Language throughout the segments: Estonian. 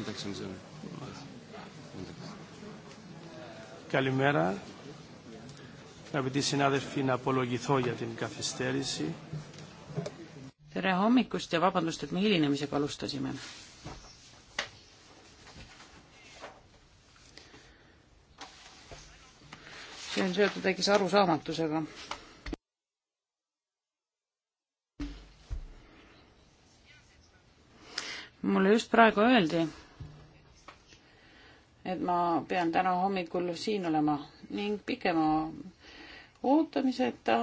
Εντάξει, δεν ξέρω. Καλημέρα. Αγαπητοί συνάδελφοι, να απολογηθώ για την καθυστέρηση. tere hommikust ja vabandust, et me hilinemisega alustasime. see on seotud väikese arusaamatusega mulle just praegu öeldi, et ma pean täna hommikul siin olema ning pikema ootamiseta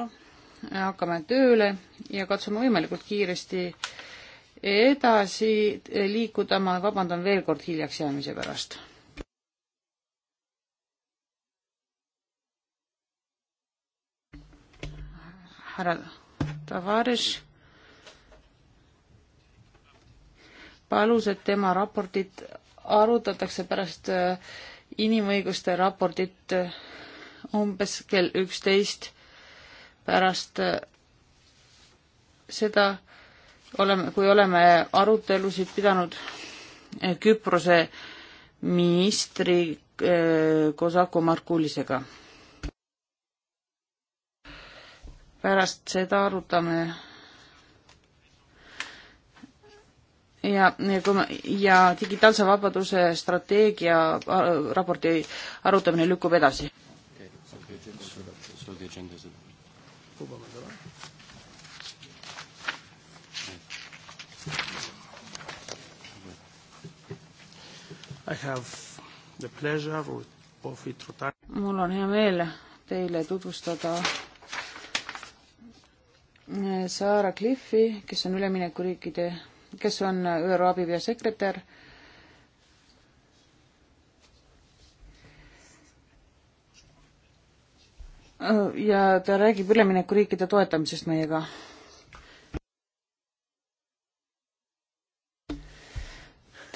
hakkame tööle ja katsume võimalikult kiiresti edasi liikuda, ma vabandan veel kord hiljaks jäämise pärast. härra Tavares palus, et tema raportit arutatakse pärast äh, inimõiguste raportit äh, umbes kell üksteist pärast äh, seda oleme, kui oleme arutelusid pidanud Küprose ministri Kosaku Markulisega. pärast seda arutame ja, ja kui ma, ja digitaalse vabaduse strateegia äh, raporti arutamine lükkub edasi okay,. So so I have the pleasure of, of introduction. mul on hea meel teile tutvustada äh, Saara Cliffi, kes on üleminekuriikide kes on ÜRO abipeasekretär. ja ta räägib üleminekuriikide toetamisest meiega.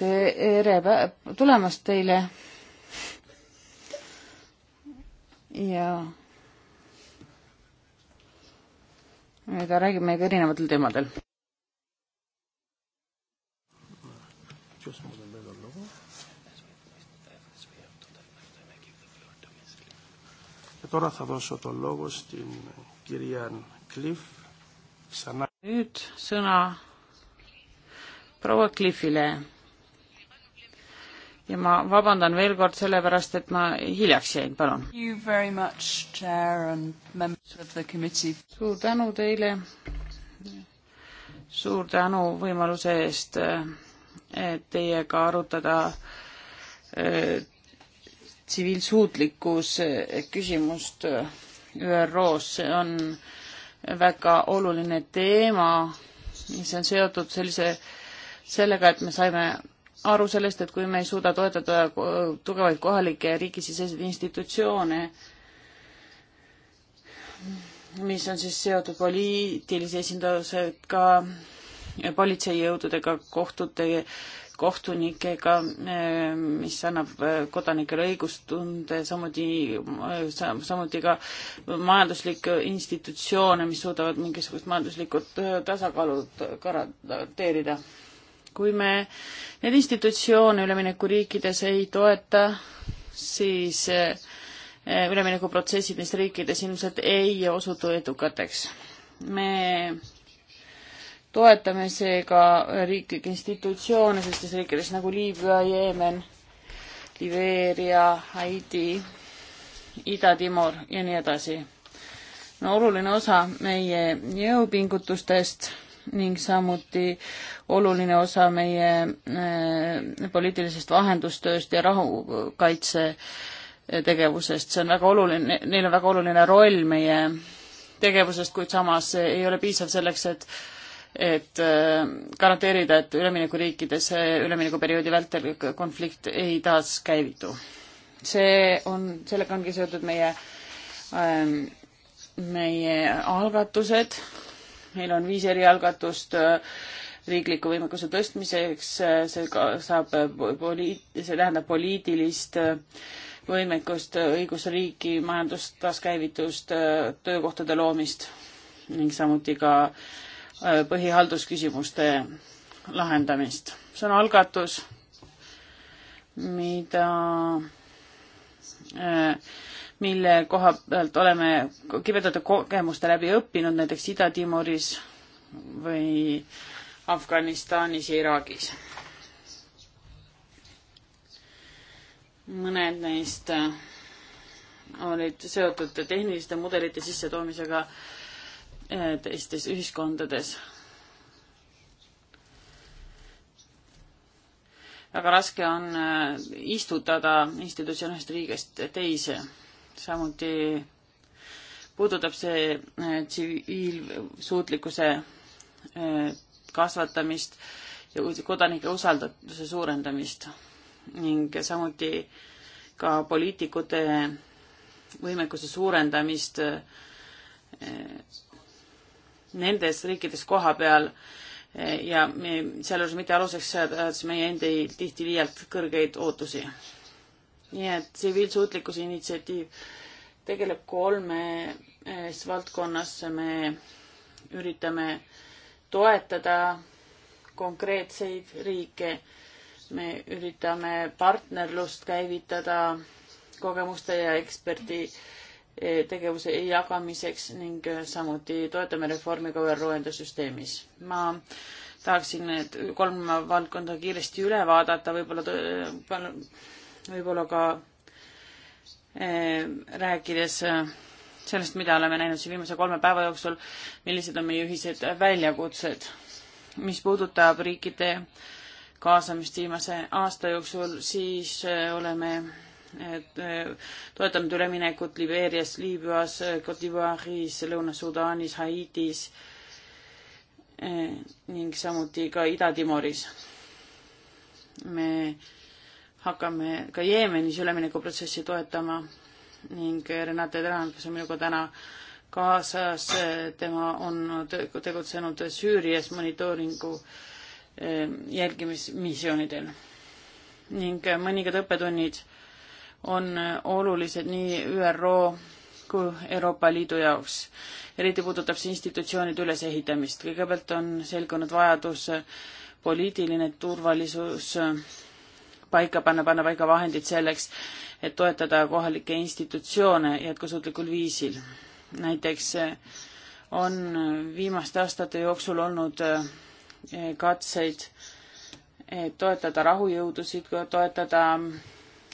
tere tulemast teile. ja ta räägib meiega erinevatel teemadel. Τώρα θα δώσω το λόγο στην κυρία Κλειφ. Ξανά... Nyt sõna proua Cliffile. ja ma vabandan veel kord selle pärast, et ma hiljaks jäin, palun. suur tänu teile. suur tänu võimaluse eest eh, teiega arutada eh, tsiviilsuutlikkus eh, küsimust eh, ÜRO-s, see on väga oluline teema, mis on seotud sellise, sellega, et me saime aru sellest, et kui me ei suuda toetada eh, tugevaid kohalikke riigisiseseid institutsioone, mis on siis seotud poliitilise esindusega, politseijõududega, kohtute koostööst kohtunikega, eh, mis annab eh, kodanikele õigustunde, samuti, eh, samuti ka majanduslikke institutsioone, mis suudavad mingisugust majanduslikud tasakaalud garanteerida. kui me neid institutsioone üleminekuriikides ei toeta, siis üleminekuprotsessid neis riikides ilmselt ei osutu edukateks. me toetame seega riiklikke institutsioone sellistes riikides nagu Liibüa, Jeemen, Libeeria, Haiti, Ida-Timor ja nii edasi. no oluline osa meie jõupingutustest ning samuti oluline osa meie äh, poliitilisest vahendustööst ja rahukaitse äh, tegevusest, see on väga oluline, neil on väga oluline roll meie tegevusest, kuid samas ei ole piisav selleks, et äh, et äh, garanteerida, et üleminekuriikides üleminekuperioodi vältel konflikt ei taaskäivitu. see on, sellega ongi seotud meie, ähm, meie algatused. meil on viis erialgatust äh, riikliku võimekuse tõstmiseks, äh, see saab poliit-, see tähendab poliitilist võimekust, õigusriiki, majandust, taaskäivitust, töökohtade loomist ning samuti ka äh, Äh, põhihaldusküsimuste lahendamist. see on algatus, mida, äh, mille koha pealt oleme kibedate kogemuste läbi õppinud näiteks Ida-Timoris või Afganistanis ja Iraagis. mõned neist äh, olid seotud tehniliste mudelite sissetoomisega äh, Eh, teistes ühiskondades. väga raske on eh, istutada institutsioonist riigist teise. samuti puudutab see eh, tsiviilsuutlikkuse kasvatamist ja kodanike usaldatuse suurendamist ning samuti ka poliitikute võimekuse suurendamist nendes riikides koha peal ja me sealjuures mitte aluseks seades meie endi tihti liialt kõrgeid ootusi. nii et tsiviilsuutlikkuse initsiatiiv tegeleb kolmes eh, valdkonnas, me üritame toetada konkreetseid riike, me üritame partnerlust käivitada kogemuste ja eksperdi mm -hmm tegevuse jagamiseks ning samuti toetame reformi ka ÜRO enda süsteemis. ma tahaksin need kolm valdkonda kiiresti üle vaadata, võib-olla, võib-olla ka eh, rääkides sellest, mida oleme näinud siin viimase kolme päeva jooksul, millised on meie ühised väljakutsed. mis puudutab riikide kaasamist viimase aasta jooksul, siis e, oleme Eh, toetanud üleminekut Libeerias, Liibüas, Cote d'Ivoire'is, Lõuna-Sudaanis, Haitis eh, ning samuti ka Ida-Timoris. me hakkame ka Jeemenis üleminekuprotsessi toetama ning Renate Teran, kes on minuga täna kaasas, tema on tegutsenud Süürias monitooringu eh, jälgimismissioonidel ning mõningad õppetunnid on olulised nii ÜRO kui Euroopa Liidu jaoks. eriti puudutab see institutsioonide ülesehitamist. kõigepealt on selgunud vajadus poliitiline turvalisus paika panna, panna paika vahendid selleks, et toetada kohalikke institutsioone jätkusuutlikul viisil. näiteks on viimaste aastate jooksul olnud eh, katseid eh, toetada rahujõudusid, toetada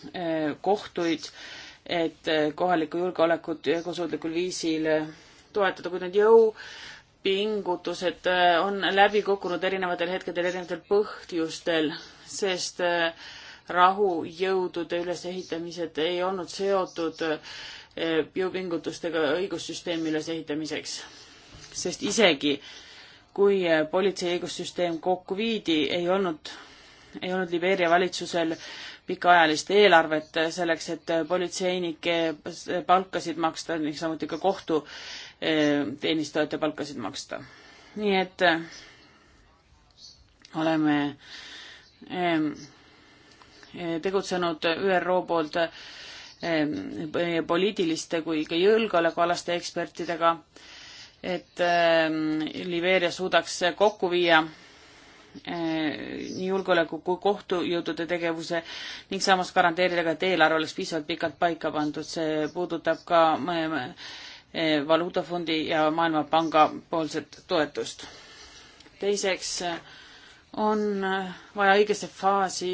Eh, kohtuid, et eh, kohalikku julgeolekut jätkusuutlikul viisil eh, toetada, kuid need jõupingutused on läbi kukkunud erinevatel hetkedel, erinevatel põhjustel, sest rahujõudude ülesehitamised ei olnud seotud jõupingutustega õigussüsteemi ülesehitamiseks. sest isegi kui politsei õigussüsteem kokku viidi, ei olnud, ei olnud Libeeria valitsusel äh, pikaajalist eelarvet selleks, et politseinike palkasid maksta ning samuti ka kohtuteenistujate eh, palkasid maksta. nii et eh, oleme eh, tegutsenud ÜRO poolt poliitiliste kui ka julgeolekualaste ekspertidega, et Libeeria suudaks kokku viia Eh, nii julgeoleku kui kohtujõudude tegevuse ning samas garanteerida ka, et eelarve oleks piisavalt pikalt paika pandud. see puudutab ka eh, valuutafondi ja Maailmapanga poolset toetust. teiseks eh, on vaja õigesse faasi,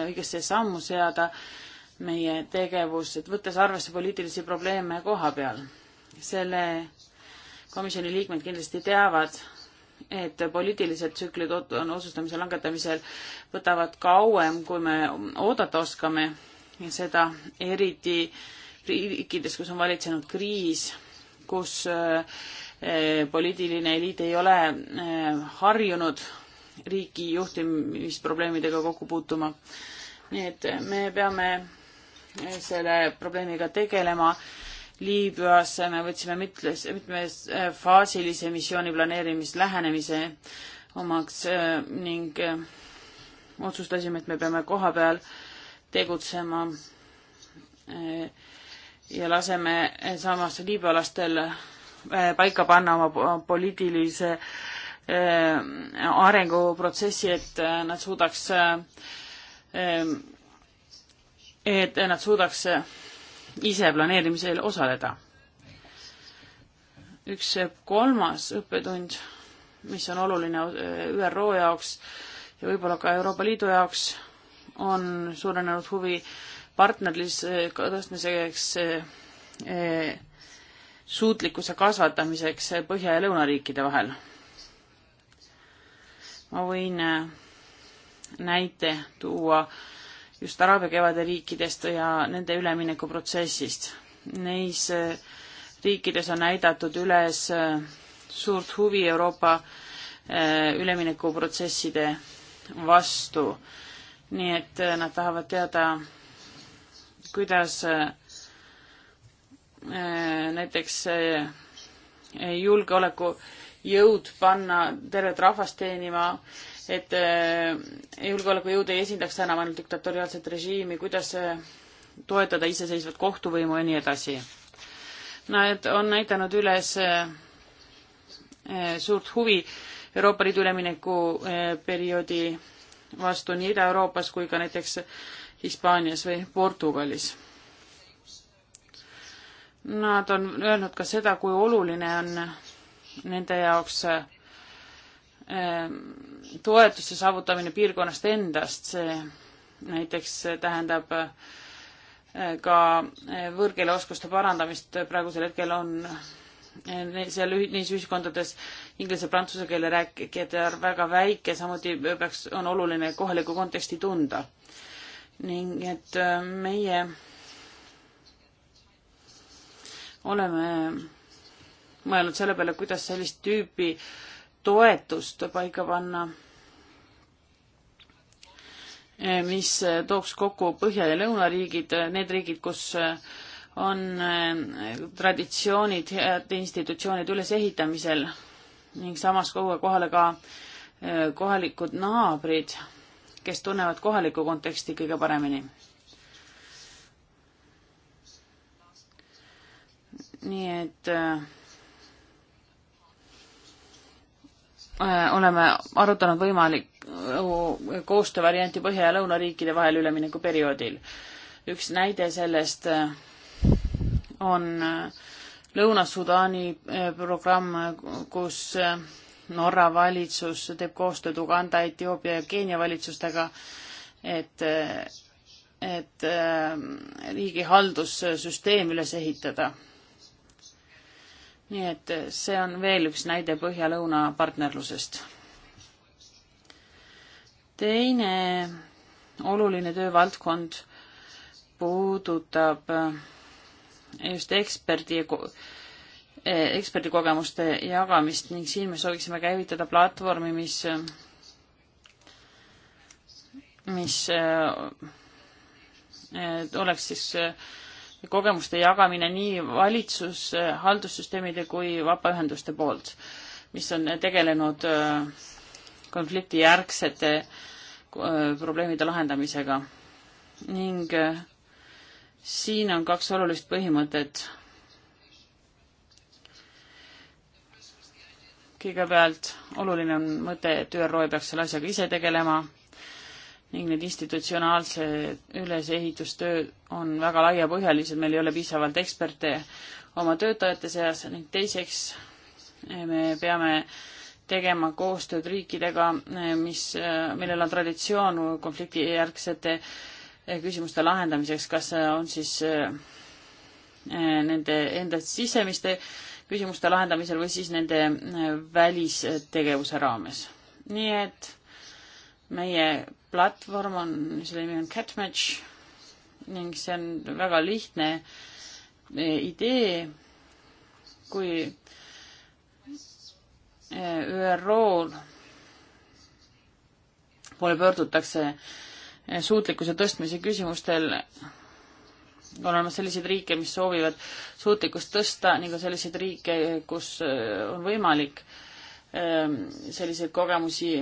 õigesse sammu seada meie tegevus, et võttes arvesse poliitilisi probleeme koha peal. selle komisjoni liikmed kindlasti teavad, et poliitilised tsüklid on otsustamise langetamisel võtavad kauem, kui me oodata oskame ja seda eriti riikides, kus on valitsenud kriis, kus äh, äh, poliitiline eliit ei ole äh, harjunud riigi juhtimisprobleemidega kokku puutuma. nii et me peame selle probleemiga tegelema Liibüas me võtsime mitmes, mitmefaasilise äh, missiooni planeerimislähenemise omaks äh, ning äh, otsustasime, et me peame kohapeal tegutsema ja laseme samas liibüalastel paika panna oma poliitilise arenguprotsessi, et nad suudaks, et nad suudaks ise planeerimisel osaleda. üks kolmas õppetund, mis on oluline eh, ÜRO jaoks ja võib-olla ka Euroopa Liidu jaoks, on suurenenud huvi partnerlise eh, tõstmiseks eh, suutlikkuse kasvatamiseks Põhja- ja Lõunariikide vahel. ma võin näite tuua äh, just Araabia kevade riikidest ja nende üleminekuprotsessist. Neis äh, riikides on näidatud üles äh, suurt huvi Euroopa äh, üleminekuprotsesside vastu. nii et nad tahavad teada, kuidas näiteks julgeolekujõud panna tervet rahvast teenima äh, et äh, julgeolekujõud ei esindaks enam ainult diktatoriaalset režiimi, kuidas äh, toetada iseseisvat kohtuvõimu ja nii edasi. Nad on näidanud üles äh, suurt huvi Euroopa Liidu üleminekuperioodi vastu nii Ida-Euroopas kui ka näiteks Hispaanias või Portugalis. Nad on öelnud ka seda, kui oluline on nende jaoks Ehm, toetuse saavutamine piirkonnast endast, see näiteks tähendab eh, ka eh, võõrkeeleoskuste parandamist, praegusel hetkel on eh, seal neis ühiskondades inglise, prantsuse keele rääkijate arv väga väike, samuti peaks, on oluline kohalikku konteksti tunda. ning et meie oleme mõelnud selle peale, kuidas sellist tüüpi äh, toetust paika panna, mis tooks kokku Põhja- ja Lõunariigid, need riigid, kus on eh, traditsioonid heade institutsioonide ülesehitamisel ning samas kogu aeg kohale ka eh, kohalikud naabrid, kes tunnevad kohalikku konteksti kõige paremini. nii et äh, Äh, oleme arutanud võimalik äh, koostöövarianti Põhja- ja Lõunariikide vahel üleminekuperioodil. üks näide sellest äh, on Lõuna-Sudaani programm, kus Norra valitsus teeb koostööd Uganda, Etioopia ja Keenia valitsustega, et, et riigi haldussüsteem üles ehitada nii et see on veel üks näide Põhja-Lõuna partnerlusest. teine oluline töövaldkond puudutab just eksperdi, eh, eksperdikogemuste jagamist ning siin me sooviksime käivitada platvormi, mis, mis eh, oleks siis äh, kogemuste jagamine nii valitsus, haldussüsteemide kui vabaühenduste poolt, mis on tegelenud äh, konfliktijärgsete äh, probleemide lahendamisega. ning äh, siin on kaks olulist põhimõtet. kõigepealt oluline on mõte, et ÜRO ei peaks selle asjaga ise tegelema ning need institutsionaalse ülesehitustöö on väga laiapõhjalised, meil ei ole piisavalt eksperte oma töötajate seas ning teiseks me peame tegema koostööd riikidega, mis, millel on traditsioon konfliktijärgsete küsimuste lahendamiseks, kas on siis nende enda sisemiste küsimuste lahendamisel või siis nende välistegevuse raames. nii et meie platvorm on, selle nimi on Catmatch ning see on väga lihtne e, idee, kui e, ÜRO-l poole pöördutakse e, suutlikkuse tõstmise küsimustel, on olemas selliseid riike, mis soovivad suutlikkust tõsta, nii ka selliseid riike, kus on võimalik selliseid kogemusi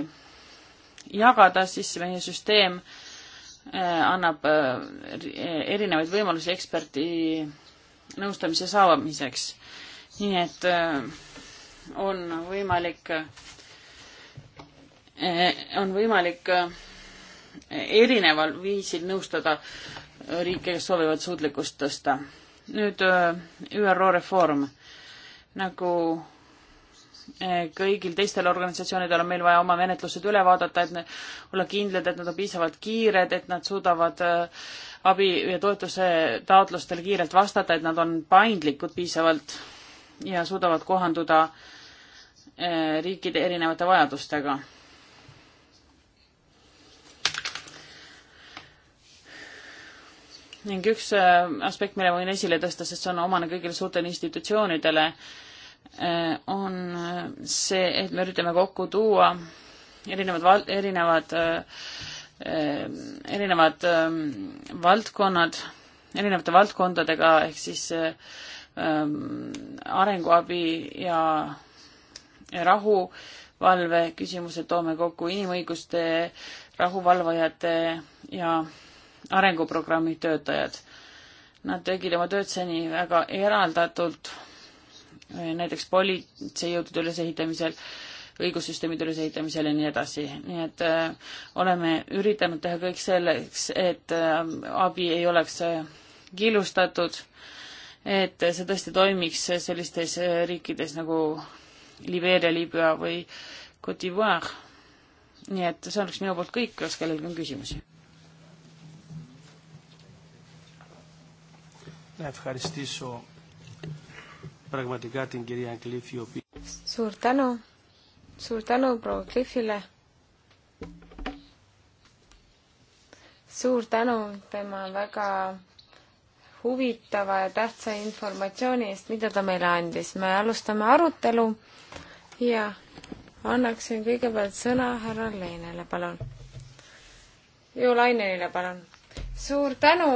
jagada, siis meie süsteem äh, annab äh, erinevaid võimalusi eksperti nõustamise saamiseks. nii et äh, on võimalik, on võimalik erineval viisil nõustada riike, kes soovivad suutlikkust tõsta. nüüd ÜRO reform. nagu kõigil teistel organisatsioonidel on meil vaja oma menetlused üle vaadata, et ne, olla kindlad, et nad on piisavalt kiired, et nad suudavad äh, abi ja toetuse taotlustele kiirelt vastata, et nad on paindlikud piisavalt ja suudavad kohanduda äh, riikide erinevate vajadustega. ning üks äh, aspekt, mille võin esile tõsta, sest see on omane kõigile suurtele institutsioonidele, Äh, on äh, see, et me üritame kokku tuua erinevad, erinevad, äh, erinevad ähm, valdkonnad, erinevate valdkondadega ehk siis ähm, arenguabi ja rahuvalve küsimused, toome kokku inimõiguste rahuvalvajate ja arenguprogrammi töötajad. Nad tegid oma tööd seni väga eraldatult näiteks politseijõudude ülesehitamisel, õigussüsteemide ülesehitamisel ja nii edasi. nii et äh, oleme üritanud teha kõik selleks, et äh, abi ei oleks äh, killustatud, et see tõesti toimiks sellistes äh, riikides nagu Libeeria, Liibüa või Cote d'Ivoire. nii et see oleks minu poolt kõik, kas kellelgi on küsimusi? να ευχαριστήσω πραγματικά την κυρία Κλήφη. Οποία... Suur tänu, suur tänu proua Cliffile. suur tänu tema väga huvitava ja tähtsa informatsiooni eest, mida ta meile andis. me alustame arutelu ja annaksin kõigepealt sõna härra Leinele, palun. Ju Lainele, palun. suur tänu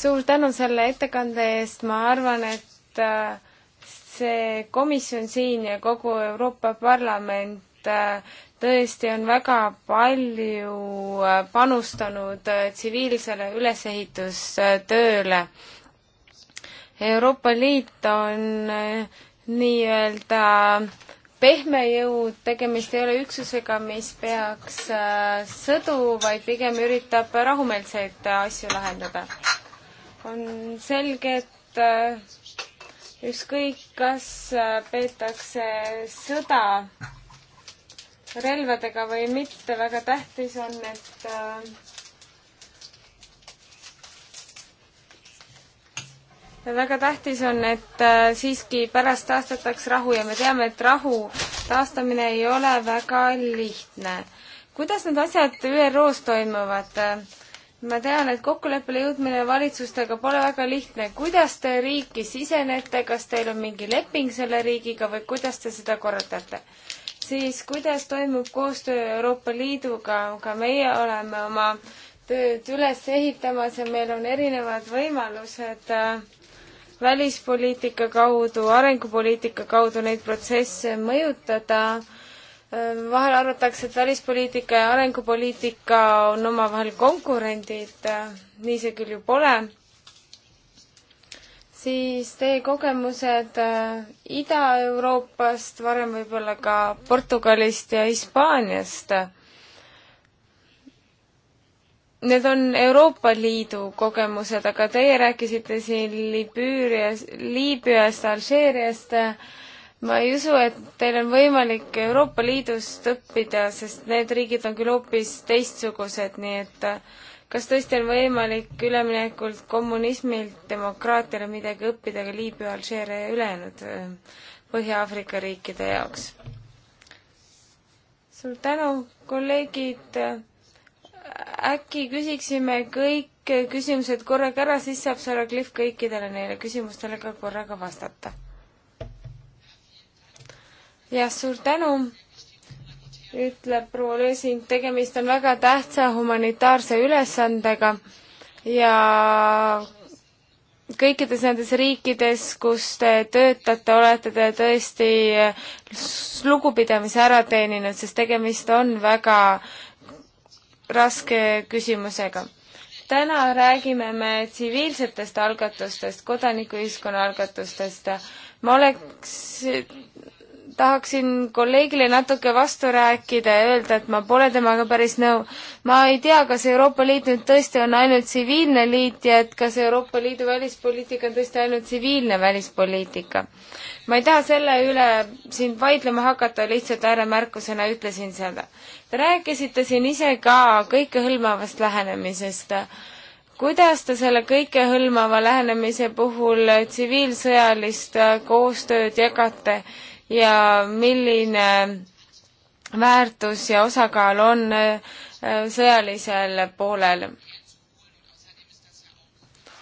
suur tänu selle ettekande eest, ma arvan, et äh, see komisjon siin ja kogu Euroopa Parlament äh, tõesti on väga palju äh, panustanud tsiviilsele ülesehitustööle. Euroopa Liit on nii-öelda pehme jõud, tegemist ei ole üksusega, mis peaks sõdu, vaid pigem üritab rahumeelseid asju lahendada on selge, et äh, ükskõik, kas äh, peetakse sõda relvadega või mitte, väga tähtis on, et äh, väga tähtis on, et siiski pärast taastataks rahu ja me teame, et rahu taastamine ei ole väga lihtne. kuidas need asjad ÜRO-s toimuvad? ma tean, et kokkuleppele jõudmine valitsustega pole väga lihtne. kuidas te riiki sisenete, kas teil on mingi leping selle riigiga või kuidas te seda korraldate? siis kuidas toimub koostöö Euroopa Liiduga, ka meie oleme oma tööd üles ehitamas ja meil on erinevad võimalused äh, välispoliitika kaudu, arengupoliitika kaudu neid protsesse mõjutada vahel arvatakse, et välispoliitika ja arengupoliitika on omavahel konkurendid, nii see küll ju pole. siis teie kogemused äh, Ida-Euroopast, varem võib-olla ka Portugalist ja Hispaaniast. Need on Euroopa Liidu kogemused, aga teie rääkisite siin Libüürias, Liibüast, Alžeeriast äh, ma ei usu, et teil on võimalik Euroopa Liidust õppida, sest need riigid on küll hoopis teistsugused, nii et äh, kas tõesti on võimalik üleminekult kommunismilt demokraatiale midagi õppida ka Liibüa, Alžeeria ja ülejäänud äh, Põhja-Aafrika riikide jaoks? suur tänu, kolleegid. äkki küsiksime kõik küsimused korraga ära, siis saab Sara Cliff kõikidele neile küsimustele ka korraga vastata jah, suur tänu, ütleb proua Lösing, tegemist on väga tähtsa humanitaarse ülesandega ja kõikides nendes riikides, kus te töötate, olete te tõesti lugupidamise ära teeninud, sest tegemist on väga raske küsimusega. täna räägime me tsiviilsetest algatustest, kodanikuühiskonna algatustest. ma oleks tahaksin kolleegile natuke vastu rääkida ja öelda, et ma pole temaga päris nõu. ma ei tea, kas Euroopa Liit nüüd tõesti on ainult tsiviilne liit ja et kas Euroopa Liidu välispoliitika on tõesti ainult tsiviilne välispoliitika. ma ei taha selle üle siin vaidlema hakata, lihtsalt ääremärkusena ütlesin seda. Te rääkisite siin ise ka kõikehõlmavast lähenemisest kuidas te selle kõikehõlmava lähenemise puhul tsiviilsõjalist koostööd jagate ja milline väärtus ja osakaal on äh, sõjalisel poolel.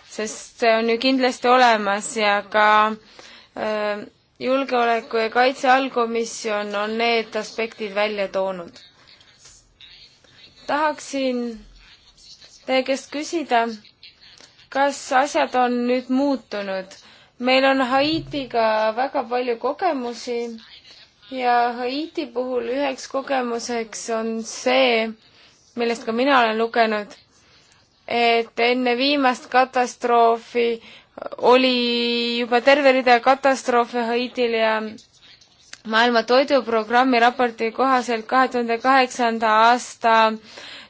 sest see on ju kindlasti olemas ja ka äh, julgeoleku ja kaitse allkomisjon on need aspektid välja toonud. tahaksin teie käest küsida, kas asjad on nüüd muutunud meil on Haitiga väga palju kogemusi ja Haiti puhul üheks kogemuseks on see, millest ka mina olen lugenud, et enne viimast katastroofi oli juba terve rida katastroofe Haitil ja maailma Toiduprogrammi raporti kohaselt kahe tuhande kaheksanda aasta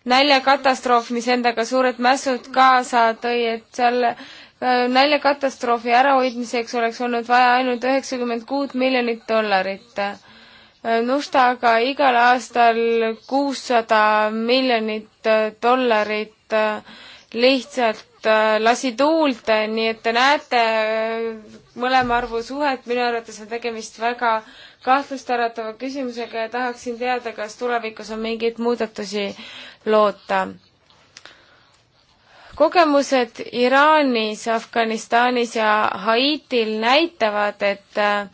näljakatastroof, mis endaga suured mässud kaasa tõi, et seal Äh, näljakatastroofi ärahoidmiseks oleks olnud vaja ainult üheksakümmend kuut miljonit dollarit. Äh, Nusta aga igal aastal kuussada miljonit äh, dollarit lihtsalt lasi tuulde, nii et te näete mõlema arvu suhet, minu arvates on tegemist väga kahtlust äratava küsimusega ja tahaksin teada, kas tulevikus on mingeid muudatusi loota kogemused Iraanis, Afganistanis ja Haitil näitavad, et äh,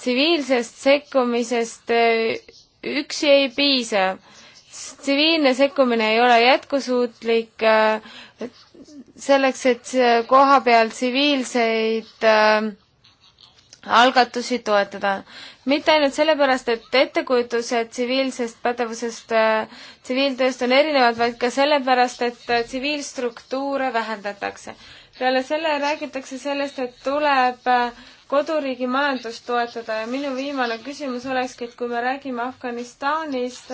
tsiviilsest sekkumisest äh, üksi ei piisa. tsiviilne sekkumine ei ole jätkusuutlik äh, selleks, et koha peal tsiviilseid äh, algatusi toetada. mitte ainult sellepärast, et ettekujutused tsiviilsest pädevusest äh, tsiviiltööst on erinevad, vaid ka sellepärast, et äh, tsiviilstruktuure vähendatakse. peale selle räägitakse sellest, et tuleb äh, koduriigi majandust toetada ja minu viimane küsimus olekski, et kui me räägime Afganistanist,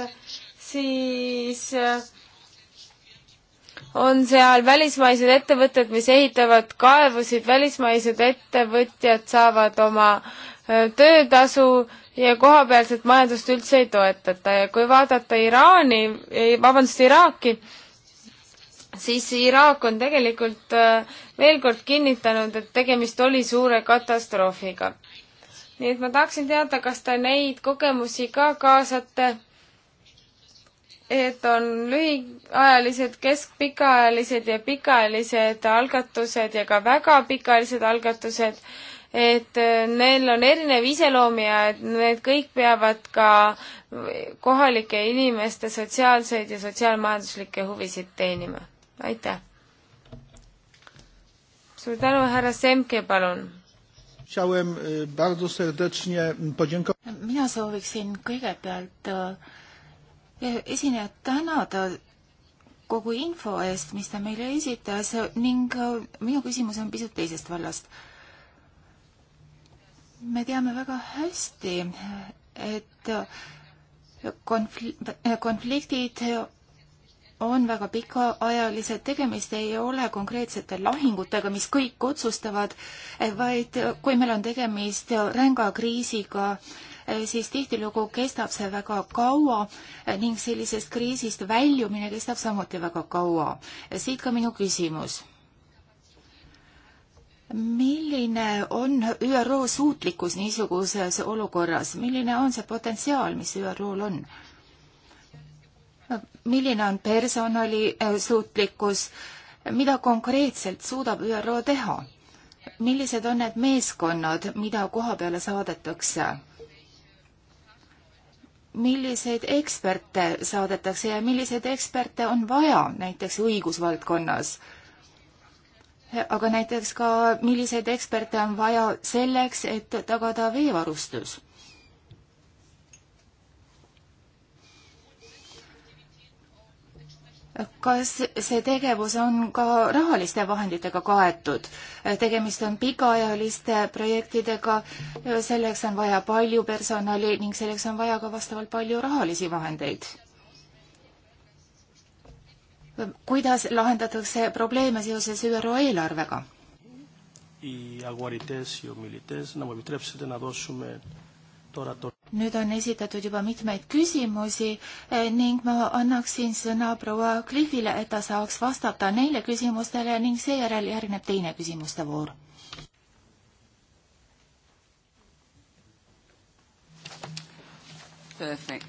siis on seal välismaised ettevõtted, mis ehitavad kaevusid, välismaised ettevõtjad saavad oma töötasu ja kohapealset majandust üldse ei toetata ja kui vaadata Iraani, vabandust, Iraaki, siis Iraak on tegelikult veel kord kinnitanud, et tegemist oli suure katastroofiga. nii et ma tahaksin teada, kas te neid kogemusi ka kaasate et on lühiajalised, keskpikaajalised ja pikaajalised algatused ja ka väga pikaajalised algatused, et äh, neil on erinev iseloom ja et need kõik peavad ka kohalike inimeste sotsiaalseid ja sotsiaalmajanduslikke huvisid teenima. aitäh! suur tänu, härra Semke, palun! mina sooviksin kõigepealt äh, esinejat tänada kogu info eest, mis ta meile esitas ning äh, minu küsimus on pisut teisest vallast. me teame väga hästi, et äh, konfl-, äh, konfliktid on väga pikaajalised, tegemist ei ole konkreetsete lahingutega, mis kõik otsustavad, vaid kui meil on tegemist ränga kriisiga, Eh, siis tihtilugu kestab see väga kaua eh, ning sellisest kriisist väljumine kestab samuti väga kaua. Eh, siit ka minu küsimus. milline on ÜRO suutlikkus niisuguses olukorras, milline on see potentsiaal, mis ÜRO-l on? milline on personali suutlikkus, mida konkreetselt suudab ÜRO teha? millised on need meeskonnad, mida koha peale saadetakse? milliseid eksperte saadetakse ja milliseid eksperte on vaja näiteks õigusvaldkonnas. aga näiteks ka, milliseid eksperte on vaja selleks, et tagada veevarustus kas see tegevus on ka rahaliste vahenditega kaetud? tegemist on pikaajaliste projektidega, selleks on vaja palju personali ning selleks on vaja ka vastavalt palju rahalisi vahendeid. kuidas lahendatakse probleeme seoses ÜRO eelarvega? οι αγορητές, οι ομιλητές να μου επιτρέψετε να δώσουμε nüüd on esitatud juba mitmeid küsimusi eh, ning ma annaksin sõna proua Cliffile, et ta saaks vastata neile küsimustele ning seejärel järgneb teine küsimuste voor. Perfect,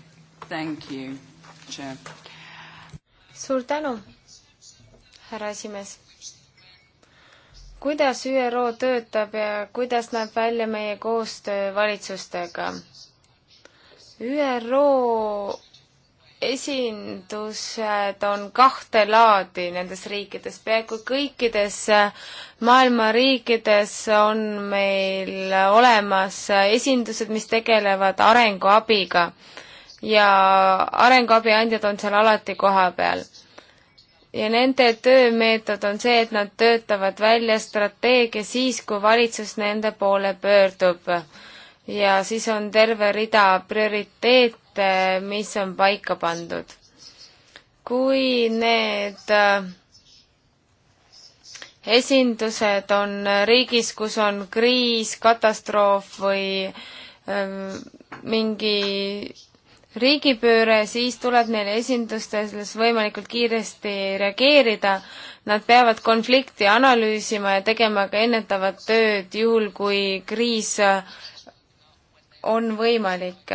thank you, chair. suur tänu, härra esimees kuidas ÜRO töötab ja kuidas näeb välja meie koostöö valitsustega? ÜRO esindused on kahte laadi nendes riikides, peaaegu kõikides maailma riikides on meil olemas esindused, mis tegelevad arenguabiga ja arenguabi andjad on seal alati kohapeal ja nende töömeetod on see, et nad töötavad välja strateegia siis, kui valitsus nende poole pöördub. ja siis on terve rida prioriteete, mis on paika pandud. kui need äh, esindused on riigis, kus on kriis, katastroof või ähm, mingi riigipööre, siis tuleb neil esindustes võimalikult kiiresti reageerida. Nad peavad konflikti analüüsima ja tegema ka ennetavat tööd, juhul kui kriis on võimalik.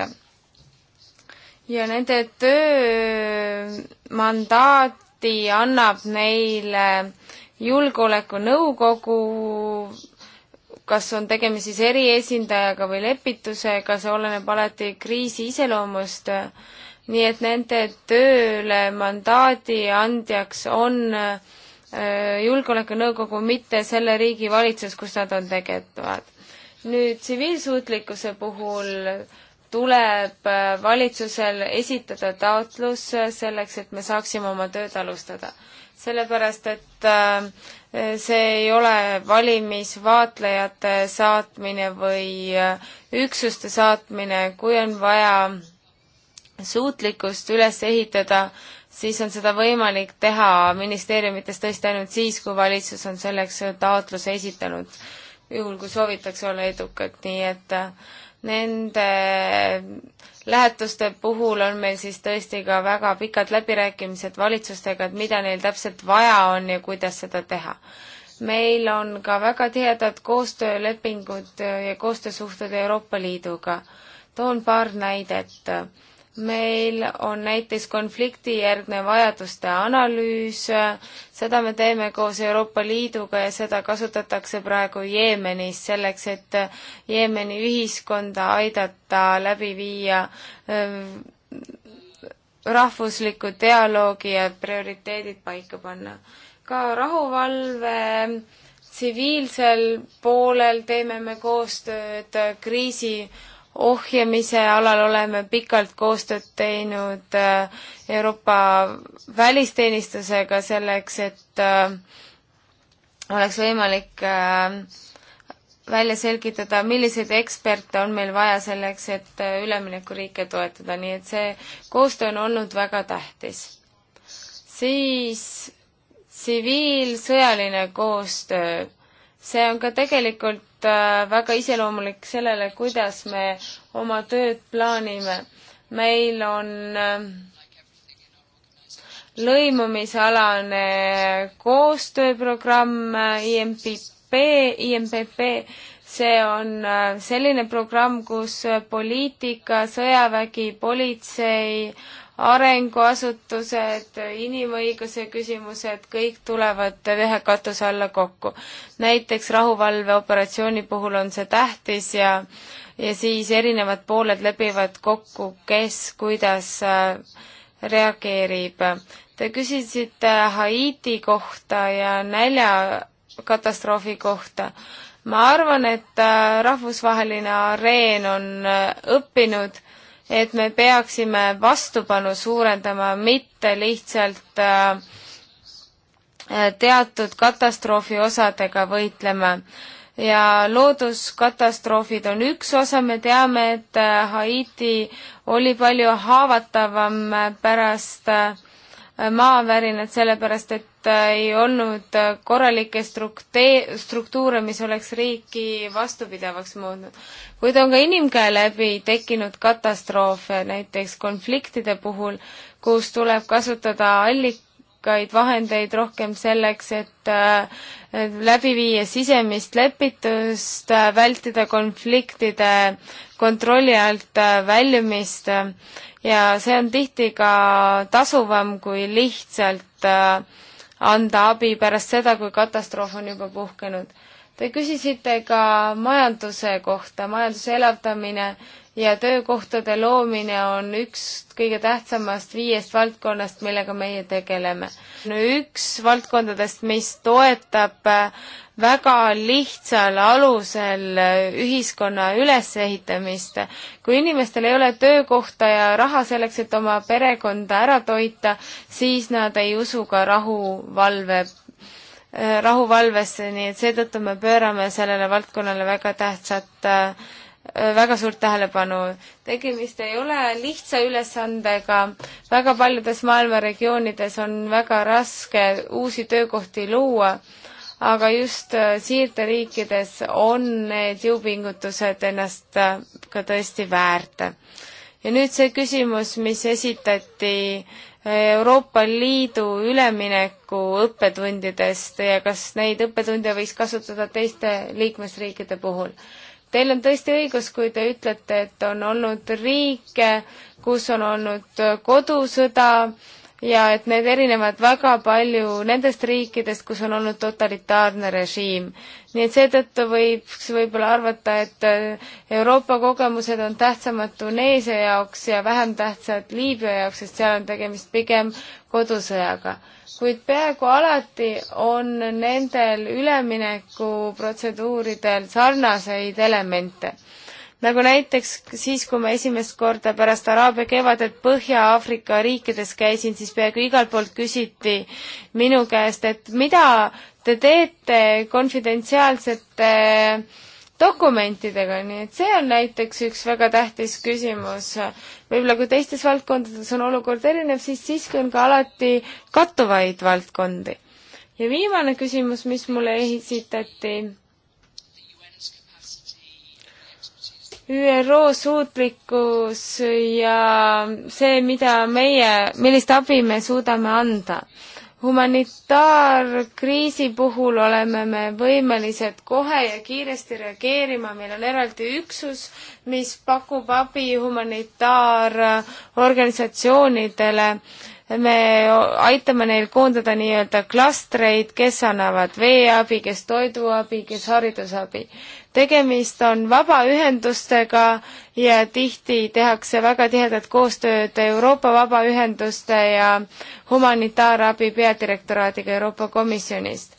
ja nende töömandaati annab neile julgeolekunõukogu kas on tegemist siis eriesindajaga või lepitusega, see oleneb alati kriisi iseloomust, nii et nende tööle mandaadi andjaks on äh, julgeolekunõukogu, mitte selle riigi valitsus, kus nad on tegevad. nüüd tsiviilsuutlikkuse puhul tuleb äh, valitsusel esitada taotlus selleks, et me saaksime oma tööd alustada. sellepärast, et äh, see ei ole valimisvaatlejate saatmine või üksuste saatmine, kui on vaja suutlikkust üles ehitada, siis on seda võimalik teha ministeeriumites tõesti ainult siis, kui valitsus on selleks taotluse esitanud, juhul kui soovitakse olla edukad, nii et äh, Nende lähetuste puhul on meil siis tõesti ka väga pikad läbirääkimised valitsustega, et mida neil täpselt vaja on ja kuidas seda teha. meil on ka väga tihedad koostöölepingud ja koostöösuhted Euroopa Liiduga. toon paar näidet meil on näiteks konfliktijärgne vajaduste analüüs, seda me teeme koos Euroopa Liiduga ja seda kasutatakse praegu Jeemenis selleks, et Jeemeni ühiskonda aidata läbi viia ähm, rahvusliku dialoogi ja prioriteedid paika panna. ka rahuvalve tsiviilsel poolel teeme me koostööd kriisi ohjamise alal oleme pikalt koostööd teinud äh, Euroopa välisteenistusega selleks, et äh, oleks võimalik äh, välja selgitada, milliseid eksperte on meil vaja selleks, et üleminekuriike toetada, nii et see koostöö on olnud väga tähtis. siis tsiviilsõjaline koostöö see on ka tegelikult äh, väga iseloomulik sellele, kuidas me oma tööd plaanime. meil on ähm, lõimumisalane koostööprogramm äh, IMPP, IMPP, see on äh, selline programm, kus poliitika, sõjavägi, politsei äh, arenguasutused, inimõiguse küsimused, kõik tulevad ühe katuse alla kokku. näiteks rahuvalveoperatsiooni puhul on see tähtis ja, ja siis erinevad pooled lepivad kokku, kes kuidas äh, reageerib. Te küsisite Haiti kohta ja näljakatastroofi kohta ma arvan, et äh, rahvusvaheline areen on äh, õppinud, et me peaksime vastupanu suurendama, mitte lihtsalt äh, teatud katastroofi osadega võitlema. ja looduskatastroofid on üks osa, me teame, et äh, Haiti oli palju haavatavam äh, pärast äh, maavärinad, sellepärast et äh, ei olnud äh, korralikke strukte-, struktuure, mis oleks riiki vastupidavaks muutnud. kuid on ka inimkäe läbi tekkinud katastroofe, näiteks konfliktide puhul, kus tuleb kasutada allik-, mahukaid vahendeid rohkem selleks, et äh, läbi viia sisemist lepitust, äh, vältida konfliktide kontrolli alt äh, väljumist ja see on tihti ka tasuvam kui lihtsalt anda abi pärast seda, kui katastroof on juba puhkenud Te küsisite ka majanduse kohta, majanduse elavdamine ja töökohtade loomine on üks kõige tähtsamast viiest valdkonnast, millega meie tegeleme. üks valdkondadest, mis toetab äh, väga lihtsal alusel äh, ühiskonna ülesehitamist. kui inimestel ei ole töökohta ja raha selleks, et oma perekonda ära toita, siis nad ei usu ka rahuvalve äh, rahuvalvesse, nii et seetõttu me pöörame sellele valdkonnale väga tähtsat äh, Äh, väga suurt tähelepanu. tegemist ei ole lihtsa ülesandega, väga paljudes maailma regioonides on väga raske uusi töökohti luua, aga just äh, siirderiikides on need jõupingutused ennast äh, ka tõesti väärt. ja nüüd see küsimus, mis esitati Euroopa Liidu ülemineku õppetundidest ja kas neid õppetunde võiks kasutada teiste liikmesriikide puhul Teil on tõesti õigus, kui te ütlete, et on olnud riike, kus on olnud kodusõda, ja et need erinevad väga palju nendest riikidest, kus on olnud totalitaarne režiim. nii et seetõttu võiks võib-olla arvata, et äh, Euroopa kogemused on tähtsamad Tuneesia jaoks ja vähem tähtsad Liibüa jaoks, sest seal on tegemist pigem kodusõjaga. kuid peaaegu alati on nendel üleminekuprotseduuridel sarnaseid elemente nagu näiteks siis, kui ma esimest korda pärast Araabia kevadet Põhja-Aafrika riikides käisin, siis peaaegu igalt poolt küsiti minu käest, et mida te teete konfidentsiaalsete dokumentidega, nii et see on näiteks üks väga tähtis küsimus. võib-olla kui teistes valdkondades on olukord erinev, siis siiski on ka alati kattuvaid valdkondi. ja viimane küsimus, mis mulle esitati ÜRO suutlikkus ja see, mida meie, millist abi me suudame anda. humanitaarkriisi puhul oleme me võimelised kohe ja kiiresti reageerima, meil on eraldi üksus, mis pakub abi humanitaarorganisatsioonidele äh, me aitame neil koondada nii-öelda klastreid, kes annavad veeabi, kes toiduabi, kes haridusabi. tegemist on vabaühendustega ja tihti tehakse väga tihedat koostööd Euroopa Vabaühenduste ja humanitaarabi peadirektoraadiga Euroopa Komisjonist.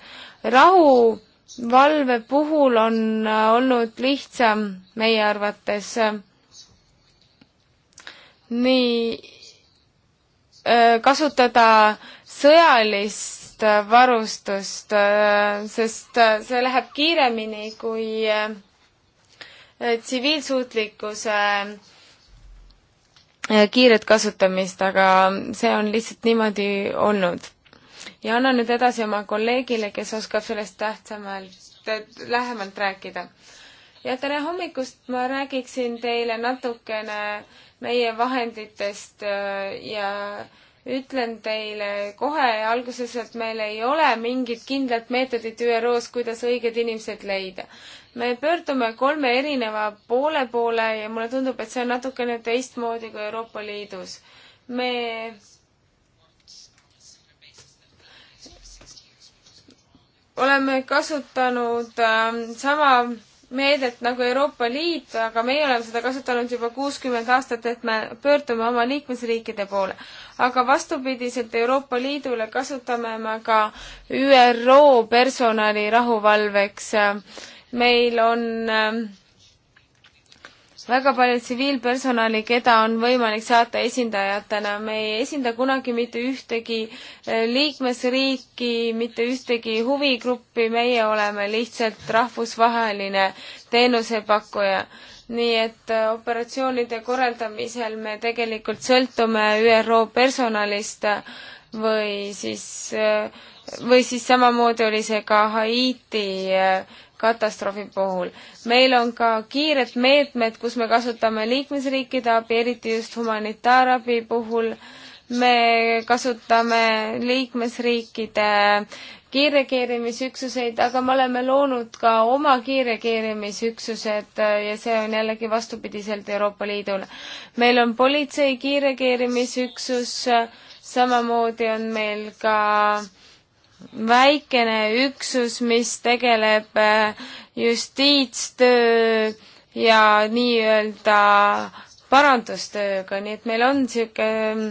rahuvalve puhul on olnud lihtsam meie arvates nii kasutada sõjalist äh, varustust, äh, sest äh, see läheb kiiremini kui tsiviilsuutlikkuse kiiret kasutamist, aga see on lihtsalt niimoodi olnud. ja annan nüüd edasi oma kolleegile, kes oskab sellest tähtsamalt, lähemalt rääkida. ja tere hommikust, ma räägiksin teile natukene äh, meie vahenditest äh, ja ütlen teile kohe alguses, et meil ei ole mingit kindlat meetodit ÜRO-s, kuidas õiged inimesed leida. me pöördume kolme erineva poole poole ja mulle tundub, et see on natukene teistmoodi kui Euroopa Liidus. me oleme kasutanud äh, sama meedet nagu Euroopa Liit, aga meie oleme seda kasutanud juba kuuskümmend aastat, et me pöördume oma liikmesriikide poole. aga vastupidiselt Euroopa Liidule kasutame me ka ÜRO personali rahuvalveks. meil on äh, väga palju tsiviilpersonali, keda on võimalik saata esindajatena. me ei esinda kunagi mitte ühtegi eh, liikmesriiki, mitte ühtegi huvigruppi, meie oleme lihtsalt rahvusvaheline teenusepakkuja. nii et eh, operatsioonide korraldamisel me tegelikult sõltume ÜRO personalist või siis, eh, või siis samamoodi oli see ka Haiti katastroofi puhul. meil on ka kiired meetmed, kus me kasutame liikmesriikide abi, eriti just humanitaarabi puhul. me kasutame liikmesriikide kiirreageerimisüksuseid, aga me oleme loonud ka oma kiirreageerimisüksused äh, ja see on jällegi vastupidiselt Euroopa Liidule. meil on politsei kiirreageerimisüksus, äh, samamoodi on meil ka äh, väikene üksus, mis tegeleb äh, justiitstöö ja nii-öelda parandustööga, nii et meil on niisugune ähm,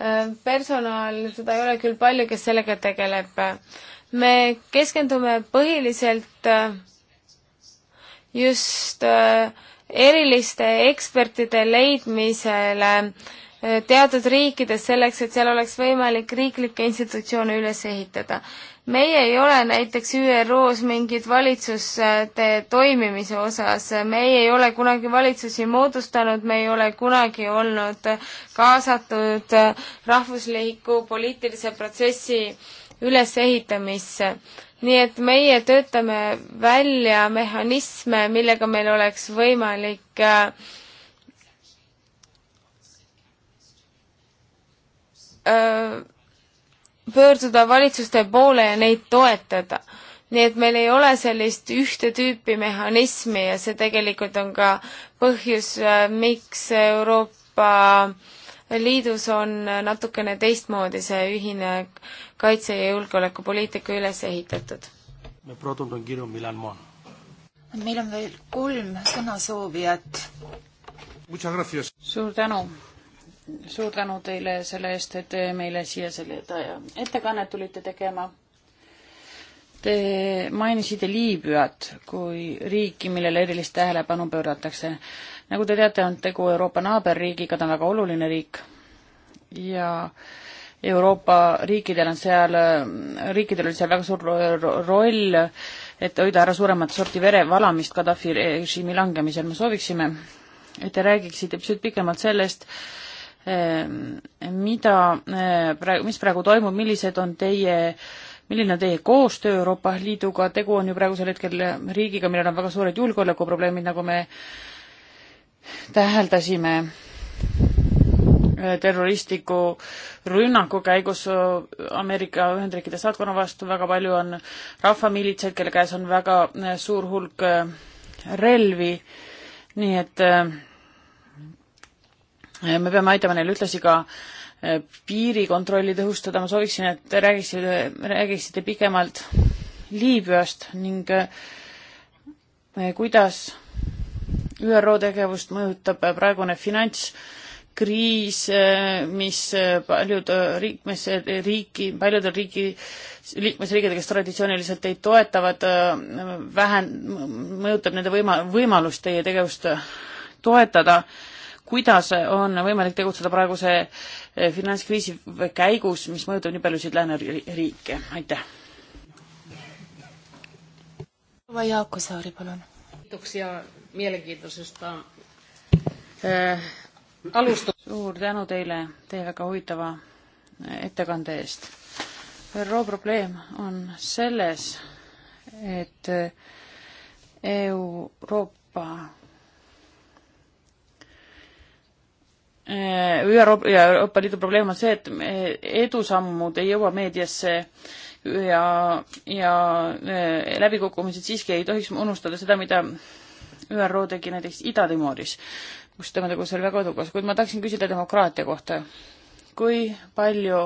äh, personal, seda ei ole küll palju, kes sellega tegeleb. me keskendume põhiliselt äh, just eriliste ekspertide leidmisele äh, teatud riikides selleks, et seal oleks võimalik riiklikke institutsioone üles ehitada. meie ei ole näiteks ÜRO-s mingid valitsuste toimimise osas, meie ei ole kunagi valitsusi moodustanud, me ei ole kunagi olnud kaasatud rahvusliku poliitilise protsessi ülesehitamisse nii et meie töötame välja mehhanisme, millega meil oleks võimalik äh, pöörduda valitsuste poole ja neid toetada. nii et meil ei ole sellist ühte tüüpi mehhanismi ja see tegelikult on ka põhjus, miks Euroopa Liidus on natukene teistmoodi see ühine kaitse- ja julgeolekupoliitika üles ehitatud. meil on veel kolm sõnasoovijat. suur tänu suur tänu teile selle eest, et te meile siia selle ettekannet tulite tegema. Te mainisite Liibüat kui riiki, millele erilist tähelepanu pööratakse. nagu te teate, on tegu Euroopa naaberriigiga, ta on väga oluline riik ja Euroopa riikidel on seal, riikidel oli seal väga suur roll, et hoida ära suuremat sorti verevalamist Gaddafi režiimi langemisel, me sooviksime, et te räägiksite pisut pikemalt sellest, Ehm, mida eh, praegu, mis praegu toimub, millised on teie milline on teie koostöö Euroopa Liiduga, tegu on ju praegusel hetkel riigiga, millel on väga suured julgeolekuprobleemid, nagu me täheldasime eh, terroristliku rünnaku käigus eh, Ameerika Ühendriikide saatkonna vastu, väga palju on rahvamiilitsaid, kelle käes on väga suur hulk relvi, nii et äh, me peame aitama neil ühtlasi ka eh, piirikontrolli tõhustada, ma sooviksin, et te räägiksite, räägiksite pikemalt Liibüast ning eh, kuidas ÜRO tegevust mõjutab praegune finantskriis, eh, mis paljud liikmes, riiki, paljudel riigi, liikmesriigid, kes traditsiooniliselt teid toetavad, vähen-, mõjutab nende võima-, võimalust teie tegevust toetada kuidas on võimalik tegutseda praeguse eh, finantskriisi käigus, mis mõjutab nii paljusid lääneriike, aitäh. proua Jaaku Saari, palun. kiitoksia meelekiidusest äh, eh, alustus. suur tänu teile teie väga huvitava eh, ettekande eest. ÜRO probleem on selles, et Euroopa Äh, ÜRO ja Euroopa Liidu probleem on see, et edusammud ei jõua meediasse ja, ja äh, läbikukkumised siiski ei tohiks unustada seda, mida ÜRO tegi näiteks Ida-Timoris, kus tema tegus oli väga edukas, kuid ma tahaksin küsida demokraatia kohta. kui palju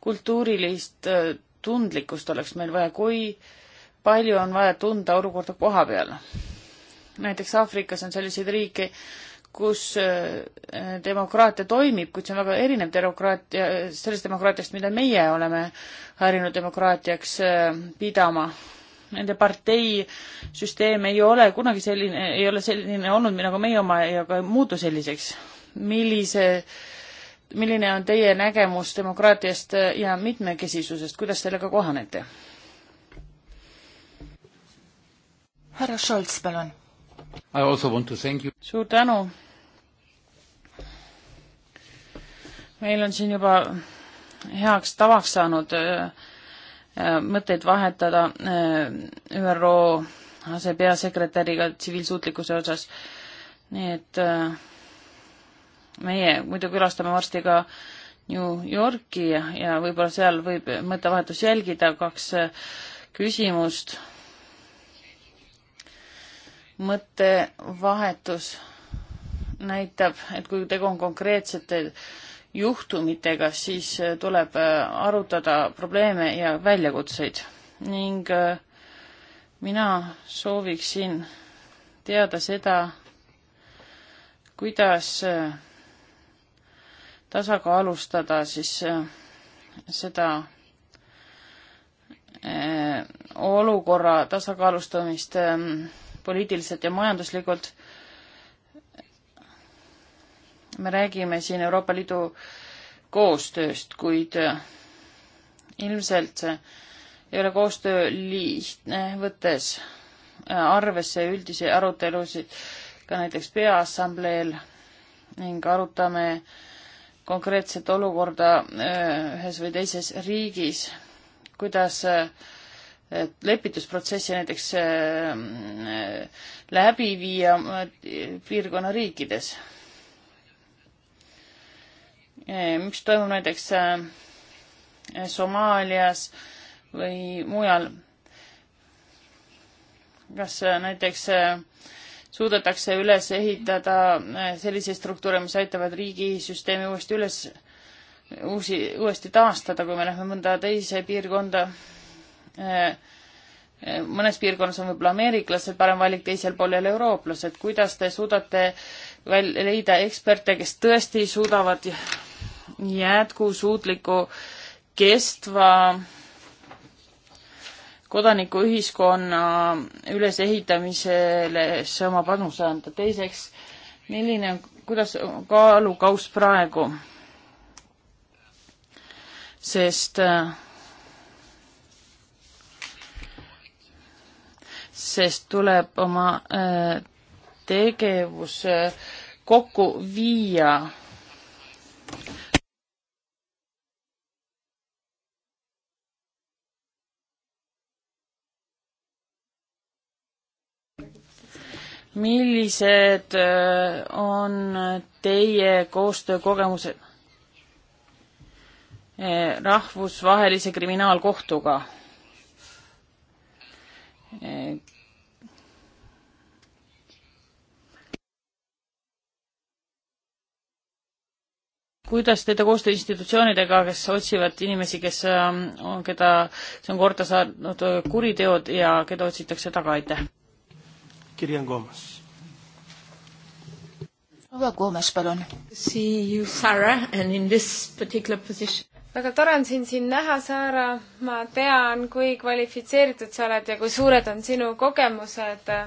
kultuurilist äh, tundlikkust oleks meil vaja, kui palju on vaja tunda olukorda koha peal? näiteks Aafrikas on selliseid riike, kus äh, demokraatia toimib, kuid see on väga erinev demokraatia, sellest demokraatiast, mida meie oleme harjunud demokraatiaks äh, pidama. Nende parteisüsteem ei ole kunagi selline, ei ole selline olnud, nagu meie oma ja ka ei muutu selliseks. millise, milline on teie nägemus demokraatiast äh, ja mitmekesisusest, kuidas sellega kohanete? härra Scholz, palun suur tänu. meil on siin juba heaks tavaks saanud äh, äh, mõtteid vahetada äh, ÜRO asepeasekretäriga tsiviilsuutlikkuse osas. nii et meie muidu külastame varsti ka New Yorki ja, ja võib-olla seal võib mõttevahetus jälgida kaks küsimust mõttevahetus näitab, et kui tegu on konkreetsete juhtumitega, siis äh, tuleb äh, arutada probleeme ja väljakutseid ning äh, mina sooviksin teada seda, kuidas tasakaalustada siis seda olukorra tasakaalustamist ähm, poliitiliselt ja majanduslikult. me räägime siin Euroopa Liidu koostööst, kuid äh, ilmselt äh, ei ole koostöö lihtne, võttes äh, arvesse üldisi arutelusid ka näiteks Peaassambleel ning arutame konkreetset olukorda ühes või teises riigis, kuidas äh, lepitusprotsessi näiteks äh, läbi viia äh, piirkonna riikides. Äh, mis toimub näiteks Somaalias või mujal? kas näiteks suudetakse üles ehitada selliseid struktuure, mis aitavad riigisüsteemi uuesti üles, uusi, uuesti taastada, kui me lähme mõnda teise piirkonda Äh, äh, mõnes piirkonnas on võib-olla ameeriklased parem valik, teisel pool jälle eurooplased. kuidas te suudate väl-, leida eksperte, kes tõesti suudavad jätkusuutliku, kestva kodanikuühiskonna ülesehitamisele oma panuse anda. teiseks, milline, kuidas kaalukaus praegu? sest äh, sest tuleb oma äh, tegevus äh, kokku viia. millised äh, on teie koostöökogemused rahvusvahelise kriminaalkohtuga? kuidas teete koostöö institutsioonidega, kes otsivad inimesi, kes, ähm, keda, see on korda saanud äh, kuriteod ja keda otsitakse taga, aitäh? Kirjan Koomas. proua Koomas, palun. See you, Sarah, and in this particular position väga tore on sind siin näha, Saara. ma tean, kui kvalifitseeritud sa oled ja kui suured on sinu kogemused äh,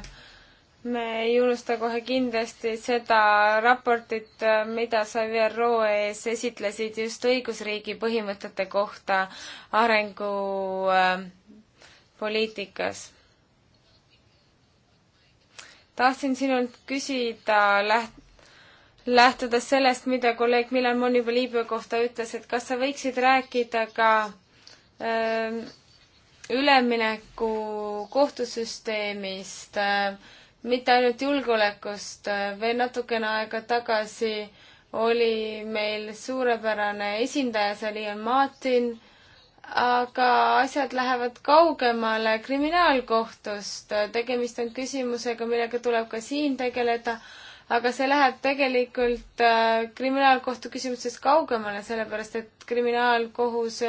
me ei unusta kohe kindlasti seda raportit, äh, mida sa ÜRO ees esitlesid just õigusriigi põhimõtete kohta arengupoliitikas. Äh, tahtsin sinult küsida läht-, lähtudes sellest, mida kolleeg Milan Moniba Liibüa kohta ütles, et kas sa võiksid rääkida ka öö, ähm, ülemineku kohtusüsteemist öö, äh, mitte ainult julgeolekust, veel natukene aega tagasi oli meil suurepärane esindaja, see oli Ian Martin, aga asjad lähevad kaugemale kriminaalkohtust, tegemist on küsimusega, millega tuleb ka siin tegeleda, aga see läheb tegelikult äh, kriminaalkohtu küsimustest kaugemale, sellepärast et kriminaalkohus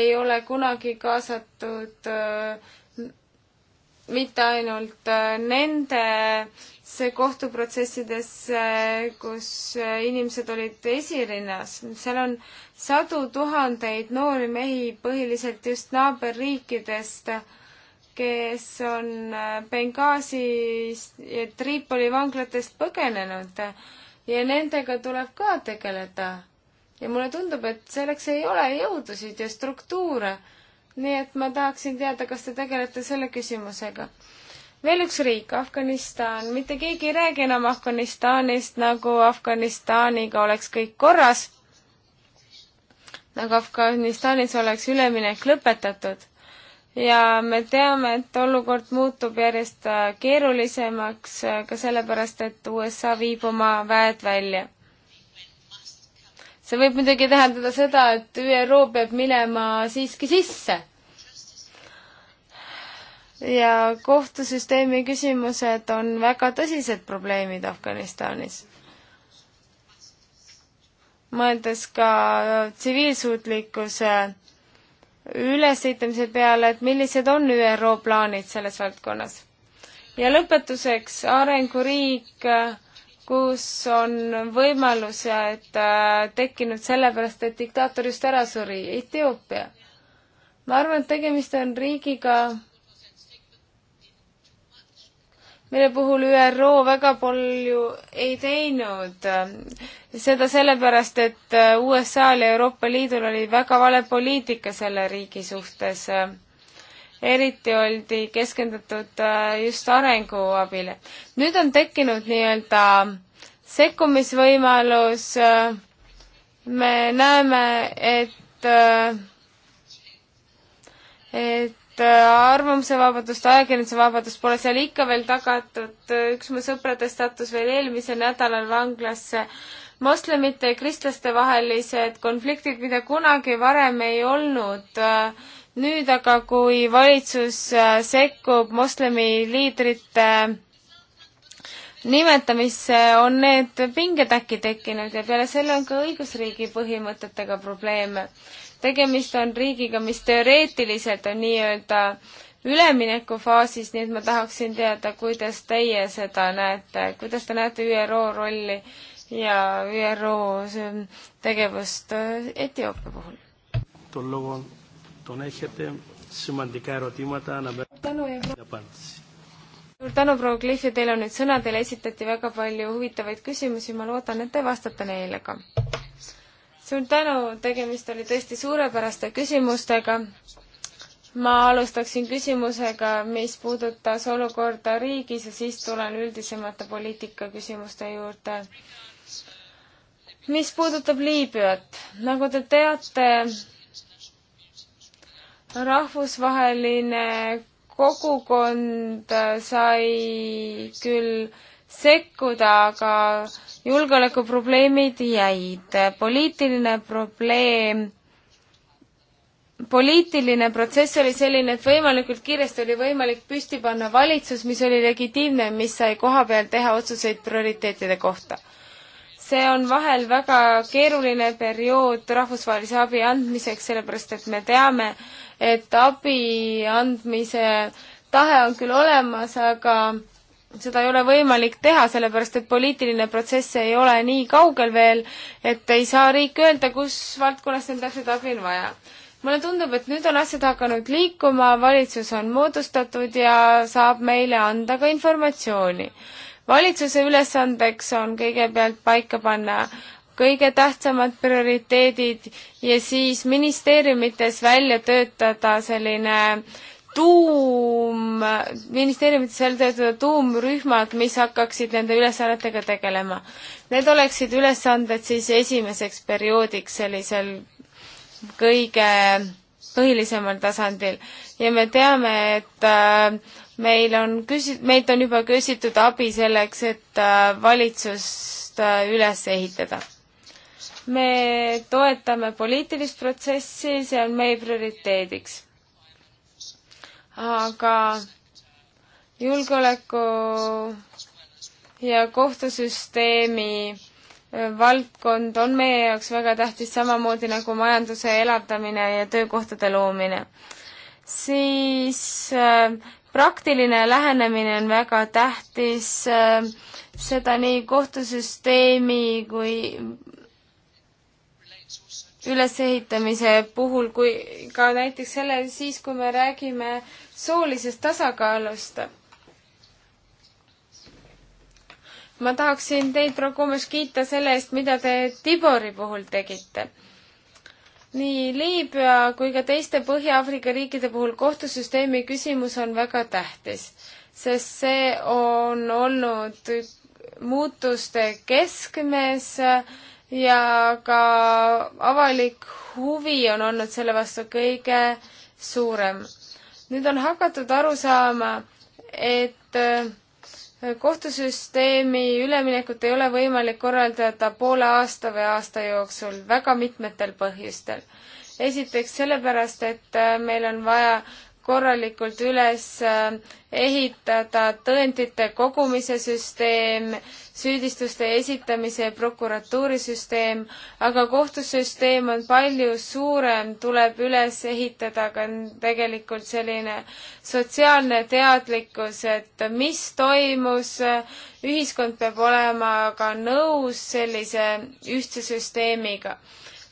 ei ole kunagi kaasatud äh, mitte ainult äh, nendesse kohtuprotsessidesse, äh, kus äh, inimesed olid esirinnas, seal on sadu tuhandeid noori mehi, põhiliselt just naaberriikidest, kes on Benghazist ja Tripoli vanglatest põgenenud ja nendega tuleb ka tegeleda. ja mulle tundub, et selleks ei ole jõudusid ja struktuure nii et ma tahaksin teada, kas te tegelete selle küsimusega. veel üks riik, Afganistan. mitte keegi ei räägi enam Afganistanist, nagu Afganistaniga oleks kõik korras. nagu Afganistanis oleks üleminek lõpetatud. ja me teame, et olukord muutub järjest keerulisemaks ka sellepärast, et USA viib oma väed välja see võib muidugi tähendada seda, et ÜRO peab minema siiski sisse. ja kohtusüsteemi küsimused on väga tõsised probleemid Afganistanis. mõeldes ka tsiviilsuutlikkuse ülesehitamise peale, et millised on ÜRO plaanid selles valdkonnas. ja lõpetuseks arenguriik äh, kus on võimalused äh, tekkinud sellepärast, et diktaator just ära suri, Etioopia. ma arvan, et tegemist on riigiga, mille puhul ÜRO väga palju ei teinud. seda sellepärast, et äh, USA-l ja Euroopa Liidul oli väga vale poliitika selle riigi suhtes eriti oldi keskendutud äh, just arenguabile. nüüd on tekkinud nii-öelda sekkumisvõimalus, äh, me näeme, et äh, et arvamuse vabadust, ajakirjanduse vabadust pole seal ikka veel tagatud, üks mu sõpradest sattus veel eelmisel nädalal vanglasse. moslemite ja kristlaste vahelised konfliktid, mida kunagi varem ei olnud äh, nüüd aga, kui valitsus äh, sekkub moslemi liidrite äh, nimetamisse, on need pinged äkki tekkinud ja peale selle on ka õigusriigi põhimõtetega probleeme. tegemist on riigiga, mis teoreetiliselt on nii-öelda üleminekufaasis, nii et ma tahaksin teada, kuidas teie seda näete, kuidas te näete ÜRO rolli ja ÜRO tegevust äh, Etioopia puhul? tol lugu on Τον έχετε σημαντικά ερωτήματα να απάντηση. suur tänu, proua Klihv ja teil on nüüd sõna, teile esitati väga palju huvitavaid küsimusi, ma loodan, et te vastate neile ka. suur tänu, tegemist oli tõesti suurepäraste küsimustega ma alustaksin küsimusega, mis puudutas olukorda riigis ja siis tulen üldisemate poliitika küsimuste juurde. mis puudutab Liibüat, nagu te teate, rahvusvaheline kogukond sai küll sekkuda, aga julgeolekuprobleemid jäid. poliitiline probleem, poliitiline protsess oli selline, et võimalikult kiiresti oli võimalik püsti panna valitsus, mis oli legitiimne, mis sai koha peal teha otsuseid prioriteetide kohta. see on vahel väga keeruline periood rahvusvahelise abi andmiseks, sellepärast et me teame, et abi andmise tahe on küll olemas, aga seda ei ole võimalik teha, sellepärast et poliitiline protsess ei ole nii kaugel veel, et ei saa riik öelda, kus valdkonnas neil täpselt abi on vaja. mulle tundub, et nüüd on asjad hakanud liikuma, valitsus on moodustatud ja saab meile anda ka informatsiooni valitsuse ülesandeks on kõigepealt paika panna kõige tähtsamad prioriteedid ja siis ministeeriumites välja töötada selline tuum, ministeeriumites välja töötada tuumrühmad, mis hakkaksid nende ülesannetega tegelema. Need oleksid ülesanded siis esimeseks perioodiks sellisel kõige põhilisemal tasandil ja me teame, et äh, meil on küsi-, meilt on juba küsitud abi selleks, et äh, valitsust äh, üles ehitada me toetame poliitilist protsessi, see on meie prioriteediks. aga julgeoleku ja kohtusüsteemi äh, valdkond on meie jaoks väga tähtis, samamoodi nagu majanduse elavdamine ja töökohtade loomine. siis äh, praktiline lähenemine on väga tähtis, äh, seda nii kohtusüsteemi kui ülesehitamise puhul kui ka näiteks sellel siis, kui me räägime soolisest tasakaalust. ma tahaksin teid, proua Kumes, kiita selle eest, mida te Tibori puhul tegite. nii Liibüa kui ka teiste Põhja-Aafrika riikide puhul kohtusüsteemi küsimus on väga tähtis, sest see on olnud muutuste keskmes äh, ja ka avalik huvi on olnud selle vastu kõige suurem. nüüd on hakatud aru saama, et äh, kohtusüsteemi üleminekut ei ole võimalik korraldada poole aasta või aasta jooksul väga mitmetel põhjustel. esiteks sellepärast, et äh, meil on vaja korralikult üles äh, ehitada tõendite kogumise süsteem, süüdistuste esitamise ja prokuratuurisüsteem, aga kohtusüsteem on palju suurem, tuleb üles ehitada ka tegelikult selline sotsiaalne teadlikkus, et mis toimus, ühiskond peab olema ka nõus sellise ühtse süsteemiga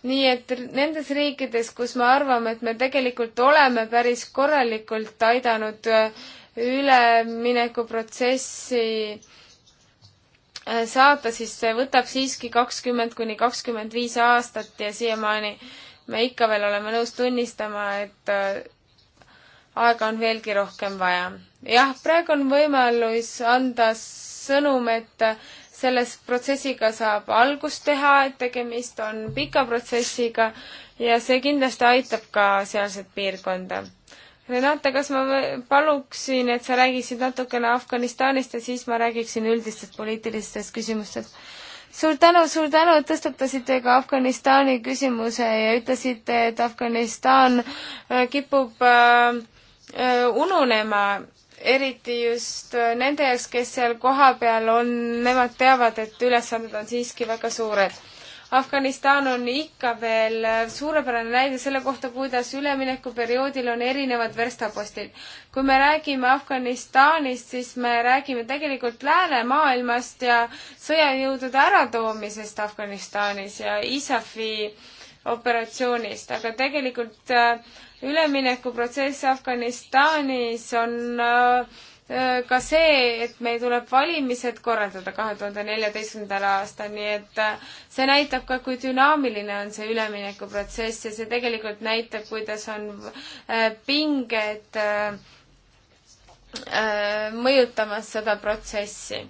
nii et nendes riikides, kus me arvame, et me tegelikult oleme päris korralikult aidanud äh, üleminekuprotsessi äh, saata, siis see võtab siiski kakskümmend kuni kakskümmend viis aastat ja siiamaani me ikka veel oleme nõus tunnistama, et äh, aega on veelgi rohkem vaja. jah, praegu on võimalus anda sõnum, et selles protsessiga saab algust teha, et tegemist on pika protsessiga ja see kindlasti aitab ka sealset piirkonda. Renate, kas ma paluksin, et sa räägiksid natukene Afganistanist ja siis ma räägiksin üldistest poliitilistest küsimustest? suur tänu, suur tänu, et tõstatasite ka Afganistani küsimuse ja ütlesite, et Afganistan äh, kipub äh, äh ununema eriti just nende jaoks, kes seal kohapeal on, nemad teavad, et ülesanded on siiski väga suured. Afganistan on ikka veel suurepärane näide selle kohta, kuidas üleminekuperioodil on erinevad verstapostid. kui me räägime Afganistanist, siis me räägime tegelikult läänemaailmast ja sõjajõudude äratoomisest Afganistanis ja ISAF-i operatsioonist, aga tegelikult äh, üleminekuprotsess Afganistanis on äh, ka see, et meil tuleb valimised korraldada kahe tuhande neljateistkümnendal aastal, nii et äh, see näitab ka, kui dünaamiline on see üleminekuprotsess ja see tegelikult näitab, kuidas on äh, pinged mõjutamas seda protsessi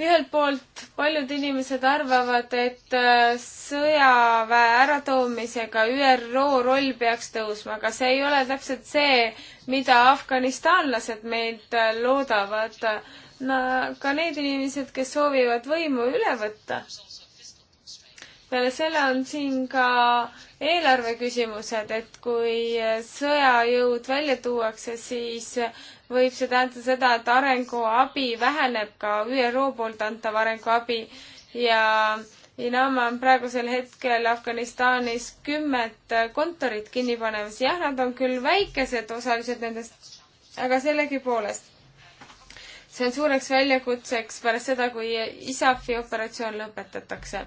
ühelt poolt paljud inimesed arvavad, et äh, sõjaväe äratoomisega ÜRO roll peaks tõusma, aga see ei ole täpselt see, mida afganistanlased meilt äh, loodavad. no ka need inimesed, kes soovivad võimu üle võtta. peale selle on siin ka eelarve küsimused, et kui äh, sõjajõud välja tuuakse, siis võib see tähendada seda, et arenguabi väheneb ka ÜRO poolt antav arenguabi ja Inama on praegusel hetkel Afganistanis kümmet kontorit kinni panemas. jah, nad on küll väikesed osaliselt nendest, aga sellegipoolest. see on suureks väljakutseks pärast seda, kui ISAF-i operatsioon lõpetatakse.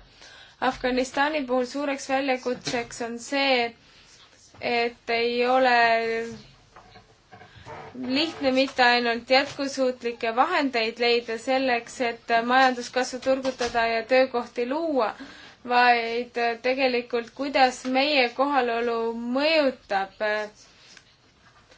Afganistani puhul suureks väljakutseks on see, et ei ole lihtne mitte ainult jätkusuutlikke vahendeid leida selleks, et majanduskasvu turgutada ja töökohti luua, vaid tegelikult, kuidas meie kohalolu mõjutab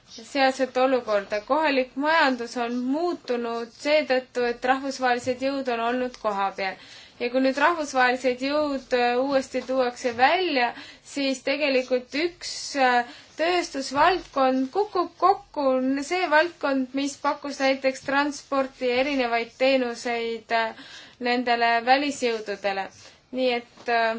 sealset olukorda. kohalik majandus on muutunud seetõttu, et rahvusvahelised jõud on olnud kohapeal ja kui nüüd rahvusvahelised jõud äh, uuesti tuuakse välja, siis tegelikult üks äh, tööstusvaldkond kukub kokku, see valdkond, mis pakkus näiteks transporti ja erinevaid teenuseid äh, nendele välisjõududele. nii et äh,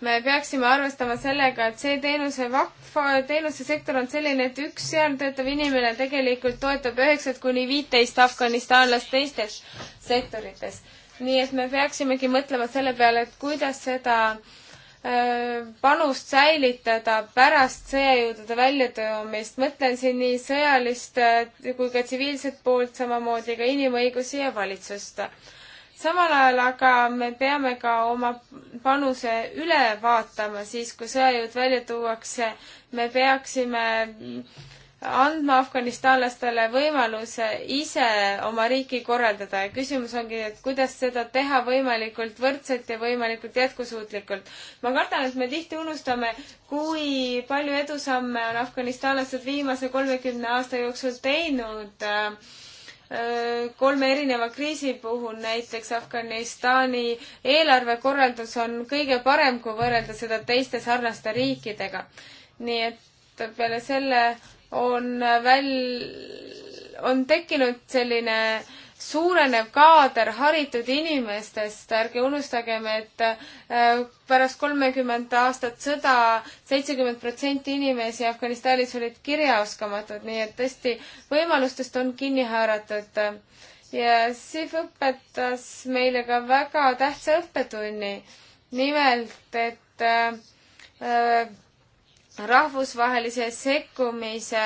me peaksime arvestama sellega, et see teenuse vakf, teenusesektor on selline, et üks seal töötav inimene tegelikult toetab üheksat kuni viiteist afganistanlast teistes sektorites. nii et me peaksimegi mõtlema selle peale, et kuidas seda äh, Äh, panust säilitada pärast sõjajõudude väljatoomist. mõtlen siin nii sõjalist äh, kui ka tsiviilset poolt, samamoodi ka inimõigusi ja valitsust. samal ajal aga me peame ka oma panuse üle vaatama siis, kui sõjajõud välja tuuakse. me peaksime andma afganistanlastele võimaluse ise oma riiki korraldada ja küsimus ongi, et kuidas seda teha võimalikult võrdselt ja võimalikult jätkusuutlikult. ma kardan, et me tihti unustame, kui palju edusamme on afganistanlased viimase kolmekümne aasta jooksul teinud äh, kolme erineva kriisi puhul, näiteks Afganistani eelarvekorraldus on kõige parem, kui võrrelda seda teiste sarnaste riikidega. nii et peale selle on väl-, on tekkinud selline suurenev kaader haritud inimestest, ärge unustagem, et äh, pärast kolmekümmend aastat sõda seitsekümmend protsenti inimesi Afganistanis olid kirjaoskamatud, nii et tõesti võimalustest on kinni haaratud. ja Siv õpetas meile ka väga tähtsa õppetunni. nimelt, et äh, äh rahvusvahelise sekkumise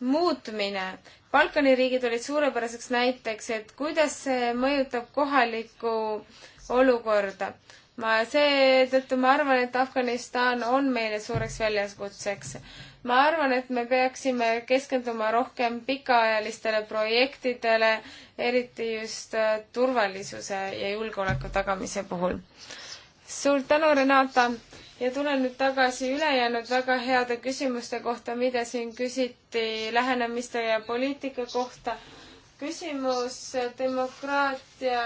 muutmine. Balkani riigid olid suurepäraseks näiteks, et kuidas see mõjutab kohalikku olukorda. ma seetõttu ma arvan, et Afganistan on meile suureks väljakutseks. ma arvan, et me peaksime keskenduma rohkem pikaajalistele projektidele, eriti just äh, turvalisuse ja julgeoleku tagamise puhul. suur tänu, Renata ja tulen nüüd tagasi ülejäänud väga heade küsimuste kohta, mida siin küsiti lähenemiste ja poliitika kohta. küsimus demokraatia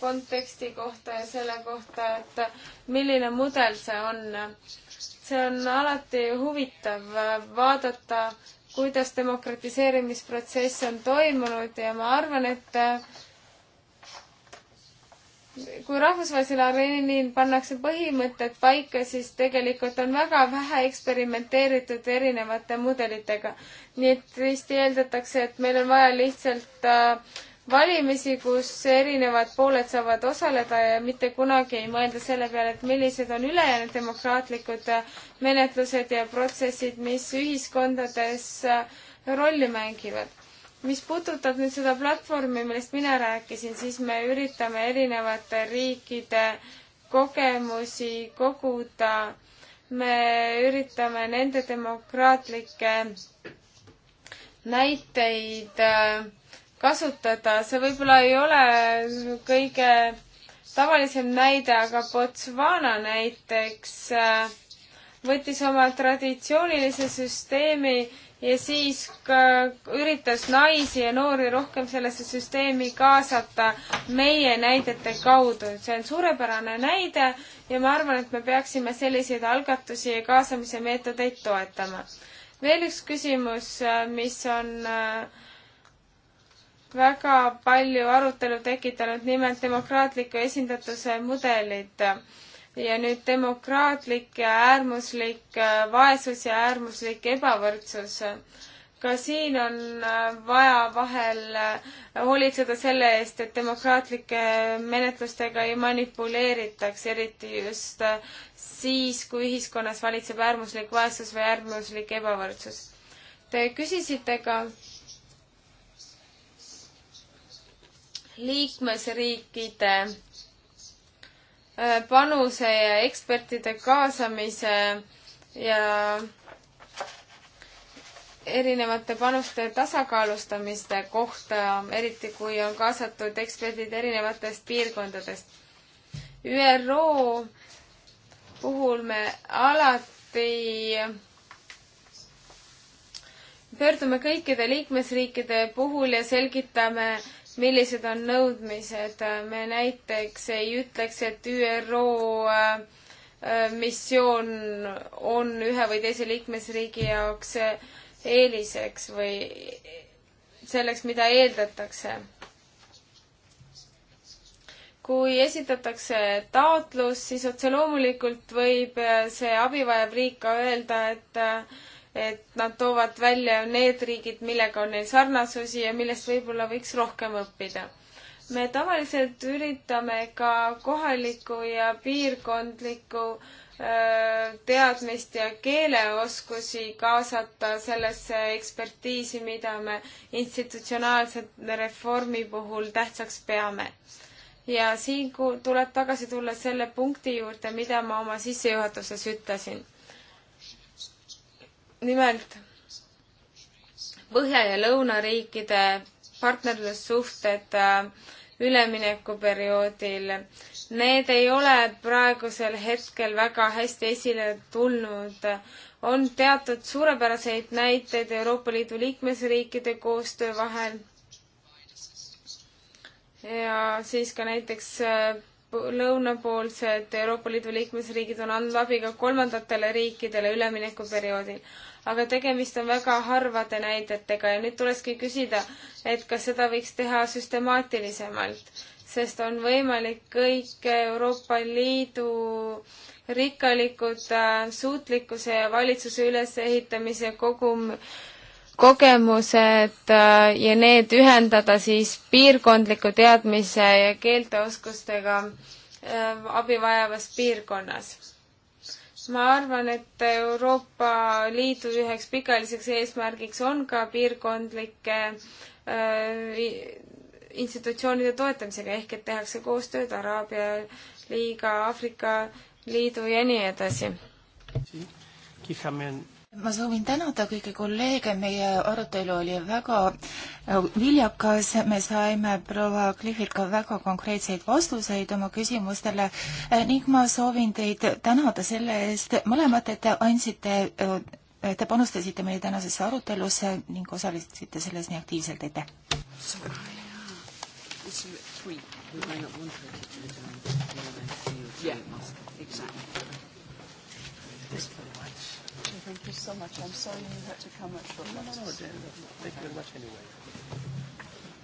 konteksti kohta ja selle kohta, et milline mudel see on. see on alati huvitav vaadata, kuidas demokratiseerimisprotsess on toimunud ja ma arvan, et kui rahvusvahelisel areenil pannakse põhimõtted paika, siis tegelikult on väga vähe eksperimenteeritud erinevate mudelitega. nii et vist eeldatakse, et meil on vaja lihtsalt äh, valimisi, kus erinevad pooled saavad osaleda ja mitte kunagi ei mõelda selle peale, et millised on ülejäänud demokraatlikud äh, menetlused ja protsessid, mis ühiskondades äh, rolli mängivad mis puudutab nüüd seda platvormi, millest mina rääkisin, siis me üritame erinevate riikide kogemusi koguda. me üritame nende demokraatlikke näiteid äh, kasutada. see võib-olla ei ole kõige tavalisem näide, aga Botswana näiteks äh, võttis oma traditsioonilise süsteemi ja siis ka üritas naisi ja noori rohkem sellesse süsteemi kaasata meie näidete kaudu. see on suurepärane näide ja ma arvan, et me peaksime selliseid algatusi ja kaasamise meetodeid toetama. veel üks küsimus, mis on äh, väga palju arutelu tekitanud, nimelt demokraatliku esindatuse mudelid ja nüüd demokraatlik ja äärmuslik äh, vaesus ja äärmuslik ebavõrdsus. ka siin on äh, vaja vahel äh, hoolitseda selle eest, et demokraatlike menetlustega ei manipuleeritaks, eriti just siis, kui ühiskonnas valitseb äärmuslik vaesus või äärmuslik ebavõrdsus. Te küsisite ka liikmesriikide Äh, panuse ja ekspertide kaasamise ja erinevate panuste tasakaalustamiste kohta, eriti kui on kaasatud eksperdid erinevatest piirkondadest. ÜRO puhul me alati pöördume kõikide liikmesriikide puhul ja selgitame, millised on nõudmised, me näiteks ei ütleks, et ÜRO äh, missioon on ühe või teise liikmesriigi jaoks eeliseks või selleks, mida eeldatakse. kui esitatakse taotlus, siis otse loomulikult võib äh, see abivajav riik ka öelda, et äh, et nad toovad välja need riigid, millega on neil sarnasusi ja millest võib-olla võiks rohkem õppida. me tavaliselt üritame ka kohalikku ja piirkondlikku teadmist ja keeleoskusi kaasata sellesse ekspertiisi, mida me institutsionaalse reformi puhul tähtsaks peame. ja siin tuleb tagasi tulla selle punkti juurde, mida ma oma sissejuhatuses ütlesin nimelt Põhja- ja Lõunariikide partnerlussuhted äh, üleminekuperioodil. Need ei ole praegusel hetkel väga hästi esile tulnud. on teatud suurepäraseid näiteid Euroopa Liidu liikmesriikide koostöö vahel ja siis ka näiteks äh, lõunapoolsed Euroopa Liidu liikmesriigid on andnud abi ka kolmandatele riikidele üleminekuperioodil aga tegemist on väga harvade näidetega ja nüüd tulekski küsida, et kas seda võiks teha süstemaatilisemalt, sest on võimalik kõik Euroopa Liidu rikkalikud äh, suutlikkuse ja valitsuse ülesehitamise kogum kogemused äh, ja need ühendada siis piirkondliku teadmise ja keelteoskustega äh, abi vajavas piirkonnas ma arvan, et Euroopa Liidu üheks pikaajaliseks eesmärgiks on ka piirkondlike äh, institutsioonide toetamisega, ehk et tehakse koostööd Araabia liiga, Aafrika Liidu ja nii edasi ma soovin tänada kõiki kolleege, meie arutelu oli väga äh, viljakas, me saime proua Cliffilt ka väga konkreetseid vastuseid oma küsimustele äh, ning ma soovin teid tänada selle eest mõlemat, et te andsite, äh, te panustasite meie tänasesse arutelusse ning osalesite selles nii aktiivselt, aitäh! so much. I'm sorry you had to come at short notice. No, no, no. Thank you very much anyway.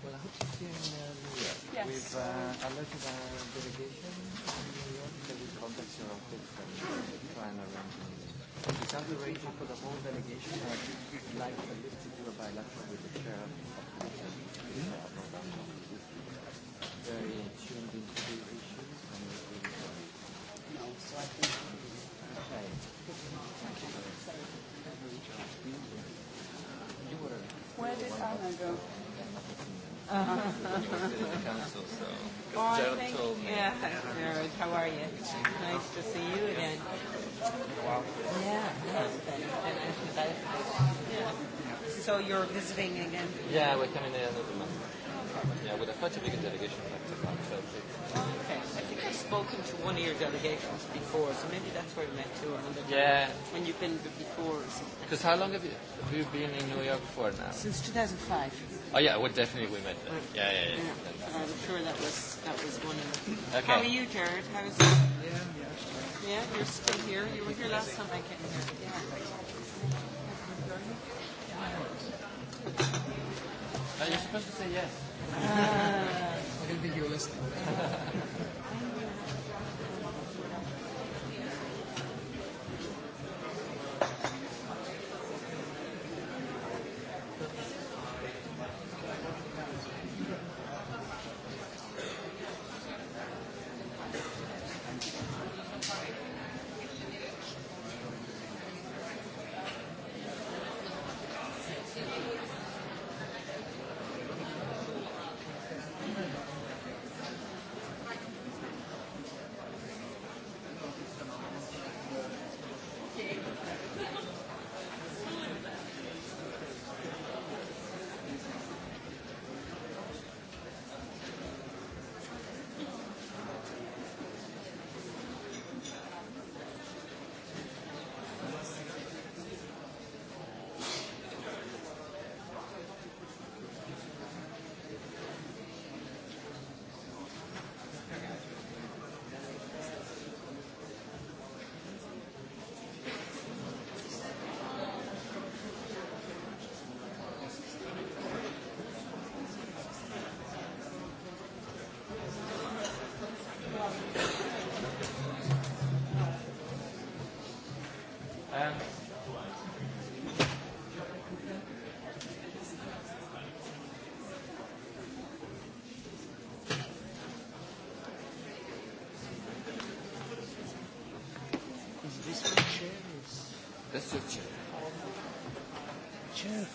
Well, I hope to see you in uh, New York. Yes. We've uh, alerted our uh, delegation in New York. They will contact your office and try and arrange a meeting. We can't arrange it for the whole delegation. I would like at least to do a bilateral with the chair of the commission. Mm-hmm. Uh, very tuned into the issues. And no, so I think Where did Anna go? Uh-huh. council, so. Oh, Gerald think, told me. Yeah, Gerald, how are you? Nice to see you again. Wow. Yeah, yes, and, and nice yeah. So you're visiting again? Yeah, we're coming there another month. Okay. Yeah, with a quite a big delegation back to France. Oh, okay spoken to one of your delegations before, so maybe that's where you met too. Another yeah. When you've been before or something. Because how long have you, have you been in New York for now? Since 2005. Oh yeah, well definitely we met then. Right. Yeah, yeah, yeah. yeah. I'm sure that was that was one of them. Okay. How are you, Jared? How is it? Yeah, yeah. Yeah, you're still here. You were here last time I came here. Yeah. You're supposed to say yes. Uh, I didn't think you were listening.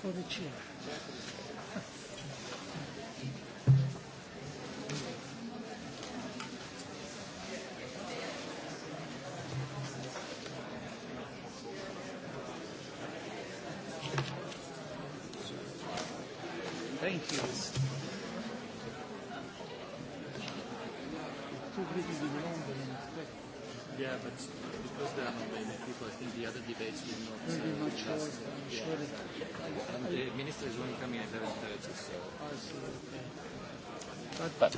for the chair. Thank you. Too greedy in London. Yeah, but because there are not many people, I think the other debates did not. Uh, is going to come in at 11.30. So. But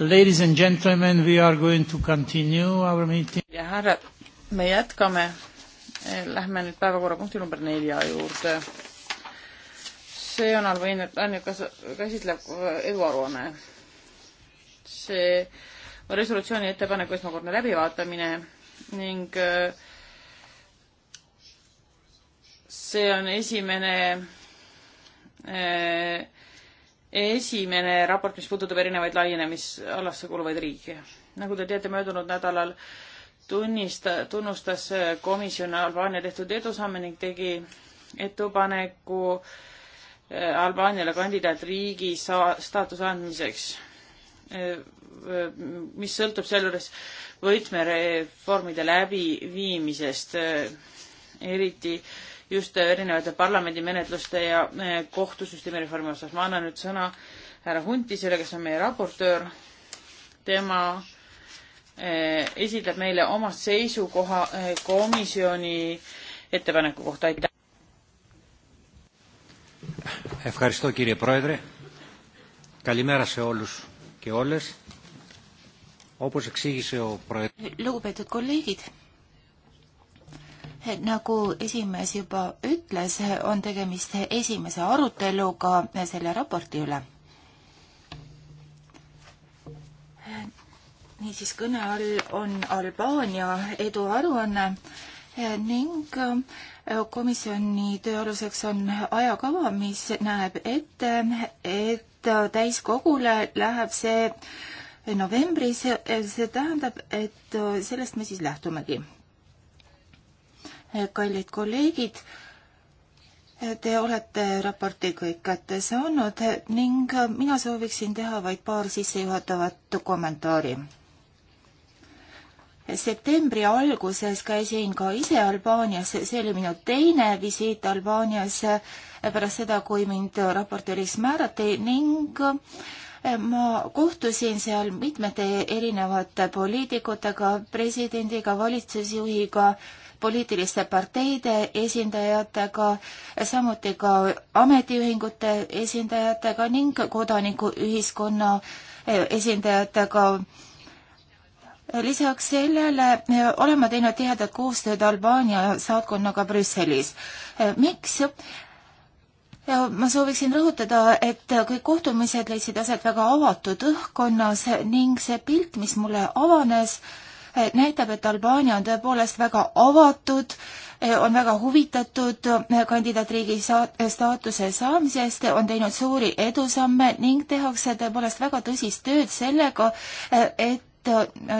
Ladies and gentlemen, we are going to continue our meeting. ja härrad, me jätkame. Eh, lähme nüüd päevakorrapunkti number nelja juurde. see on Albaania käsitleb eduaruanne. Eh, see on resolutsiooni ettepaneku esmakordne läbivaatamine ning eh, see on esimene äh, esimene raport, mis puudutab erinevaid laienemisalasse kuuluvaid riike. nagu te teate, möödunud nädalal tunnista, tunnustas komisjon Albaania tehtud edusamme ning tegi ettepaneku äh, Albaaniale kandidaatriigi saa-, staatuse andmiseks, äh, äh, mis sõltub sealjuures võtmereformide läbiviimisest, eriti just erinevate parlamendimenetluste ja eh, kohtusüsteemi reformi osas. ma annan nüüd sõna härra Huntisele, kes on meie raportöör. tema eh, esitleb meile oma seisukoha eh, komisjoni ettepaneku kohta, aitäh. Ευχαριστώ κύριε Πρόεδρε. Καλημέρα σε όλους και όλες. Όπως εξήγησε ο Πρόεδρος... Λόγω πέτω κολέγητ nagu esimees juba ütles, on tegemist esimese aruteluga selle raporti üle. niisiis, kõne all on Albaania eduaruanne ning komisjoni töö aluseks on ajakava, mis näeb ette, et täiskogule läheb see novembris, see tähendab, et sellest me siis lähtumegi kallid kolleegid. Te olete raporti kõik kätte saanud ning mina sooviksin teha vaid paar sissejuhatavat kommentaari. septembri alguses käisin ka ise Albaanias, see oli minu teine visiit Albaanias pärast seda, kui mind raportööriks määrati ning ma kohtusin seal mitmete erinevate poliitikutega, presidendiga, valitsusjuhiga poliitiliste parteide esindajatega, samuti ka ametiühingute esindajatega ning kodanikuühiskonna eh, esindajatega. lisaks sellele eh, olen ma teinud tihedat koostööd Albaania saatkonnaga Brüsselis. Eh, miks? ja ma sooviksin rõhutada, et kõik kohtumised leidsid aset väga avatud õhkkonnas ning see pilt, mis mulle avanes, Eh, näitab, et Albaania on tõepoolest väga avatud, eh, on väga huvitatud eh, kandidaatriigi staatuse saamisest, on teinud suuri edusamme ning tehakse tõepoolest väga tõsist tööd sellega, et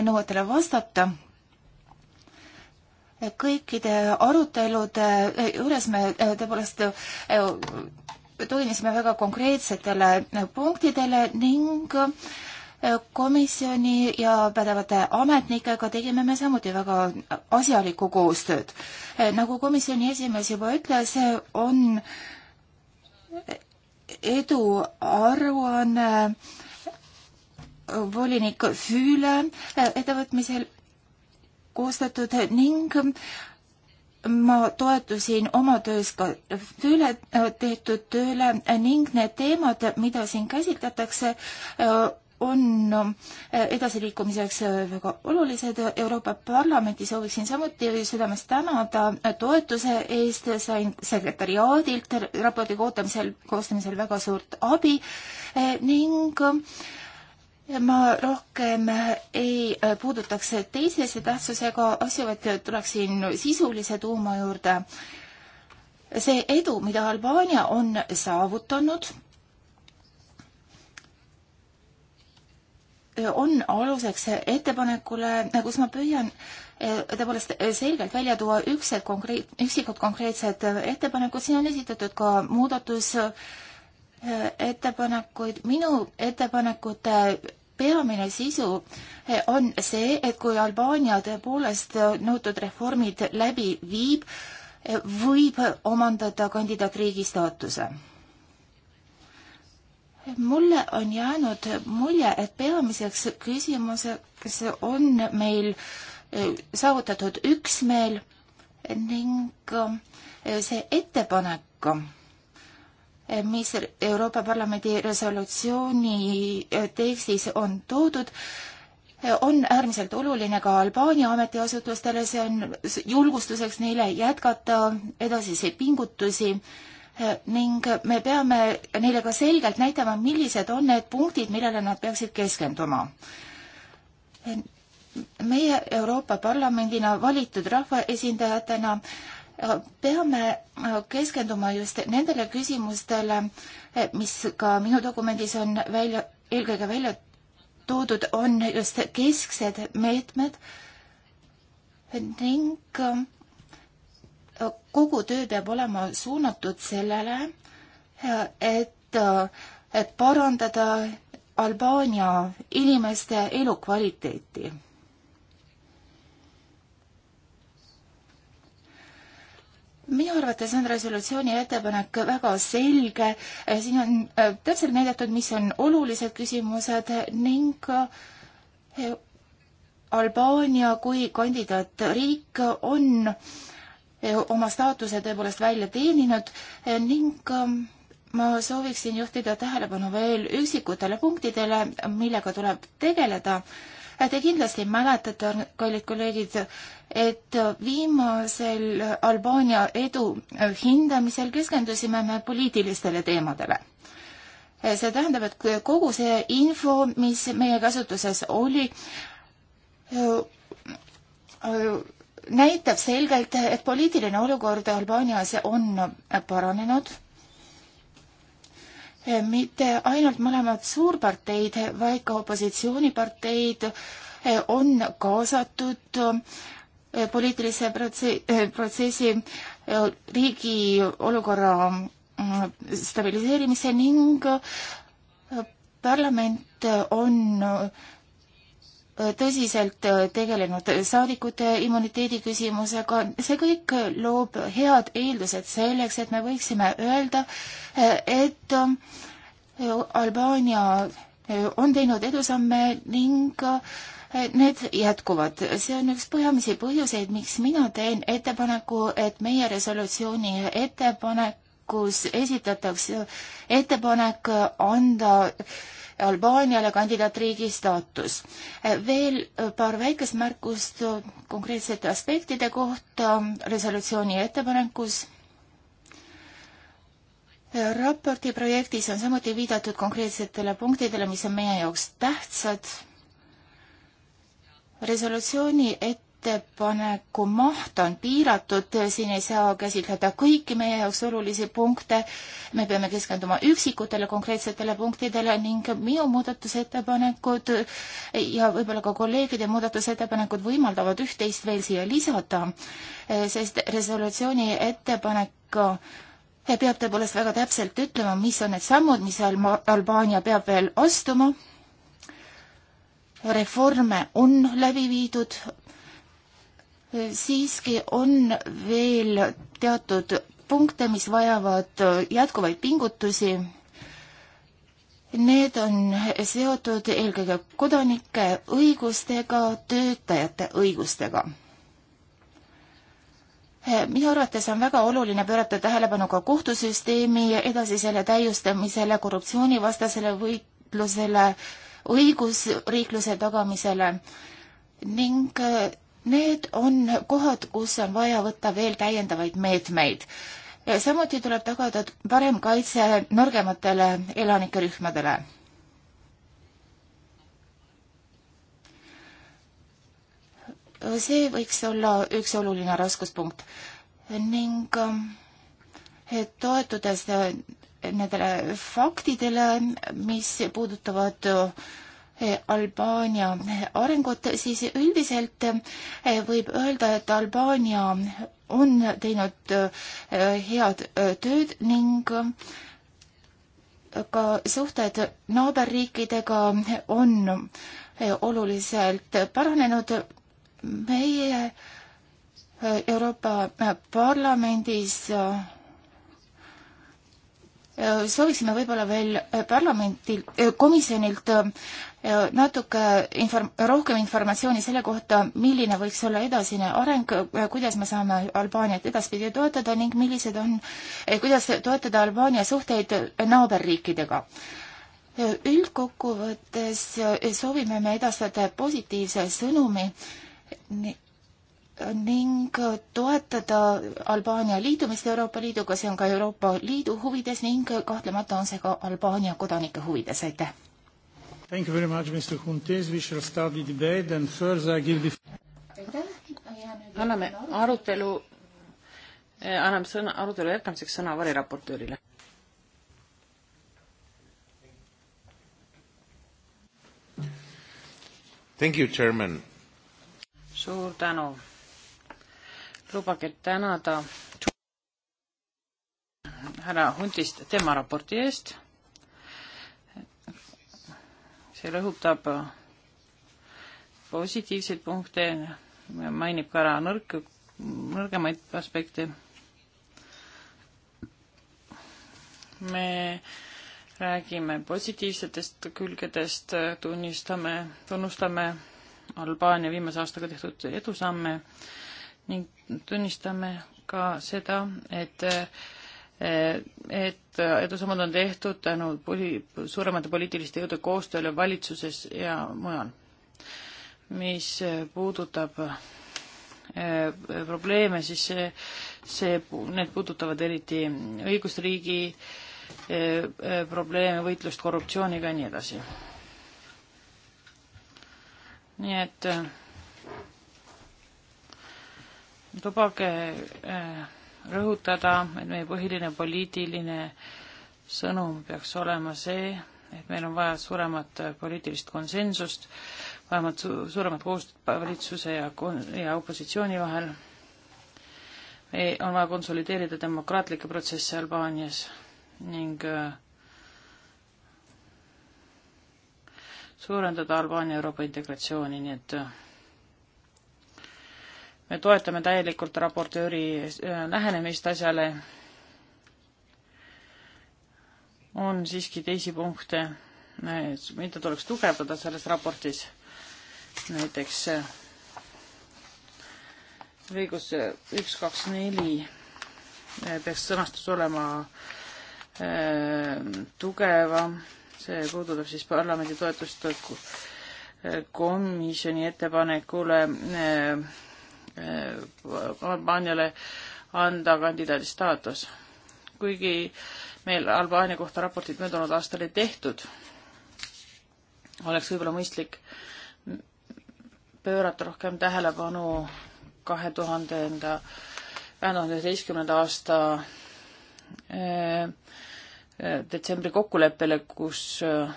nõuetele vastata kõikide arutelude juures me tõepoolest tuginesime väga konkreetsetele punktidele ning komisjoni ja pädevate ametnikega tegime me samuti väga asjalikku koostööd. nagu komisjoni esimees juba ütles, on edu aruanne volinik Füüle ettevõtmisel koostatud ning ma toetusin oma töös ka üle tehtud tööle ning need teemad, mida siin käsitletakse, on äh, edasiliikumiseks äh, väga olulised. Euroopa Parlamenti sooviksin samuti südamest tänada toetuse eest, sain sekretariaadilt raporti kootamisel, koostamisel väga suurt abi äh, ning ma rohkem ei puudutaks teisese tähtsusega asju, vaid tuleksin sisulise tuuma juurde. see edu, mida Albaania on saavutanud on aluseks ettepanekule, kus ma püüan eh, tõepoolest eh, selgelt välja tuua üksed konkreet-, üksikud konkreetsed eh, ettepanekud, siin on esitatud ka muudatus ettepanekuid, minu ettepanekute peamine sisu on see, et kui Albaania tõepoolest nõutud reformid läbi viib, võib omandada kandidaatriigi staatuse mulle on jäänud mulje, et peamiseks küsimuseks on meil eh, saavutatud üksmeel ning eh, see ettepanek, eh, mis Euroopa Parlamendi resolutsiooni tekstis on toodud, on äärmiselt oluline ka Albaania ametiasutustele, see on julgustuseks neile jätkata edasisi pingutusi ning me peame neile ka selgelt näitama, millised on need punktid, millele nad peaksid keskenduma. meie Euroopa Parlamendina valitud rahvaesindajatena peame keskenduma just nendele küsimustele, mis ka minu dokumendis on välja, eelkõige välja toodud, on just kesksed meetmed ning kogu töö peab olema suunatud sellele, et, et parandada Albaania inimeste elukvaliteeti minu arvates on resolutsiooni ettepanek väga selge, siin on äh, täpselt näidatud, mis on olulised küsimused ning äh, Albaania kui kandidaatriik on äh, Eh, oma staatuse tõepoolest välja teeninud eh, ning ähm, ma sooviksin juhtida tähelepanu veel üksikutele punktidele, millega tuleb tegeleda. Eh, te kindlasti mäletate, kallid kolleegid, et viimasel Albaania edu hindamisel keskendusime me poliitilistele teemadele see tähendab, et kogu see info, mis meie käsutuses oli, näitab selgelt, et poliitiline olukord Albaanias on paranenud. mitte ainult mõlemad suurparteid, vaid ka opositsiooniparteid on kaasatud poliitilise protsessi, protsessi riigi olukorra mm, stabiliseerimise ning parlament on tõsiselt äh, tegelenud saadikute immuniteedi küsimusega. see kõik loob head eeldused selleks, et me võiksime öelda, äh, et äh, Albaania on teinud edusamme ning need jätkuvad. see on üks põhimisi põhjuseid, miks mina teen ettepaneku, et meie resolutsiooni ettepanekus esitatakse ettepanek anda Albaaniale kandidaatriigi staatus. veel paar väikest märkust konkreetsete aspektide kohta resolutsiooni ettepanekus. raporti projektis on samuti viidatud konkreetsetele punktidele, mis on meie jaoks tähtsad. resolutsiooni ette ettepaneku maht on piiratud, siin ei saa käsitleda kõiki meie jaoks olulisi punkte. me peame keskenduma üksikutele konkreetsetele punktidele ning minu muudatusettepanekud ja võib-olla ka kolleegide muudatusettepanekud võimaldavad üht-teist veel siia lisada, sest resolutsiooni ettepanek peab tõepoolest väga täpselt ütlema, mis on need sammud, mis Alba Albaania peab veel astuma reforme on läbi viidud, siiski on veel teatud punkte, mis vajavad jätkuvaid pingutusi. Need on seotud eelkõige kodanike õigustega, töötajate õigustega. minu arvates on väga oluline pöörata tähelepanu ka kohtusüsteemi edasisele täiustamisele, korruptsioonivastasele võitlusele, õigusriikluse tagamisele ning Need on kohad, kus on vaja võtta veel täiendavaid meetmeid. samuti tuleb tagada parem kaitse nõrgematele elanikerühmadele. see võiks olla üks oluline raskuspunkt ning eh, toetudes eh, nendele faktidele, mis puudutavad eh, Albaania arengut, siis üldiselt eh, võib öelda, et Albaania on teinud eh, head eh, tööd ning ka suhted naaberriikidega on oluliselt paranenud. meie Euroopa Parlamendis sooviksime võib-olla veel äh, parlamentil, äh, komisjonilt äh, natuke inform-, rohkem informatsiooni selle kohta, milline võiks olla edasine areng, kuidas me saame Albaaniat edaspidi toetada ning millised on, kuidas toetada Albaania suhteid naaberriikidega. üldkokkuvõttes soovime me edastada positiivse sõnumi ning toetada Albaania liitumist Euroopa Liiduga, see on ka Euroopa Liidu huvides ning kahtlemata on see ka Albaania kodanike huvides, aitäh! Thank you very much, Mr Huntes, we shall start the debate and further I give the anname arutelu, eh, anname sõna, arutelu jätkamiseks sõna variraportöörile. Thank you, chairman! suur tänu! lubage tänada härra Huntist tema raporti eest. see rõhutab positiivseid punkte, mainib ka ära nõrk, nõrgemaid aspekte. me räägime positiivsetest külgedest, tunnistame, tunnustame Albaania viimase aastaga tehtud edusamme ning tunnistame ka seda, et et edusammud on tehtud tänu poli-, suuremate poliitiliste jõudude koostööle valitsuses ja mujal. mis puudutab eh, probleeme, siis see, see, need puudutavad eriti õigusriigi eh, eh, probleeme, võitlust korruptsiooniga ja nii edasi. nii et lubage äh, rõhutada, et meie põhiline poliitiline sõnum peaks olema see, et meil on vaja suuremat äh, poliitilist konsensust, vähemalt su suuremat koostööd valitsuse ja, ja opositsiooni vahel. on vaja konsolideerida demokraatlikke protsesse Albaanias ning äh, suurendada Albaania Euroopa integratsiooni, nii et me toetame täielikult raportööri äh, lähenemist asjale. on siiski teisi punkte, mida tuleks tugevdada selles raportis, näiteks lõigus äh, äh, üks, kaks, neli peaks sõnastus olema tugevam, see puudutab siis parlamendi toetust komisjoni ettepanekule äh, Albaaniale anda kandidaadi staatus. kuigi meil Albaania kohta raportid möödunud aastal ei tehtud, oleks võib-olla mõistlik pöörata rohkem tähelepanu kahe tuhandenda, kahe tuhande üheteistkümnenda aasta eh, eh, detsembri kokkuleppele, kus eh,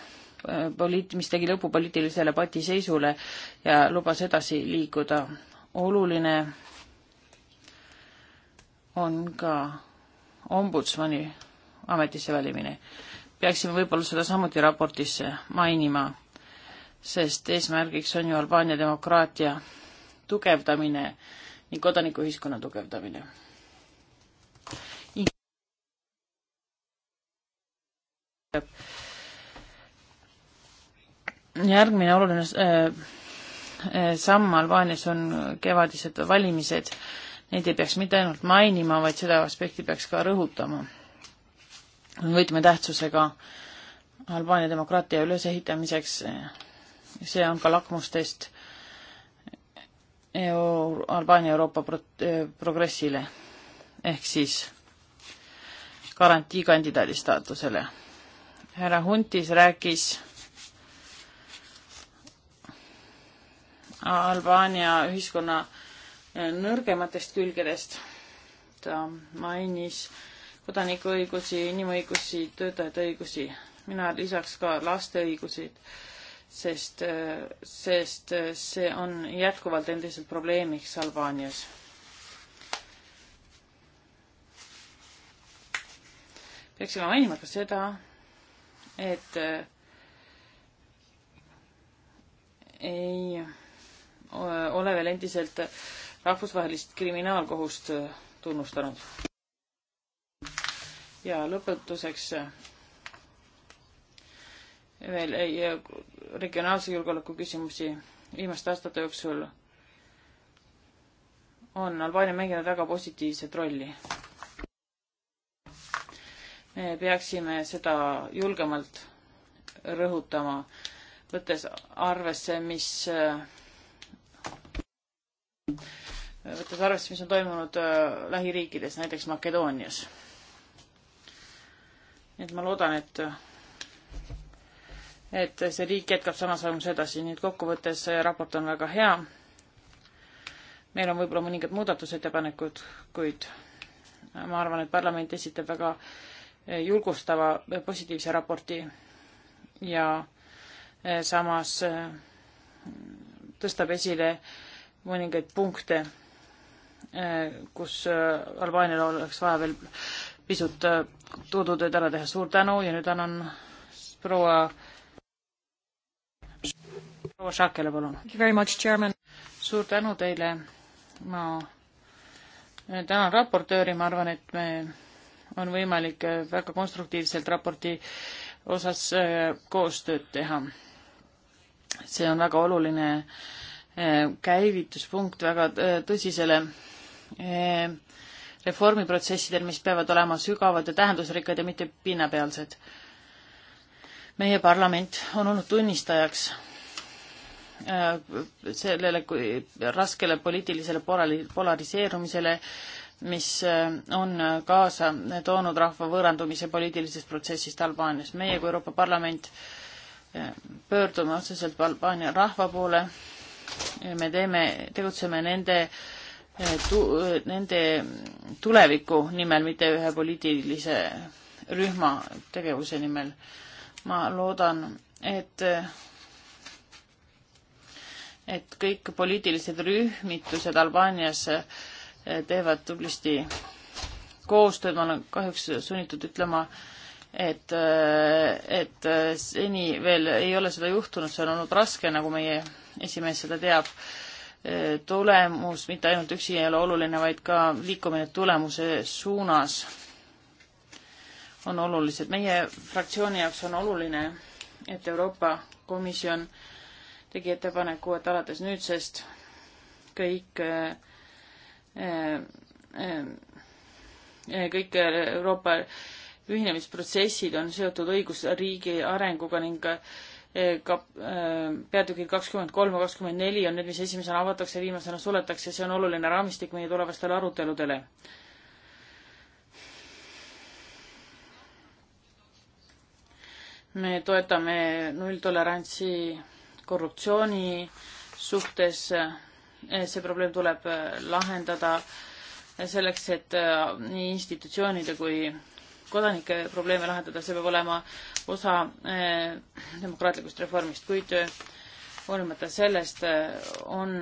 poliit-, mis tegi lõpu poliitilisele patiseisule ja lubas edasi liikuda oluline on ka ombudsmani ametisse valimine. peaksime võib-olla seda samuti raportisse mainima, sest eesmärgiks on ju Albaania demokraatia tugevdamine ning kodanikuühiskonna tugevdamine. järgmine oluline äh, Eh, samm Albaanias on kevadised valimised. Neid ei peaks mitte ainult mainima, vaid seda aspekti peaks ka rõhutama. on võtmetähtsusega Albaania demokraatia ülesehitamiseks. see on ka lakmustest Euro Albaania Euroopa pro progressile ehk siis garantiikandidaadi staatusele. härra Huntis rääkis Albaania ühiskonna eh, nõrgematest külgedest. ta mainis kodanikuõigusi, inimõigusi, töötajate õigusi, mina lisaks ka laste õigusid, sest, eh, sest eh, see on jätkuvalt endiselt probleemiks Albaanias. peaksime mainima ka seda, et ei Äh, ole veel endiselt rahvusvahelist kriminaalkohust äh, tunnustanud. ja lõpetuseks äh, veel regionaalse julgeoleku küsimusi viimaste aastate jooksul on Albaania mänginud väga positiivset rolli. me peaksime seda julgemalt rõhutama, võttes arvesse, mis võttes arvesse, mis on toimunud äh, lähiriikides, näiteks Makedoonias. nii et ma loodan, et et see riik jätkab samas vaimus edasi, nii et kokkuvõttes see äh, raport on väga hea. meil on võib-olla mõningad muudatusettepanekud, kuid ma arvan, et parlament esitab väga äh, julgustava positiivse raporti ja samas tõstab esile mõningaid punkte Eh, kus eh, Albaanial oleks vaja veel pisut eh, tudutööd ära teha. suur tänu ja nüüd annan proua, proua Šakele, palun. suur tänu teile. ma tänan raportööri, ma arvan, et me, on võimalik väga konstruktiivselt raporti osas koostööd teha. see on väga oluline käivituspunkt väga tõsisele Eh, reformiprotsessidel, mis peavad olema sügavad ja tähendusrikkad ja mitte pinnapealsed. meie parlament on olnud tunnistajaks eh, sellele kui raskele poliitilisele polariseerumisele, mis eh, on kaasa toonud rahva võõrandumise poliitilisest protsessist Albaanias. meie kui Euroopa Parlament pöördume otseselt Albaania rahva poole, me teeme, tegutseme nende äh, tu-, nende tuleviku nimel, mitte ühe poliitilise rühma tegevuse nimel. ma loodan, et, et kõik poliitilised rühmitused Albaanias teevad tublisti koostööd, ma olen kahjuks sunnitud ütlema, et, et seni veel ei ole seda juhtunud, see on olnud raske, nagu meie esimees seda teab tulemus mitte ainult üksi ei ole oluline, vaid ka liikumine tulemuse suunas on olulised. meie fraktsiooni jaoks on oluline, et Euroopa Komisjon tegi ettepaneku, et alates nüüdsest kõik äh, äh, äh kõik Euroopa ühinemisprotsessid on seotud õigusriigi arenguga ning äh, Eh, ka eh, peatükil kakskümmend kolm ja kakskümmend neli on need, mis esimesena avatakse, viimasena suletakse, see on oluline raamistik meie tulevastele aruteludele. me toetame nulltolerantsi korruptsiooni suhtes, eh, see probleem tuleb lahendada selleks, et nii institutsioonide kui kodanike probleeme lahendada, see peab olema osa eh, demokraatlikust reformist, kuid eh, hoolimata sellest eh, on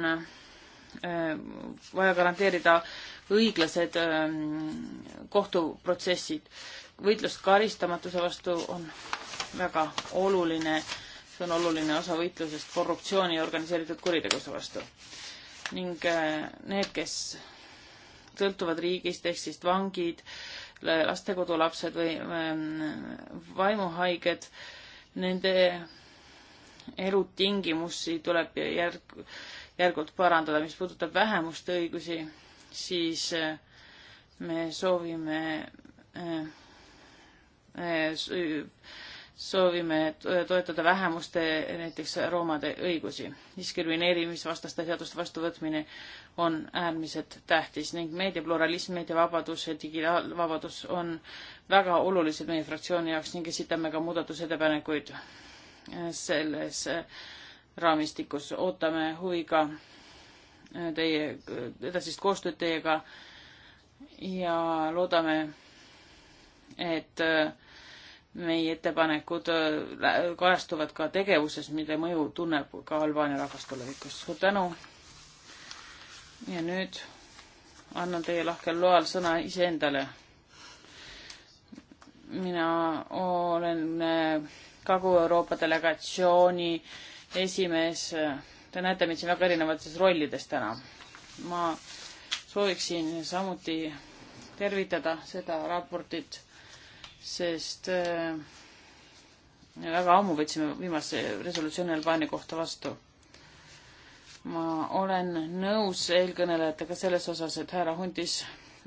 vaja garanteerida õiglased kohtuprotsessid. võitlus karistamatuse vastu on väga oluline, see on oluline osa võitlusest korruptsiooni ja organiseeritud kuritegevuse vastu. ning need, kes sõltuvad riigist ehk siis vangid, lastekodulapsed või ähm, vaimuhaiged, nende elutingimusi tuleb järg, järgult parandada. mis puudutab vähemuste õigusi, siis äh, me soovime äh, äh, soovime toetada vähemuste, näiteks roomade õigusi. diskrimineerimisvastaste seaduste vastuvõtmine on äärmiselt tähtis ning meediapluralism, meediavabadus ja digivabadus on väga olulised meie fraktsiooni jaoks ning esitame ka muudatusettepanekuid selles raamistikus. ootame huviga teie edasist koostööd teiega ja loodame, et äh, meie ettepanekud äh, kajastuvad ka tegevuses, mille mõju tunneb ka Albaania rahvas tulevikus. suur tänu. ja nüüd annan teie lahkel loal sõna iseendale. mina olen äh, Kagu-Euroopa delegatsiooni esimees. Te näete mind siin väga erinevates rollides täna. ma sooviksin samuti tervitada seda raportit sest äh, väga ammu võtsime viimase resolutsiooni Albaania kohta vastu. ma olen nõus eelkõnelejatega selles osas, et härra Huntis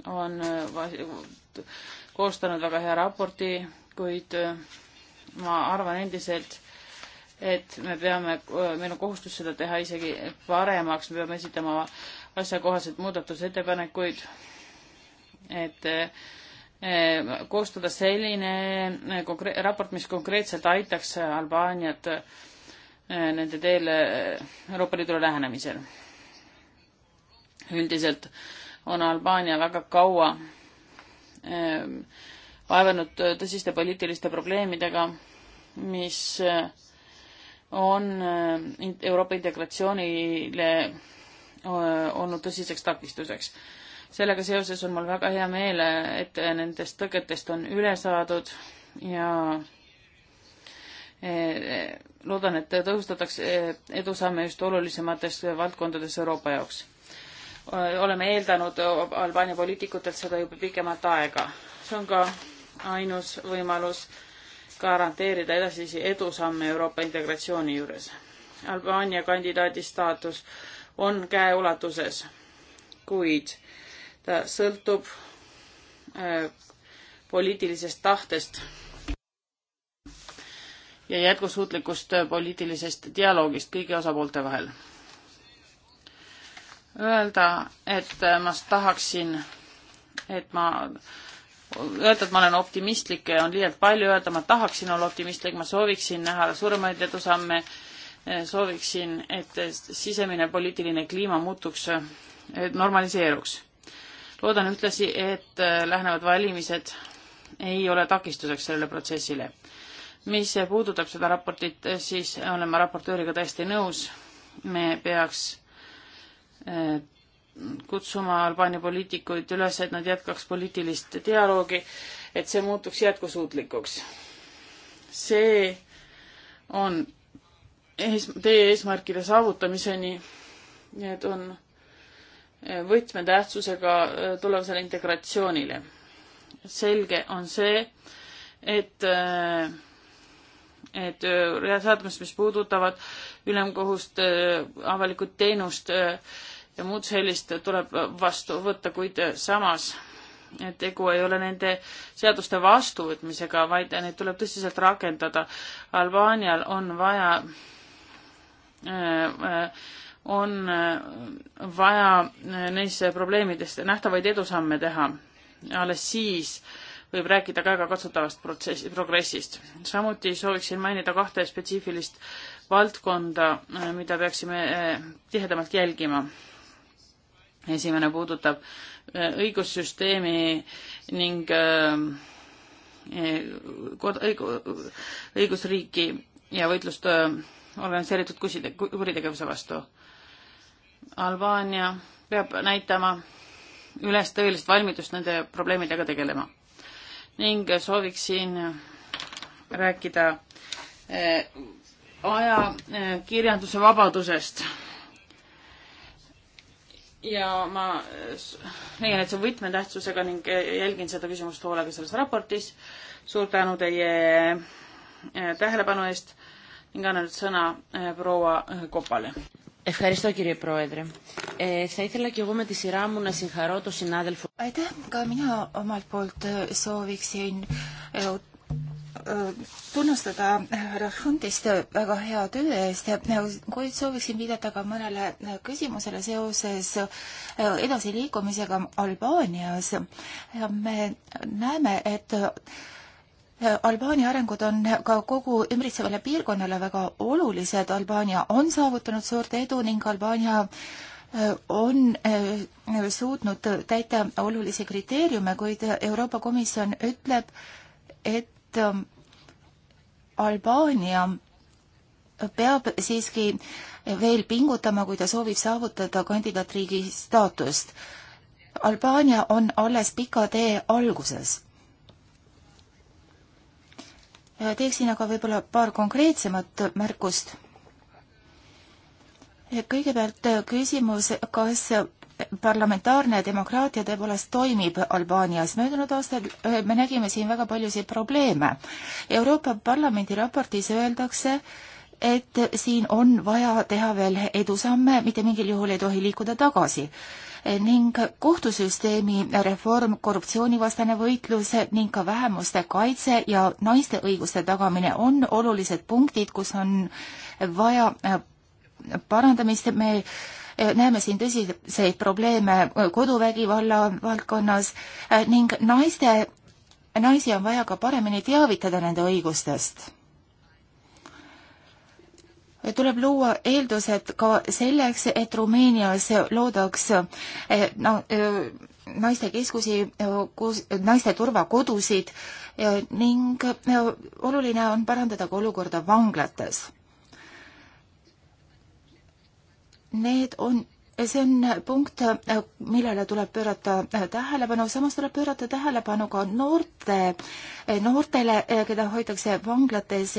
on äh, koostanud väga hea raporti, kuid äh, ma arvan endiselt, et me peame, meil on kohustus seda teha isegi paremaks, me peame esitama asjakohaseid muudatusettepanekuid, et, et Eh, koostada selline eh, raport, mis konkreetselt aitaks Albaaniat eh, nende teel Euroopa Liidule lähenemisel. üldiselt on Albaania väga kaua vaevanud tõsiste poliitiliste probleemidega, mis on Euroopa integratsioonile olnud tõsiseks takistuseks sellega seoses on mul väga hea meel, et nendest tõketest on üle saadud ja eh, loodan, et tõhustatakse eh, edusamme just olulisemates valdkondades Euroopa jaoks. oleme eeldanud Albaania poliitikutelt seda juba pikemat aega. see on ka ainus võimalus garanteerida edasisi edusamme Euroopa integratsiooni juures. Albaania kandidaadi staatus on käeulatuses, kuid ta äh, sõltub äh, poliitilisest tahtest ja jätkusuutlikust äh, poliitilisest dialoogist kõigi osapoolte vahel. Öelda, et äh, ma tahaksin, et ma, öelda, et ma olen optimistlik, on liialt palju, öelda, ma tahaksin olla optimistlik, ma sooviksin näha suuremaid edusamme, sooviksin, et sisemine poliitiline kliima muutuks, normaliseeruks loodan ühtlasi, et äh, lähenevad valimised ei ole takistuseks sellele protsessile. mis puudutab seda raportit, siis olen ma raportööriga täiesti nõus, me peaks äh, kutsuma Albaania poliitikuid üles, et nad jätkaks poliitilist dialoogi, et see muutuks jätkusuutlikuks. see on ees, teie eesmärkide saavutamiseni, need on võtmetähtsusega äh, tulevasele integratsioonile. selge on see, et, äh, et äh, seadmes, mis puudutavad ülemkohust, avalikku teenust ja muud sellist, tuleb vastu võtta, kuid samas tegu ei ole nende seaduste vastuvõtmisega, vaid neid tuleb tõsiselt rakendada. Albaanial on vaja äh, äh, on äh, vaja äh, neis probleemides nähtavaid edusamme teha. alles siis võib rääkida käegakatsutavast protsessi, progressist. samuti sooviksin mainida kahte spetsiifilist valdkonda, äh, mida peaksime tihedamalt jälgima. esimene puudutab õigussüsteemi ning e, kod-, õig-, õigusriiki ja võitlust organiseeritud kuside-, kuritegevuse vastu. Albaania peab näitama üles tõelist valmidust nende probleemidega tegelema. ning sooviksin rääkida eh, ajakirjanduse eh, vabadusest. ja ma eh, leian, et see on võtmetähtsusega ning jälgin seda küsimust hoolega selles raportis. suur tänu teie tähelepanu eest ning annan nüüd sõna proua Kopale. Ευχαριστώ κύριε Πρόεδρε. Ε, θα ήθελα και εγώ με τη σειρά μου να συγχαρώ τον συνάδελφο. Aitäh, ka mina omalt poolt äh, sooviksin äh, äh, tunnustada härra Huntist väga hea töö eest, kuid sooviksin viidata ka mõnele küsimusele seoses edasiliikumisega Albaanias. me näeme, et Albaania arengud on ka kogu ümbritsevale piirkonnale väga olulised. Albaania on saavutanud suurt edu ning Albaania äh, on äh, suutnud täita olulisi kriteeriume, kuid Euroopa Komisjon ütleb, et ähm, Albaania peab siiski veel pingutama, kui ta soovib saavutada kandidaatriigi staatust. Albaania on alles pika tee alguses Äh, teeksin aga võib-olla paar konkreetsemat märkust. kõigepealt äh, küsimus, kas parlamentaarne demokraatia tõepoolest toimib Albaanias. möödunud aastal äh, me nägime siin väga paljusid probleeme. Euroopa Parlamendi raportis öeldakse, et siin on vaja teha veel edusamme, mitte mingil juhul ei tohi liikuda tagasi ning kohtusüsteemi reform, korruptsioonivastane võitlus ning ka vähemuste kaitse ja naiste õiguste tagamine on olulised punktid, kus on vaja äh, parandamist, me äh, näeme siin tõsiseid probleeme koduvägivalla valdkonnas äh, ning naiste, naisi on vaja ka paremini teavitada nende õigustest tuleb luua eeldused ka selleks, et Rumeenias loodaks eh, no, eh, naistekeskusi, eh, kus, naiste turvakodusid ning oluline on parandada ka olukorda vanglates. Need on see on punkt, äh, millele tuleb pöörata äh, tähelepanu, samas tuleb pöörata tähelepanu ka noorte, äh, noortele, keda hoitakse vanglates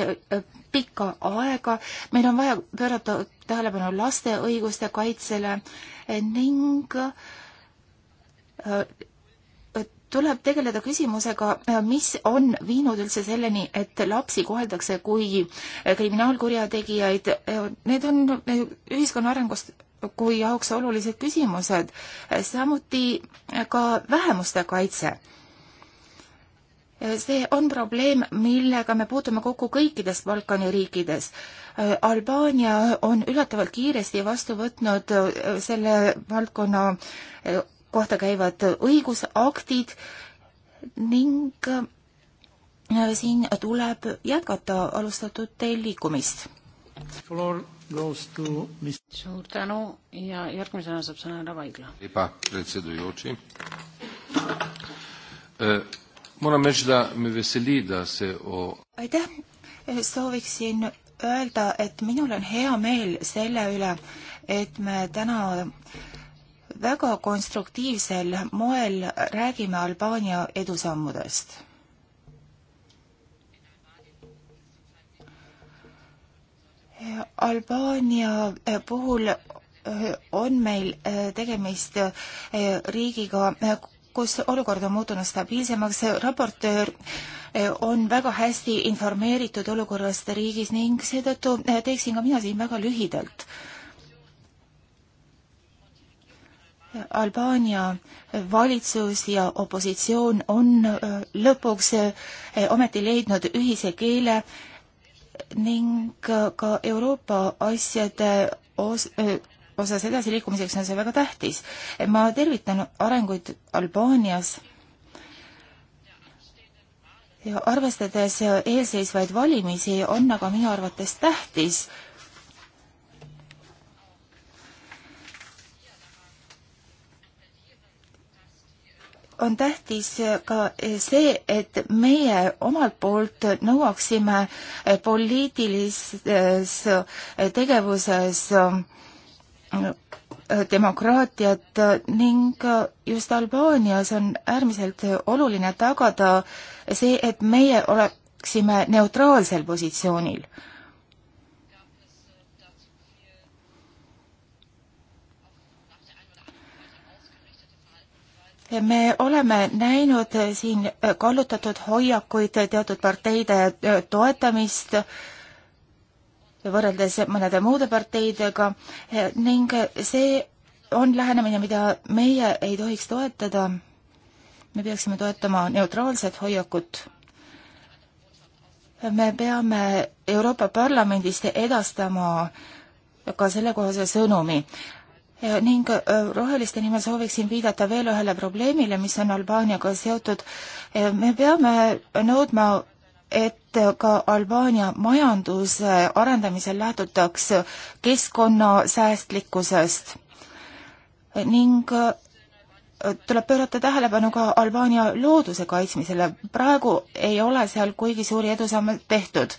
pikka aega. meil on vaja pöörata tähelepanu laste õiguste kaitsele ning tuleb tegeleda küsimusega, mis on viinud üldse selleni, et lapsi koheldakse kui kriminaalkurjategijaid. Need on ühiskonna arengust kui jaoks olulised küsimused, samuti ka vähemuste kaitse. see on probleem, millega me puutume kokku kõikides Balkani riikides. Albaania on üllatavalt kiiresti vastu võtnud äh, selle valdkonna äh, kohta käivad õigusaktid ning äh, siin tuleb jätkata alustatud liikumist suur tänu ja järgmisena saab sõna härra Vaigla. E, moram reći da me veseli da se o aitäh, e, sooviksin öelda, et minul on hea meel selle üle, et me täna väga konstruktiivsel moel räägime Albaania edusammudest Albaania eh, puhul eh, on meil eh, tegemist riigiga, kus olukord on muutunud stabiilsemaks, raportöör on väga hästi informeeritud olukorrast riigis ning seetõttu teeksin ka mina siin väga lühidalt. Albaania valitsus ja opositsioon on lõpuks ometi leidnud ühise keele ning äh, ka Euroopa asjade os äh, osas edasiliikumiseks on see väga tähtis. ma tervitan arenguid Albaanias ja arvestades eelseisvaid valimisi, on aga minu arvates tähtis, on tähtis ka see, et meie omalt poolt nõuaksime poliitilises tegevuses demokraatiat ning just Albaanias on äärmiselt oluline tagada see, et meie oleksime neutraalsel positsioonil me oleme näinud siin äh, kallutatud hoiakuid, teatud parteide äh, toetamist võrreldes mõnede muude parteidega äh, ning see on lähenemine, mida meie ei tohiks toetada. me peaksime toetama neutraalset hoiakut. me peame Euroopa Parlamendist edastama ka sellekohase sõnumi ning äh, roheliste nimel sooviksin viidata veel ühele probleemile, mis on Albaaniaga seotud. Äh, me peame nõudma et ka Albaania majanduse äh, arendamisel lähtutaks keskkonnasäästlikkusest ning tuleb pöörata tähelepanu ka Albaania looduse kaitsmisele. praegu ei ole seal kuigi suuri edusamme tehtud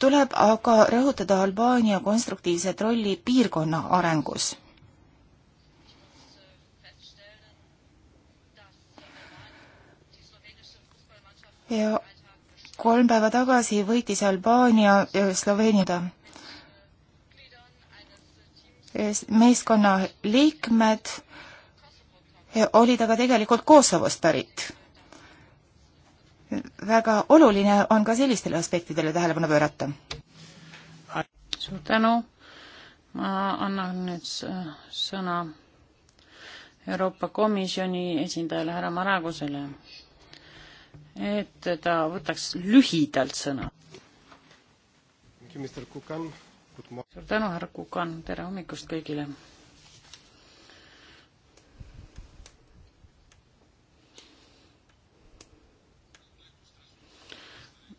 tuleb aga rõhutada Albaania konstruktiivset rolli piirkonna arengus. ja kolm päeva tagasi võitis Albaania Sloveeniada meeskonna liikmed olid aga tegelikult Kosovost pärit väga oluline on ka sellistele aspektidele tähelepanu pöörata. suur tänu, ma annan nüüd sõna Euroopa Komisjoni esindajale härra Maragusele, et ta võtaks lühidalt sõna. suur tänu, härra Kukan, tere hommikust kõigile!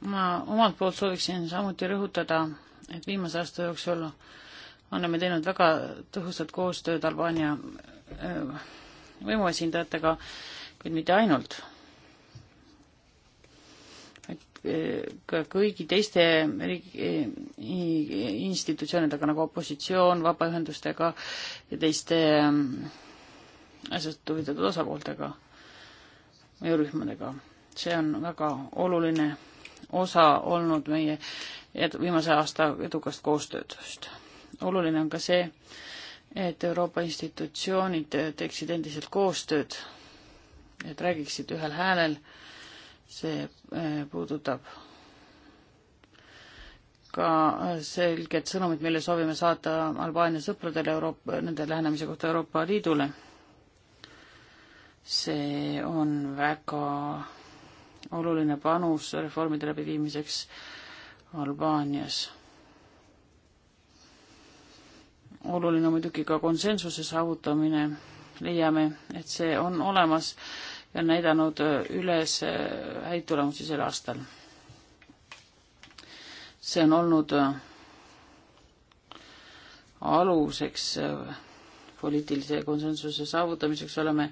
ma omalt poolt sooviksin samuti rõhutada, et viimase aasta jooksul oleme teinud väga tõhusat koostööd Albaania äh, võimuesindajatega, kuid mitte ainult. et äh, ka kõigi teiste riigi äh, institutsioonidega nagu opositsioon, vabaühendustega ja teiste asjast huvitatud osapooltega ja rühmadega. see on väga oluline osa olnud meie viimase aasta edukast koostööst. oluline on ka see, et Euroopa institutsioonid teeksid endiselt koostööd, et räägiksid ühel häälel, see äh, puudutab ka selget sõnumit, mille soovime saata Albaania sõpradele Euroopa, nende lähenemise kohta Euroopa Liidule. see on väga oluline panus reformide läbiviimiseks Albaanias. oluline muidugi ka konsensuse saavutamine, leiame, et see on olemas ja on näidanud üles häid tulemusi sel aastal. see on olnud aluseks poliitilise konsensuse saavutamiseks, oleme äh,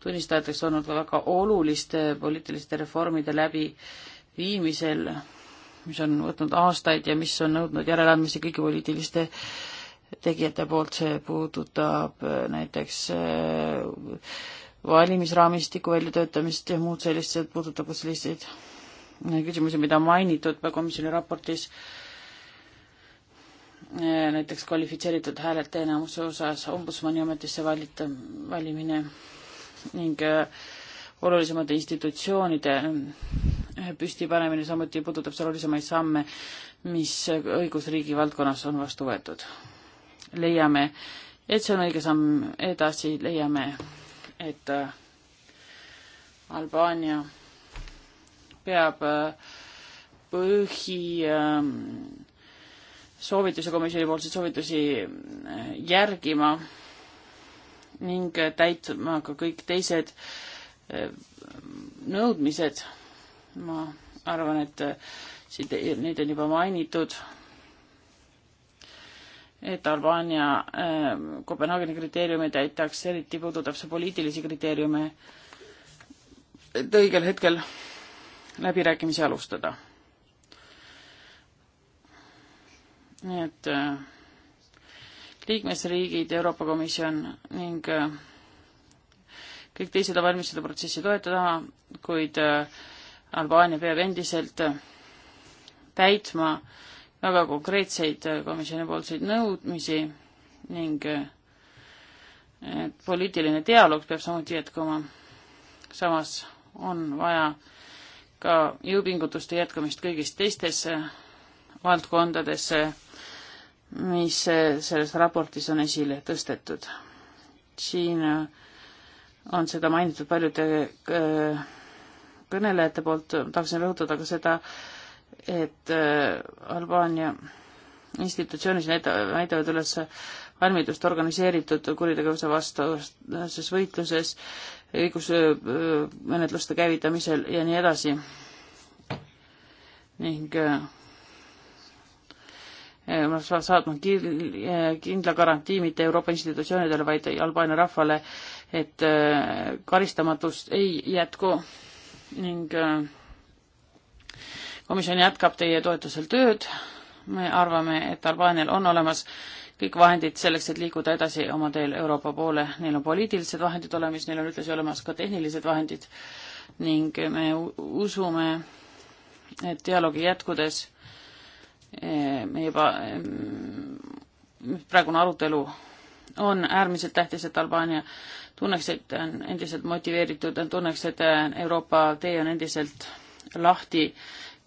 tunnistajateks olnud ka väga oluliste poliitiliste reformide läbiviimisel, mis on võtnud aastaid ja mis on nõudnud järeleandmisi kõigi poliitiliste tegijate poolt, see puudutab äh, näiteks äh, valimisraamistiku väljatöötamist ja muud sellist, see puudutab ka selliseid küsimusi, mida on mainitud komisjoni raportis, äh, näiteks kvalifitseeritud häälete enamuse osas ombudsmani ametisse valita, valimine ning äh, olulisemate institutsioonide äh, püstipanemine, samuti puudutab see olulisemaid samme, mis õigusriigi valdkonnas on vastu võetud. leiame, et see on õige samm edasi, leiame, et äh, Albaania peab põhi ähm, soovituse, komisjoni poolseid soovitusi järgima ning täitma ka kõik teised eh, nõudmised. ma arvan, et eh, siin neid on juba mainitud, et Albaania eh, Kopenhaageni kriteeriume täitaks, eriti puudutab see poliitilisi kriteeriume, et õigel hetkel läbirääkimisi alustada. nii et äh, liikmesriigid, Euroopa Komisjon ning äh, kõik teised on valmis seda protsessi toetada, kuid äh, Albaania peab endiselt äh, täitma väga konkreetseid komisjoni poolseid nõudmisi ning poliitiline dialoog peab samuti jätkuma. samas on vaja ka jõupingutuste jätkamist kõigis teistes valdkondades mis selles raportis on esile tõstetud. siin äh, on seda mainitud paljude äh, kõnelejate poolt, tahaksin rõhutada ka seda, et äh, Albaania institutsioonis näitavad üles valmidust organiseeritud kuritegevuse vastases võitluses, õigusmenetluste käivitamisel ja nii edasi. ning Eh, saatma eh, kindla garantii mitte Euroopa institutsioonidele, vaid Albaania rahvale, et eh, karistamatust ei jätku ning komisjon jätkab teie toetusel tööd. me arvame, et Albaanial on olemas kõik vahendid selleks, et liikuda edasi oma teel Euroopa poole. Neil on poliitilised vahendid olemas, neil on ühtlasi olemas ka tehnilised vahendid ning me usume, et dialoogi jätkudes äh, meie ehm, juba ehm, praegune arutelu on äärmiselt tähtis, et Albaania tunneks, et on endiselt motiveeritud, tunneks, et eh, Euroopa tee on endiselt lahti,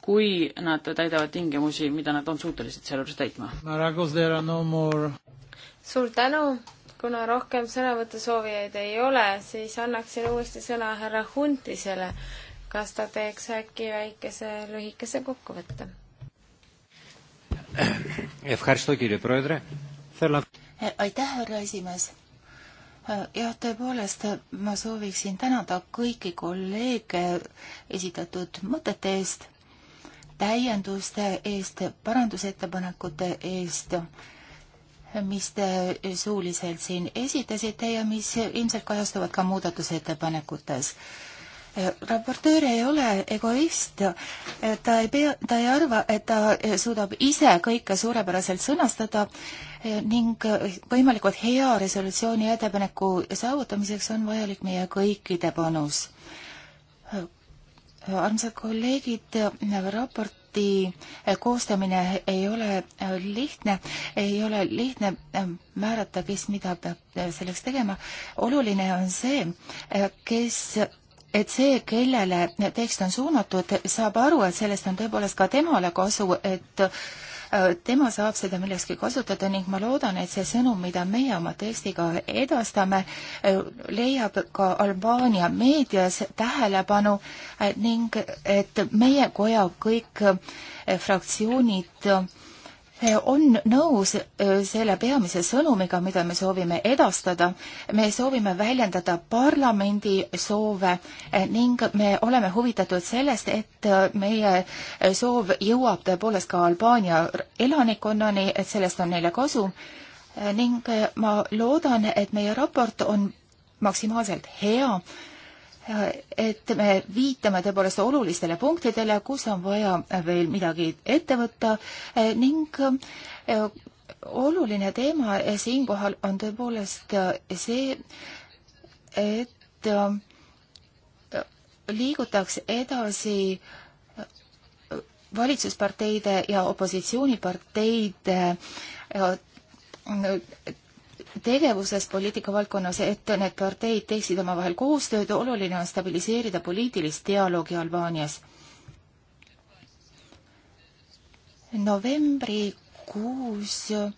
kui nad täidavad tingimusi, mida nad on suutelised sealjuures täitma. No suur tänu, kuna rohkem sõnavõtusoovijaid ei ole, siis annaksin uuesti sõna härra Huntisele. kas ta teeks äkki väikese lühikese kokkuvõtte? aitäh, härra esimees. Äh, jah, tõepoolest ma sooviksin tänada kõiki kolleege esitatud mõtete eest, täienduste eest, parandusettepanekute eest, mis te suuliselt siin esitasite ja mis ilmselt kajastuvad ka muudatusettepanekutes Eh, raportöör ei ole egoist, eh, ta ei pea, ta ei arva, et ta eh, suudab ise kõike suurepäraselt sõnastada ning võimalikult hea resolutsiooni ettepaneku saavutamiseks on vajalik meie kõikide panus. armsad kolleegid, raporti koostamine ei ole lihtne, ei ole lihtne määrata, kes mida peab selleks tegema. oluline on see, kes et see, kellele tekst on suunatud, saab aru, et sellest on tõepoolest ka temale kasu, et äh, tema saab seda millekski kasutada ning ma loodan, et see sõnum, mida meie oma tekstiga edastame, äh, leiab ka Albaania meedias tähelepanu äh, ning et meie koja kõik fraktsioonid on nõus selle peamise sõnumiga, mida me soovime edastada. me soovime väljendada parlamendi soove e, ning me oleme huvitatud sellest, et e, meie e, soov jõuab tõepoolest ka Albaania elanikkonnani, et sellest on neile kasu ning ma loodan, et meie raport on maksimaalselt hea et me viitame tõepoolest olulistele punktidele, kus on vaja veel midagi ette võtta eh, ning eh, oluline teema eh, siinkohal on tõepoolest see, et liigutaks edasi valitsusparteide ja opositsiooniparteide tegevuses poliitika valdkonnas, et need parteid teeksid omavahel koostööd, oluline on stabiliseerida poliitilist dialoogi Albaanias. novembrikuus äh,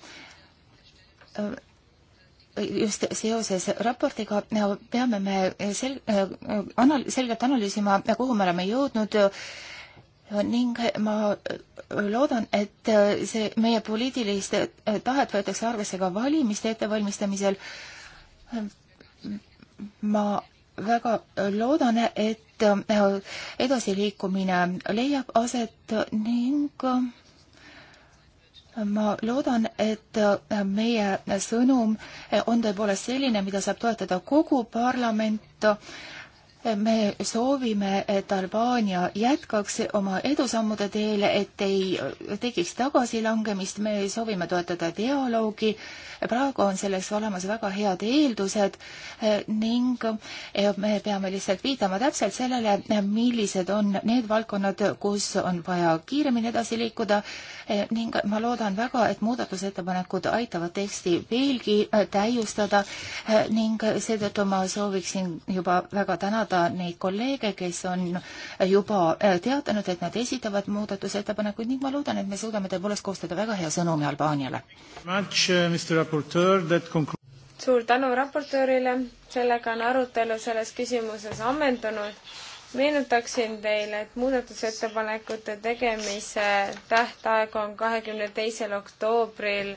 just seoses raportiga äh, peame me sel-, äh, anal-, selgelt analüüsima, kuhu me oleme jõudnud, ning ma äh, loodan, et äh, see meie poliitilist äh, tahet võetakse arvesse ka valimiste ettevalmistamisel. ma väga loodan, et edasiliikumine leiab aset ning ma loodan, et meie sõnum on tõepoolest selline, mida saab toetada kogu parlament me soovime, et Albaania jätkaks oma edusammude teel, et ei tekiks tagasilangemist, me soovime toetada dialoogi praegu on selleks olemas väga head eeldused eh, ning eh, me peame lihtsalt viitama täpselt sellele, eh, millised on need valdkonnad, kus on vaja kiiremini edasi liikuda ning ma loodan väga, et muudatusettepanekud aitavad teksti veelgi täiustada ning seetõttu ma sooviksin juba väga tänada neid kolleege, kes on juba teatanud, et nad esitavad muudatusettepanekuid ning ma loodan, et me suudame tõepoolest koostada väga hea sõnumi Albaaniale suur tänu raportöörile, sellega on arutelu selles küsimuses ammendunud. meenutaksin teile, et muudatusettepanekute tegemise tähtaeg on kahekümne teisel oktoobril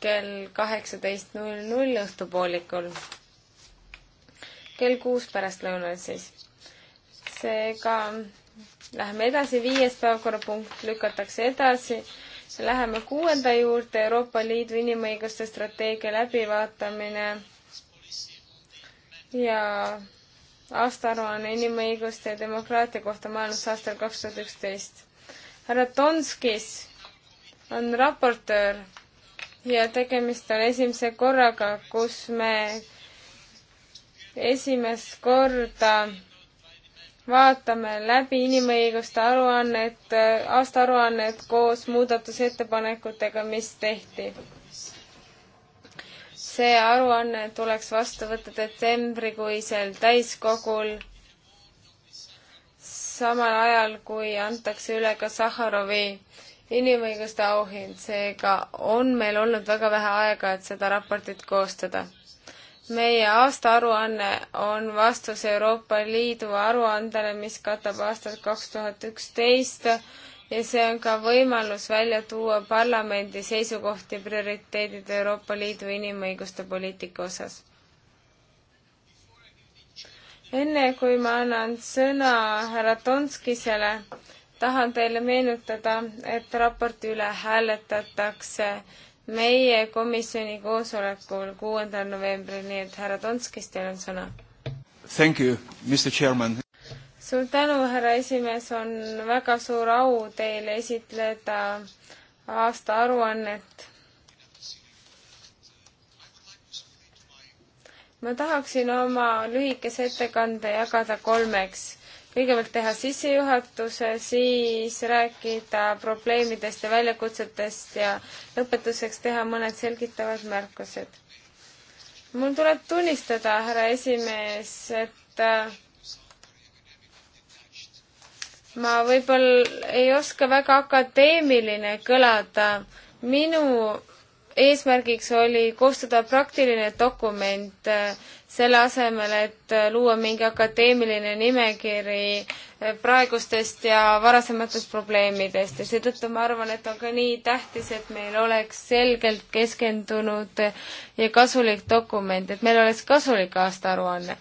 kell kaheksateist null null õhtupoolikul. kell kuus pärastlõunal siis. seega läheme edasi, viies päevakorrapunkt lükatakse edasi Läheme kuuenda juurde, Euroopa Liidu inimõiguste strateegia läbivaatamine ja aastaaruanne inimõiguste ja demokraatia kohta maailmas aastal kaks tuhat üksteist. härra Tonskis on raportöör ja tegemist on esimese korraga, kus me esimest korda vaatame läbi inimõiguste aruannet, aastaaruannet koos muudatusettepanekutega, mis tehti. see aruanne tuleks vastu võtta detsembrikuisel täiskogul, samal ajal, kui antakse üle ka Sahharovi inimõiguste auhind, seega on meil olnud väga vähe aega, et seda raportit koostada meie aastaaruanne on vastus Euroopa Liidu aruandele, mis katab aastat kaks tuhat üksteist ja see on ka võimalus välja tuua parlamendi seisukohti prioriteedid Euroopa Liidu inimõiguste poliitika osas. enne kui ma annan sõna härra Tonskisele, tahan teile meenutada, et raporti üle hääletatakse meie komisjoni koosolekul kuuendal novembril, nii et härra Tonskis, teil on sõna. Thank you, Mr Chairman. suur tänu, härra esimees, on väga suur au teile esitleda aastaaruannet. ma tahaksin oma lühikese ettekande jagada kolmeks kõigepealt teha sissejuhatuse, siis rääkida probleemidest ja väljakutsetest ja lõpetuseks teha mõned selgitavad märkused. mul tuleb tunnistada, härra esimees, et äh, ma võib-olla ei oska väga akadeemiline kõlada. minu eesmärgiks oli koostada praktiline dokument äh, selle asemel, et luua mingi akadeemiline nimekiri eh, praegustest ja varasematest probleemidest ja seetõttu ma arvan, et on ka nii tähtis, et meil oleks selgelt keskendunud ja kasulik dokument, et meil oleks kasulik aastaaruanne.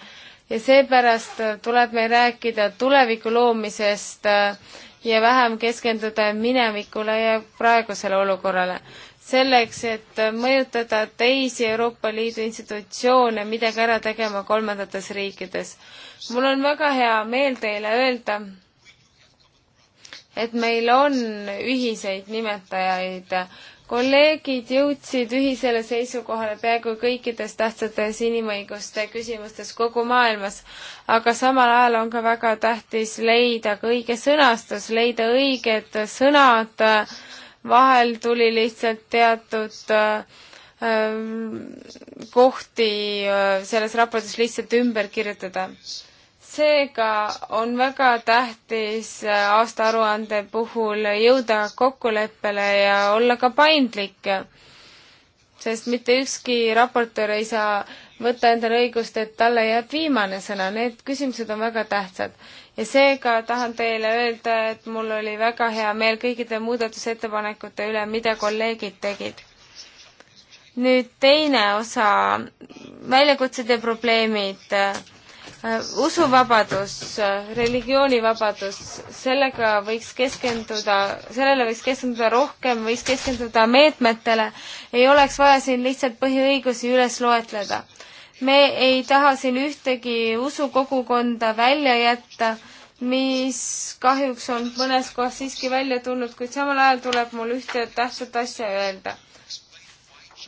ja seepärast tuleb meil rääkida tuleviku loomisest eh, ja vähem keskenduda minevikule ja praegusele olukorrale selleks, et mõjutada teisi Euroopa Liidu institutsioone midagi ära tegema kolmandates riikides. mul on väga hea meel teile öelda, et meil on ühiseid nimetajaid. kolleegid jõudsid ühisele seisukohale peaaegu kõikides tähtsates inimõiguste küsimustes kogu maailmas, aga samal ajal on ka väga tähtis leida ka õige sõnastus, leida õiged sõnad äh, vahel tuli lihtsalt teatud äh, ähm, kohti äh, selles raportis lihtsalt ümber kirjutada. seega on väga tähtis äh, aastaaruande puhul jõuda kokkuleppele ja olla ka paindlik, sest mitte ükski raportöör ei saa võtta endale õigust, et talle jääb viimane sõna, need küsimused on väga tähtsad ja seega tahan teile öelda, et mul oli väga hea meel kõikide muudatusettepanekute üle, mida kolleegid tegid. nüüd teine osa, väljakutsed ja probleemid, äh, usuvabadus, äh, religioonivabadus, sellega võiks keskenduda, sellele võiks keskenduda rohkem, võiks keskenduda meetmetele, ei oleks vaja siin lihtsalt põhiõigusi üles loetleda me ei taha siin ühtegi usukogukonda välja jätta, mis kahjuks on mõnes kohas siiski välja tulnud, kuid samal ajal tuleb mul ühte tähtsat asja öelda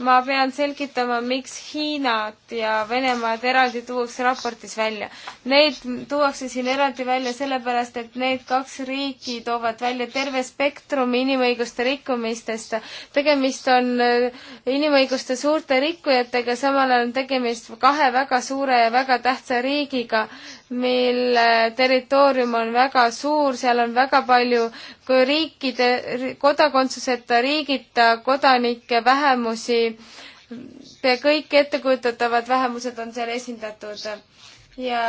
ma pean selgitama, miks Hiinat ja Venemaad eraldi tuuakse raportis välja. Need tuuakse siin eraldi välja sellepärast, et need kaks riiki toovad välja terve spektrumi inimõiguste rikkumistest. tegemist on äh, inimõiguste suurte rikkujatega, samal ajal on tegemist kahe väga suure ja väga tähtsa riigiga, mille territoorium on väga suur, seal on väga palju riikide, kodakondsuseta, riigita kodanikke, vähemusi, pea kõik ettekujutavad vähemused on seal esindatud ja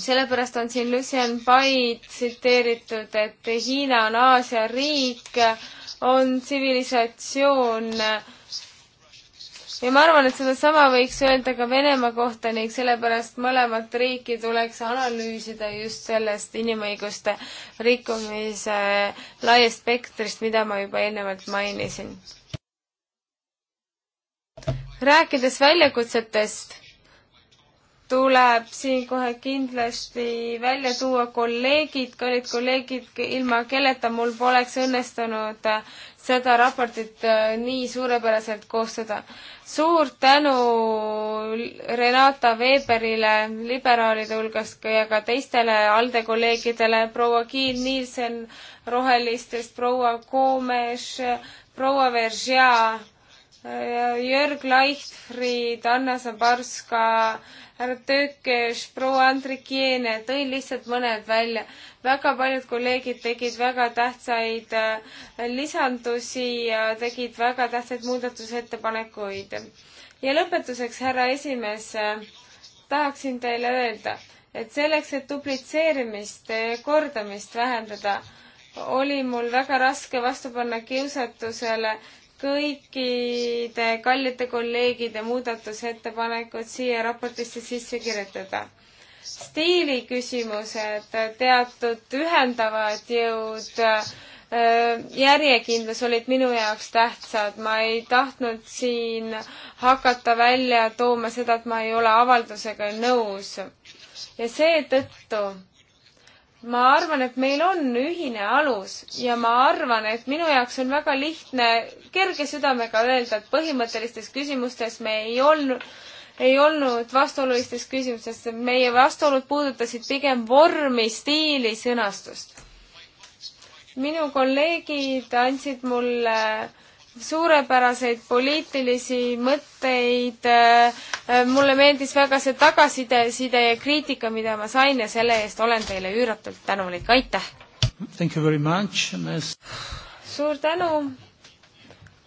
sellepärast on siin Lucien Pai tsiteeritud, et Hiina on Aasia riik, on tsivilisatsioon ja ma arvan, et sedasama võiks öelda ka Venemaa kohta ning sellepärast mõlemat riiki tuleks analüüsida just sellest inimõiguste rikkumise laiast spektrist, mida ma juba eelnevalt mainisin rääkides väljakutsetest, tuleb siin kohe kindlasti välja tuua kolleegid, kallid kolleegid, ilma kelleta mul poleks õnnestunud äh, seda raportit äh, nii suurepäraselt koostada. suur tänu Renata Veberile liberaalide hulgast ja ka teistele ALDE kolleegidele, proua Kiil Nielsen Rohelistest, proua Koomes, proua Veržia Äh, Jörg Leichtfried, Anna Zabarska, härra Töökes, proua Andrik Jeene, tõin lihtsalt mõned välja. väga paljud kolleegid tegid väga tähtsaid äh, lisandusi ja tegid väga tähtsaid muudatusettepanekuid. ja lõpetuseks, härra esimees, äh, tahaksin teile öelda, et selleks, et duplitseerimist, kordamist vähendada, oli mul väga raske vastu panna kiusatusele kõikide kallite kolleegide muudatusettepanekud siia raportisse sisse kirjutada. stiili küsimused, teatud ühendavad jõud, äh, järjekindlus olid minu jaoks tähtsad, ma ei tahtnud siin hakata välja tooma seda, et ma ei ole avaldusega nõus. ja seetõttu ma arvan, et meil on ühine alus ja ma arvan, et minu jaoks on väga lihtne kerge südamega öelda, et põhimõttelistes küsimustes me ei olnud, ei olnud vastuolulistes küsimustes, meie vastuolud puudutasid pigem vormi, stiili, sõnastust. minu kolleegid andsid mulle äh, suurepäraseid poliitilisi mõtteid. Äh, mulle meeldis väga see tagasiside, side ja kriitika, mida ma sain ja selle eest olen teile üüratult tänulik, aitäh! suur tänu!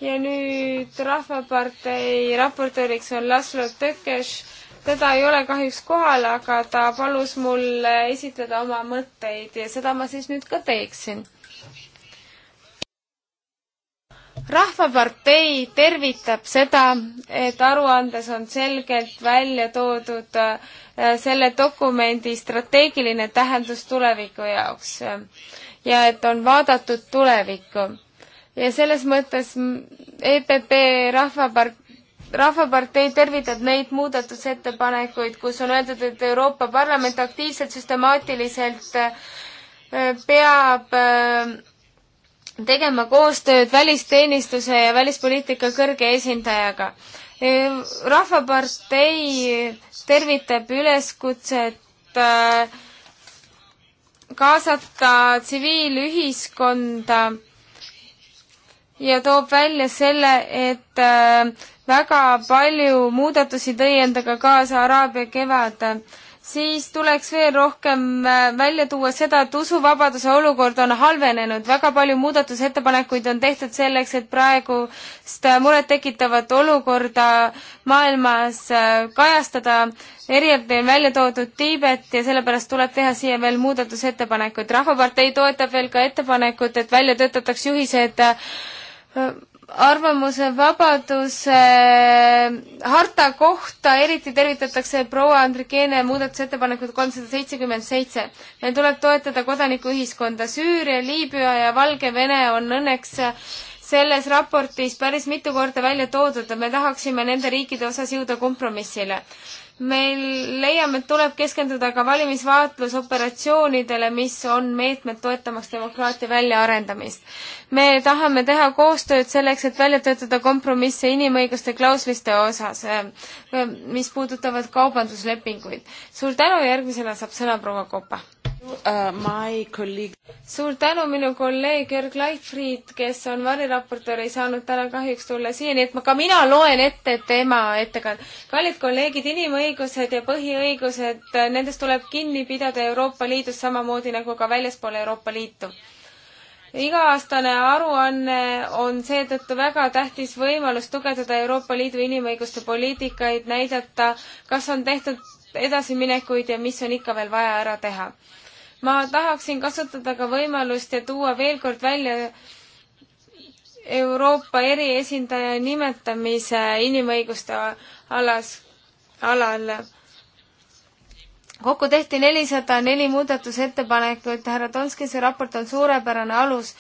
ja nüüd Rahvapartei raportööriks on Laslo Tökes. teda ei ole kahjuks kohal, aga ta palus mul esitleda oma mõtteid ja seda ma siis nüüd ka teeksin rahvapartei tervitab seda, et aruandes on selgelt välja toodud äh, selle dokumendi strateegiline tähendus tuleviku jaoks äh, ja et on vaadatud tulevikku. ja selles mõttes EPP Rahvapart-, Rahvapartei tervitab neid muudatusettepanekuid, kus on öeldud, et Euroopa Parlament aktiivselt, süstemaatiliselt äh, peab äh, tegema koostööd välisteenistuse ja välispoliitika kõrge esindajaga. E, rahvapartei tervitab üleskutset äh, kaasata tsiviilühiskonda ja toob välja selle, et äh, väga palju muudatusi tõi endaga kaasa Araabia kevad siis tuleks veel rohkem äh, välja tuua seda, et usuvabaduse olukord on halvenenud. väga palju muudatusettepanekuid on tehtud selleks, et praegust äh, murettekitavat olukorda maailmas äh, kajastada. eriti on välja toodud Tiibet ja sellepärast tuleb teha siia veel muudatusettepanekuid. rahvapartei toetab veel ka ettepanekut, et välja töötataks juhised arvamusevabaduse harta kohta eriti tervitatakse proua Andrikeene muudatusettepanekut kolmsada seitsekümmend seitse. meil tuleb toetada kodanikuühiskonda. Süüria, Liibüa ja Valgevene on õnneks selles raportis päris mitu korda välja toodud ja me tahaksime nende riikide osas jõuda kompromissile meil leiame, et tuleb keskenduda ka valimisvaatlusoperatsioonidele, mis on meetmed toetamaks demokraatia väljaarendamist. me tahame teha koostööd selleks, et välja töötada kompromisse inimõiguste klausliste osas, eh, mis puudutavad kaubanduslepinguid. suur tänu, järgmisena saab sõna proua Kopa Uh, suur tänu, minu kolleeg Jörg Leifried, kes on variraportöör, ei saanud täna kahjuks tulla siia, nii et ma, ka mina loen ette tema ettekande. kallid kolleegid, inimõigused ja põhiõigused, nendest tuleb kinni pidada Euroopa Liidus samamoodi nagu ka väljaspool Euroopa Liitu iga-aastane aruanne on, on seetõttu väga tähtis võimalus tugevdada Euroopa Liidu inimõiguste poliitikaid, näidata, kas on tehtud edasiminekuid ja mis on ikka veel vaja ära teha ma tahaksin kasutada ka võimalust ja tuua veel kord välja Euroopa eriesindaja nimetamise inimõiguste alas, alal. kokku tehti nelisada neli muudatusettepanekut, härra Tonskise raport on suurepärane alus,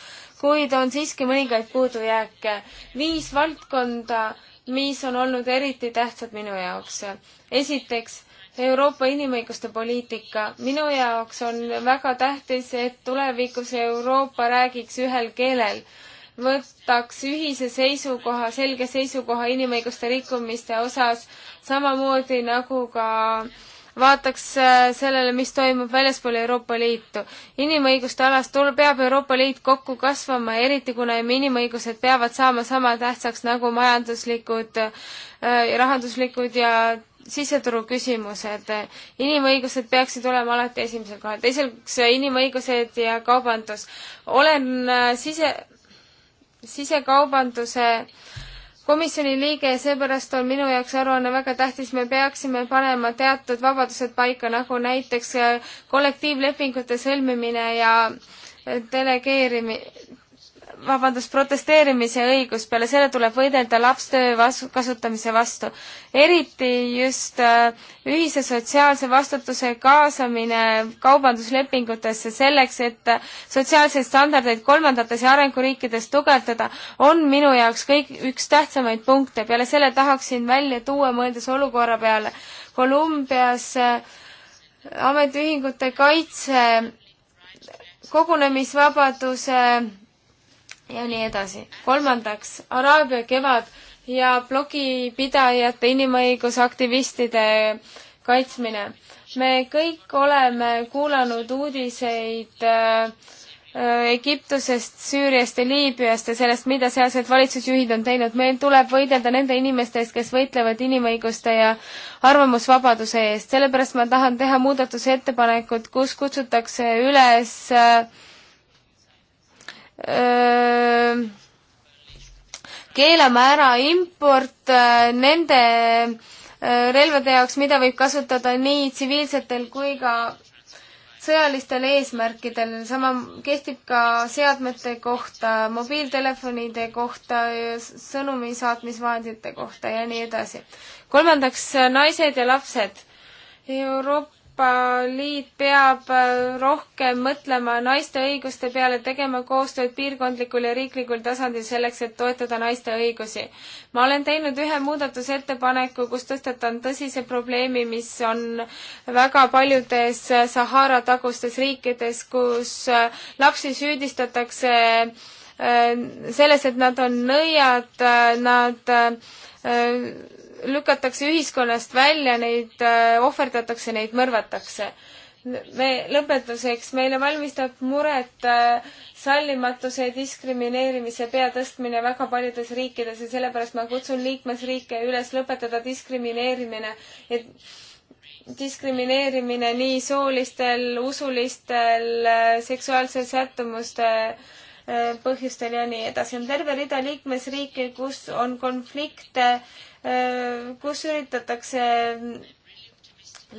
kuid on siiski mõningaid puudujääke. viis valdkonda, mis on olnud eriti tähtsad minu jaoks. esiteks Euroopa inimõiguste poliitika. minu jaoks on väga tähtis, et tulevikus Euroopa räägiks ühel keelel, võtaks ühise seisukoha, selge seisukoha inimõiguste rikkumiste osas, samamoodi nagu ka vaataks äh, sellele, mis toimub väljaspool Euroopa Liitu. inimõiguste alas tuleb, peab Euroopa Liit kokku kasvama, eriti kuna inimõigused peavad saama sama tähtsaks nagu majanduslikud, äh, rahanduslikud ja siseturu küsimused. inimõigused peaksid olema alati esimesel kohal, teiseks inimõigused ja kaubandus. olen äh, sise, sisekaubanduse komisjoni liige ja seepärast on minu jaoks aruanne väga tähtis, me peaksime panema teatud vabadused paika, nagu näiteks äh, kollektiivlepingute sõlmimine ja äh, delegeerimi-, vabandust, protesteerimise õigus, peale selle tuleb võidelda lapstöö vas-, kasutamise vastu. eriti just äh, ühise sotsiaalse vastutuse kaasamine kaubanduslepingutesse selleks, et äh, sotsiaalseid standardeid kolmandates ja arenguriikides tugevdada, on minu jaoks kõik üks tähtsamaid punkte. peale selle tahaksin välja tuua, mõeldes olukorra peale, Kolumbias äh, ametiühingute kaitse kogunemisvabaduse ja nii edasi. kolmandaks, Araabia kevad ja blogipidajate, inimõigusaktivistide kaitsmine. me kõik oleme kuulanud uudiseid äh, Egiptusest, Süüriast ja Liibüast ja sellest, mida sealsed valitsusjuhid on teinud. meil tuleb võidelda nende inimeste eest, kes võitlevad inimõiguste ja arvamusvabaduse eest. sellepärast ma tahan teha muudatusettepanekut, kus kutsutakse üles äh, keelama ära import äh, nende äh, relvade jaoks, mida võib kasutada nii tsiviilsetel kui ka sõjalistel eesmärkidel, sama kehtib ka seadmete kohta, mobiiltelefonide kohta, sõnumi saatmisvahendite kohta ja nii edasi. kolmandaks, naised ja lapsed. Euroopa Euroopa Liit peab äh, rohkem mõtlema naiste õiguste peale, tegema koostööd piirkondlikul ja riiklikul tasandil selleks, et toetada naiste õigusi. ma olen teinud ühe muudatusettepaneku, kus tõstatan tõsise probleemi, mis on väga paljudes äh, Sahara tagustes riikides, kus äh, lapsi süüdistatakse selles, et nad on nõiad, nad lükatakse ühiskonnast välja, neid äh, ohverdatakse, neid mõrvatakse. me, lõpetuseks, meile valmistab muret äh, sallimatuse ja diskrimineerimise peatõstmine väga paljudes riikides ja sellepärast ma kutsun liikmesriike üles lõpetada diskrimineerimine, et diskrimineerimine nii soolistel, usulistel, äh, seksuaalse sättumuste põhjustel ja nii edasi. on terve rida liikmesriike, kus on konflikte Äh, kus üritatakse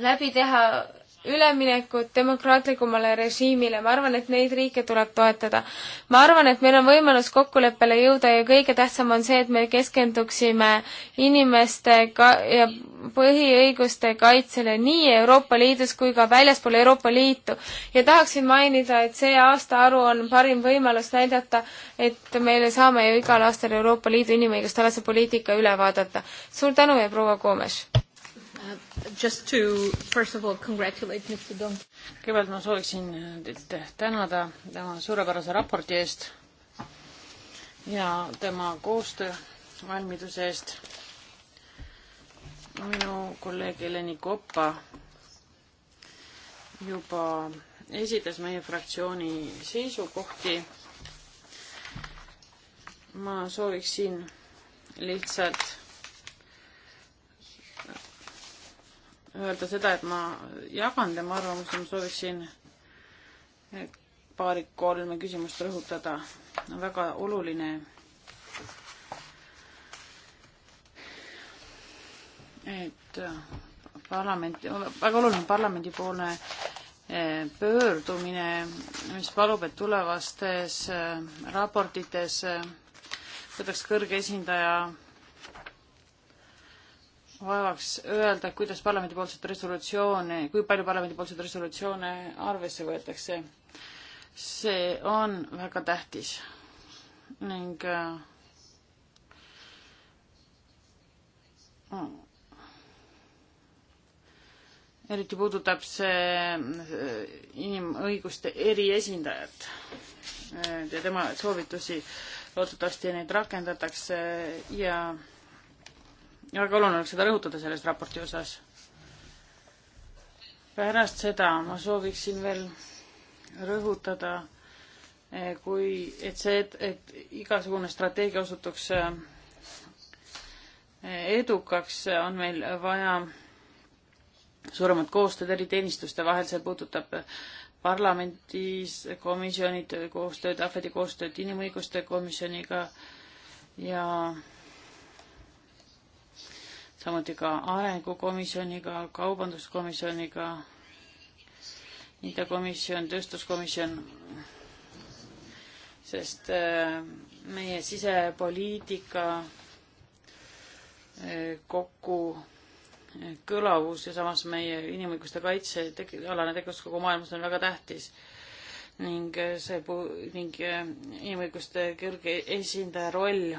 läbi teha üleminekut demokraatlikumale režiimile, ma arvan, et neid riike tuleb toetada. ma arvan, et meil on võimalus kokkuleppele jõuda ja kõige tähtsam on see, et me keskenduksime inimeste ka- ja põhiõiguste kaitsele nii Euroopa Liidus kui ka väljaspool Euroopa Liitu. ja tahaksin mainida, et see aastaaru on parim võimalus näidata, et me saame ju igal aastal Euroopa Liidu inimõiguste alase poliitika üle vaadata. suur tänu ja proua Koomes! Just to first of all congratulate Mr Don. kõigepealt ma sooviksin teid tänada tema suurepärase raporti eest ja tema koostöövalmiduse eest. minu kolleeg Eleni Koppa juba esitas meie fraktsiooni seisukohti. ma sooviksin lihtsalt öelda seda, et ma jagan tema arvamust ja ma sooviksin paari-kolme küsimust rõhutada. on väga oluline, et parlament, väga oluline on parlamendipoolne eh, pöördumine, mis palub, et tulevastes eh, raportites eh, võtaks kõrge esindaja vaevaks öelda, kuidas parlamendipoolset resolutsioone, kui palju parlamendipoolseid resolutsioone arvesse võetakse. see on väga tähtis ning äh, oh. eriti puudutab see äh, inimõiguste eriesindajat äh, ja tema soovitusi loodetavasti neid rakendatakse ja väga oluline oleks seda rõhutada selles raporti osas. pärast seda ma sooviksin veel rõhutada, eh, kui, et see, et, et igasugune strateegia osutuks eh, edukaks, on meil vaja suuremat koostööd eri teenistuste vahel, see puudutab parlamendis komisjonid koostööd, ahvedi koostööd inimõiguste komisjoniga ja samuti ka arengukomisjoniga, kaubanduskomisjoniga, IT-komisjon, tööstuskomisjon, sest äh, meie sisepoliitika äh, kokku äh, kõlavus ja samas meie inimõiguste kaitse teg-, alane tegevus kogu maailmas on väga tähtis. ning see pu-, ning inimõiguste kõrge esindaja roll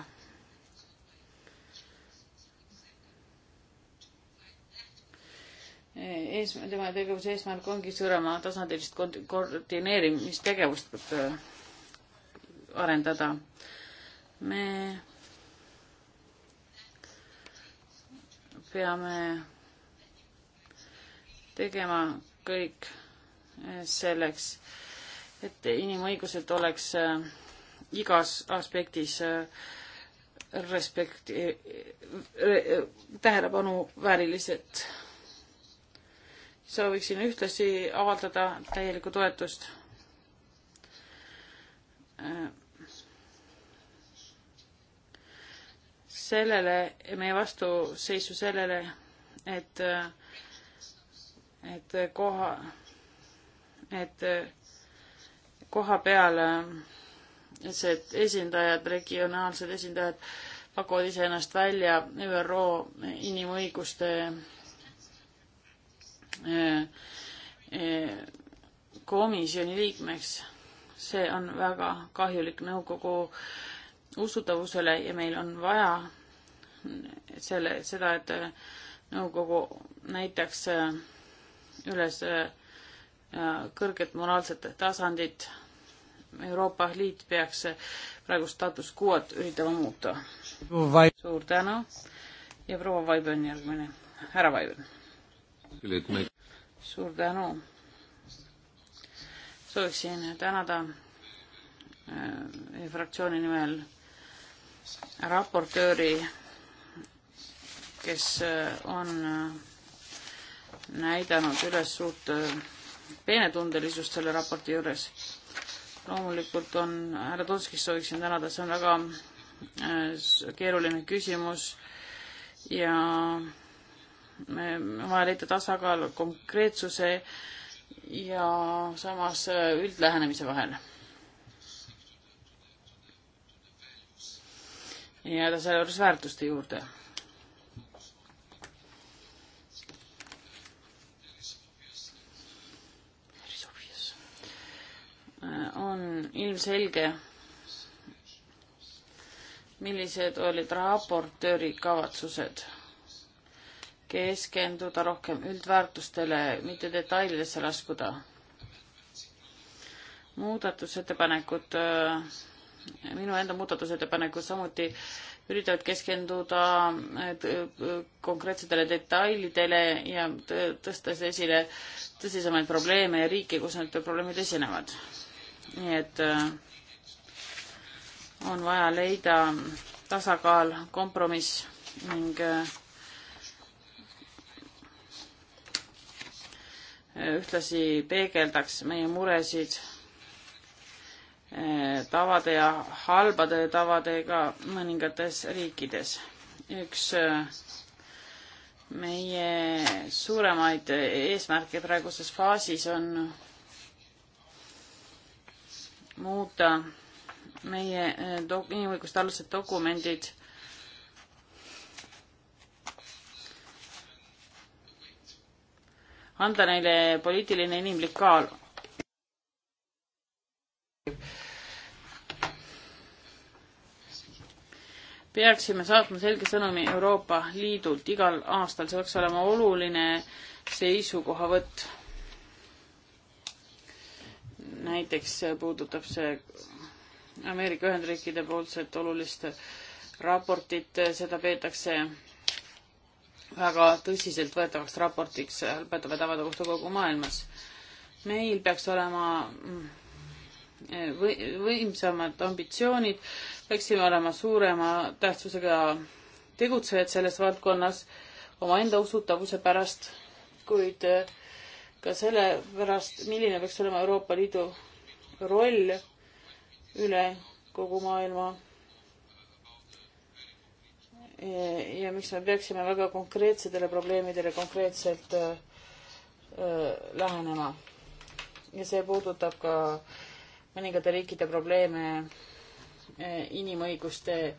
ees, tema tegevuse eesmärk ongi suurema tasandilist koordineerimistegevust äh, arendada. me peame tegema kõik äh, selleks, et inimõigused oleks äh, igas aspektis respekti, tähelepanu väärilised sooviksin ühtlasi avaldada täielikku toetust sellele, meie vastuseisu sellele, et, et koha, et koha peal see esindajad, regionaalsed esindajad pakuvad iseennast välja ÜRO inimõiguste Äh, äh, komisjoni liikmeks. see on väga kahjulik nõukogu usutavusele ja meil on vaja selle, seda, et äh, nõukogu näitaks üles kõrget moraalset tasandit. Euroopa Liit peaks praegu staatus quo'd üritama muuta. suur tänu ja proua Vaibel on järgmine, härra Vaibel suur tänu. sooviksin tänada äh, fraktsiooni nimel raportööri, kes äh, on äh, näidanud üles suurt äh, peenetundelisust selle raporti juures. loomulikult on, härra Tonskist sooviksin tänada, see on väga äh, keeruline küsimus ja on vaja leida tasakaal konkreetsuse ja samas äh, üldlähenemise vahel. jääda selle juures väärtuste juurde. Äh, on ilmselge, millised olid raportööri kavatsused keskenduda rohkem üldväärtustele, mitte detailidesse laskuda. muudatusettepanekud, äh, minu enda muudatusettepanekud samuti üritavad keskenduda äh, konkreetsetele detailidele ja tõstes esile tõsisemaid probleeme ja riike, kus need probleemid esinevad. nii et äh, on vaja leida tasakaal, kompromiss ning äh, ühtlasi peegeldaks meie muresid eh, tavade ja halbade tavadega mõningates riikides. üks eh, meie suuremaid eesmärke praeguses faasis on muuta meie eh, inimõiguste alused dokumendid anda neile poliitiline inimlik kaal. peaksime saatma selge sõnumi Euroopa Liidult igal aastal, see peaks olema oluline seisukohavõtt. näiteks puudutab see Ameerika Ühendriikide poolset olulist raportit, seda peetakse väga tõsiseltvõetavaks raportiks halbade tavade kohta kogu maailmas. meil peaks olema mm, või, võimsamad ambitsioonid, peaksime olema suurema tähtsusega tegutsejad selles valdkonnas omaenda usutavuse pärast, kuid eh, ka selle pärast, milline peaks olema Euroopa Liidu roll üle kogu maailma ja miks me peaksime väga konkreetsetele probleemidele konkreetselt äh, äh, lähenema. ja see puudutab ka mõningate riikide probleeme äh, inimõiguste,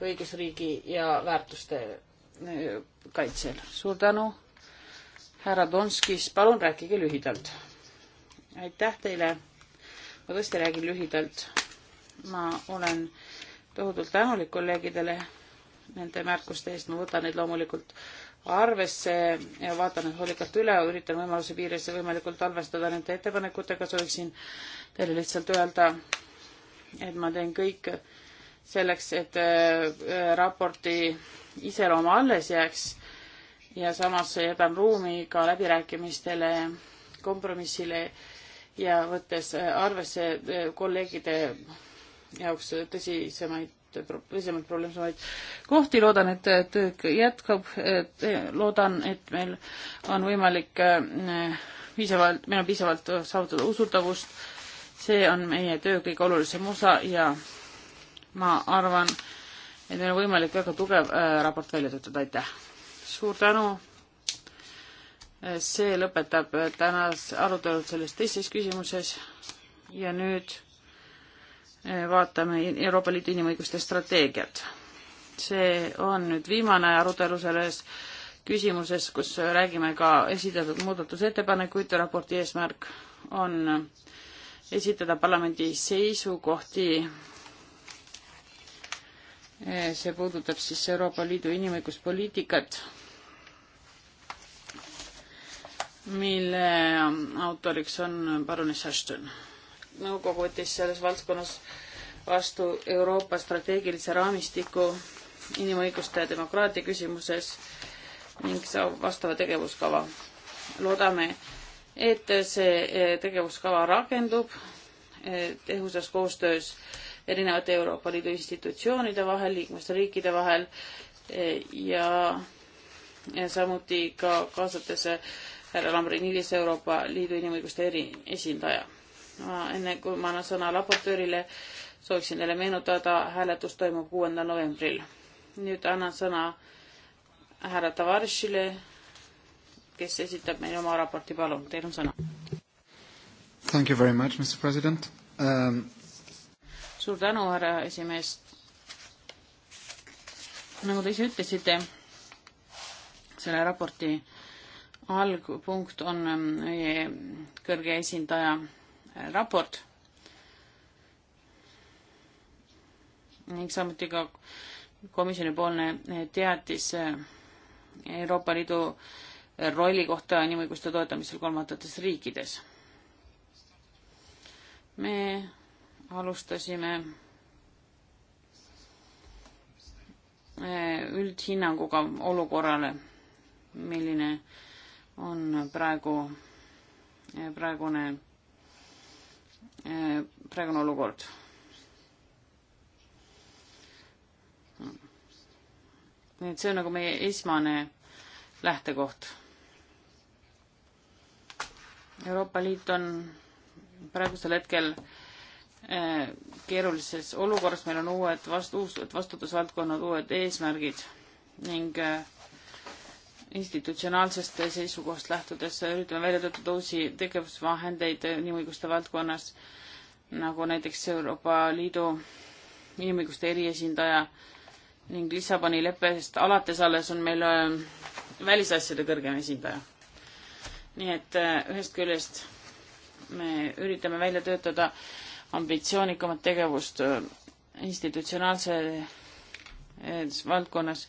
õigusriigi ja väärtuste äh, kaitsel. suur tänu, härra Donskis, palun rääkige lühidalt. aitäh teile. ma tõesti räägin lühidalt. ma olen tohutult tänulik kolleegidele nende märkuste eest, ma võtan neid loomulikult arvesse ja vaatan need hoolikalt üle, üritan võimaluse piires võimalikult arvestada nende ettepanekutega, sooviksin teile lihtsalt öelda, et ma teen kõik selleks, et äh, raporti iseloom alles jääks ja samas jätan ruumi ka läbirääkimistele, kompromissile ja võttes arvesse äh, kolleegide jaoks tõsisemaid tõsisemalt probleemsemaid kohti, loodan, et töö jätkub, eh, loodan, et meil on võimalik eh, piisavalt, meil on piisavalt saavutada usutavust, see on meie töö kõige olulisem osa ja ma arvan, et meil on võimalik väga tugev eh, raport välja töötada, aitäh! suur tänu! see lõpetab tänase arutelud selles teises küsimuses ja nüüd Eh, vaatame Euroopa Liidu inimõiguste strateegiat. see on nüüd viimane arutelu selles küsimuses, kus räägime ka esitatud muudatusettepanekuid, raporti eesmärk on esitada parlamendi seisukohti eh, see puudutab siis Euroopa Liidu inimõiguspoliitikat, mille autoriks on parunis Ashton nõukogu võttis selles valdkonnas vastu Euroopa strateegilise raamistiku inimõiguste ja demokraatia küsimuses ning saab vastava tegevuskava. loodame, et see eh, tegevuskava rakendub eh, tõhusas koostöös erinevate Euroopa Liidu institutsioonide vahel, liikmesriikide vahel eh, ja, ja samuti ka kaasates härra Lambrinidis, Euroopa Liidu inimõiguste eri esindaja ma enne, kui ma annan sõna raportöörile, sooviksin teile meenutada, hääletus toimub kuuendal novembril. nüüd annan sõna härra Tavaršile, kes esitab meile oma raporti, palun, teil on sõna. Thank you very much, Mr President um.... suur tänu, härra esimees. nagu te ise ütlesite, selle raporti algpunkt on um, meie kõrge esindaja raport ning samuti ka komisjonipoolne teatis eh, Euroopa Liidu rolli kohta inimõiguste toetamisel kolmandates riikides. me alustasime eh, üldhinnanguga olukorrale, milline on praegu, eh, praegune Äh, praegune olukord. nii et see on nagu meie esmane lähtekoht. Euroopa Liit on praegusel hetkel äh, keerulises olukorras, meil on uued vastu, uued vastutusvaldkonnad, uued eesmärgid ning äh, institutsionaalsest seisukohast lähtudes üritame välja töötada uusi tegevusvahendeid inimõiguste valdkonnas, nagu näiteks Euroopa Liidu inimõiguste eriesindaja ning Lissaboni leppest alates alles on meil äh, välisasjade kõrgem esindaja. nii et äh, ühest küljest me üritame välja töötada ambitsioonikamat tegevust äh, institutsionaalses valdkonnas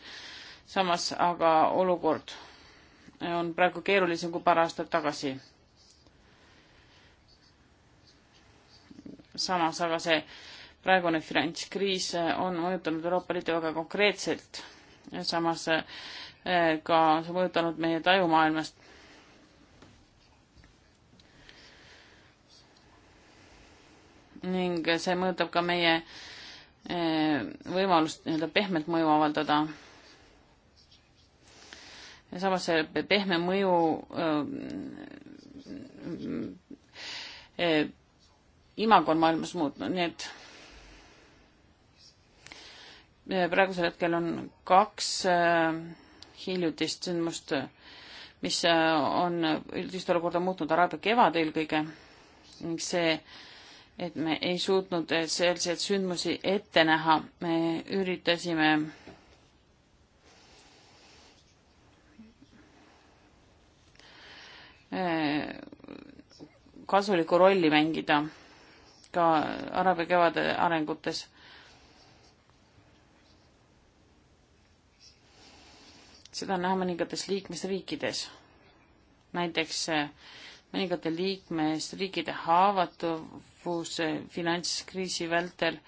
samas aga olukord on praegu keerulisem kui paar aastat tagasi. samas aga see praegune finantskriis on mõjutanud Euroopa Liitu väga konkreetselt ja samas eh, ka see mõjutanud meie taju maailmast. ning see mõjutab ka meie eh, võimalust nii-öelda pehmet mõju avaldada ja samas see pehme mõju äh, imago on maailmas muutnud, nii et praegusel hetkel on kaks äh, hiljutist sündmust, mis äh, on üldist olukorda muutnud Araabia kevad eelkõige ning see, et me ei suutnud selliseid sündmusi ette näha, me üritasime Äh, kasulikku rolli mängida ka Araabia kevade arengutes. seda on näha mõningates liikmesriikides. näiteks äh, mõningate liikmesriikide haavatavus äh, finantskriisi vältel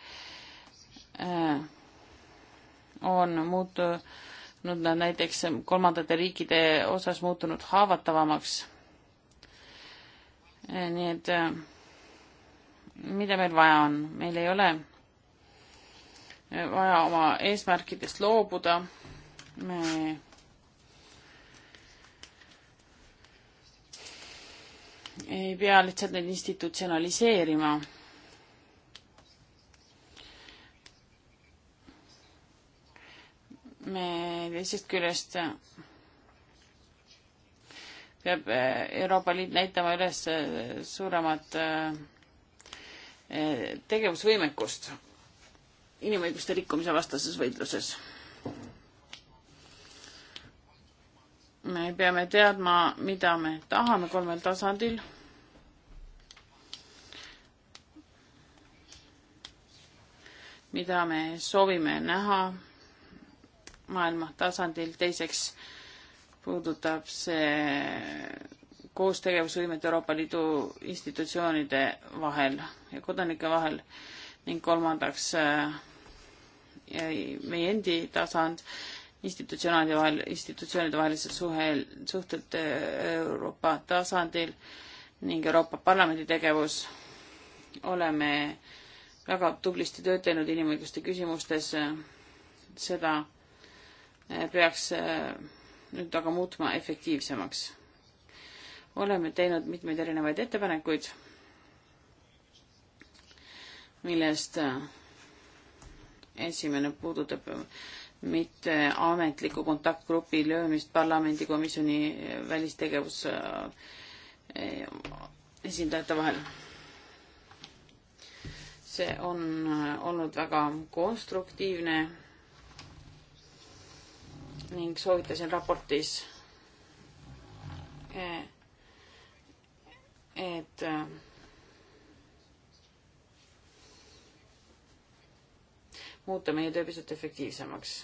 on muutunud nad näiteks kolmandate riikide osas muutunud haavatavamaks Eh, nii et eh, mida meil vaja on, meil ei ole eh, vaja oma eesmärkidest loobuda. me ei pea lihtsalt neid institutsionaliseerima. me teisest küljest peab eh, Euroopa Liit näitama üles eh, suuremat eh, tegevusvõimekust inimõiguste rikkumise vastases võitluses. me peame teadma, mida me tahame kolmel tasandil. mida me soovime näha maailma tasandil, teiseks äh, puudutab see koostegevusvõimet Euroopa Liidu institutsioonide vahel ja kodanike vahel ning kolmandaks äh, meie endi tasand, institutsionaalide vahel, institutsioonide vahelised suhel, suhted äh, Euroopa tasandil ning Euroopa Parlamendi tegevus. oleme väga tublisti tööd teinud inimõiguste küsimustes. seda äh, peaks nüüd aga muutma efektiivsemaks. oleme teinud mitmeid erinevaid ettepanekuid, millest äh, esimene puudutab mitte ametliku kontaktgrupi löömist parlamendikomisjoni äh, välistegevuse äh, esindajate vahel. see on olnud väga konstruktiivne ning soovitasin raportis, eh, et eh, muuta meie töö pisut efektiivsemaks.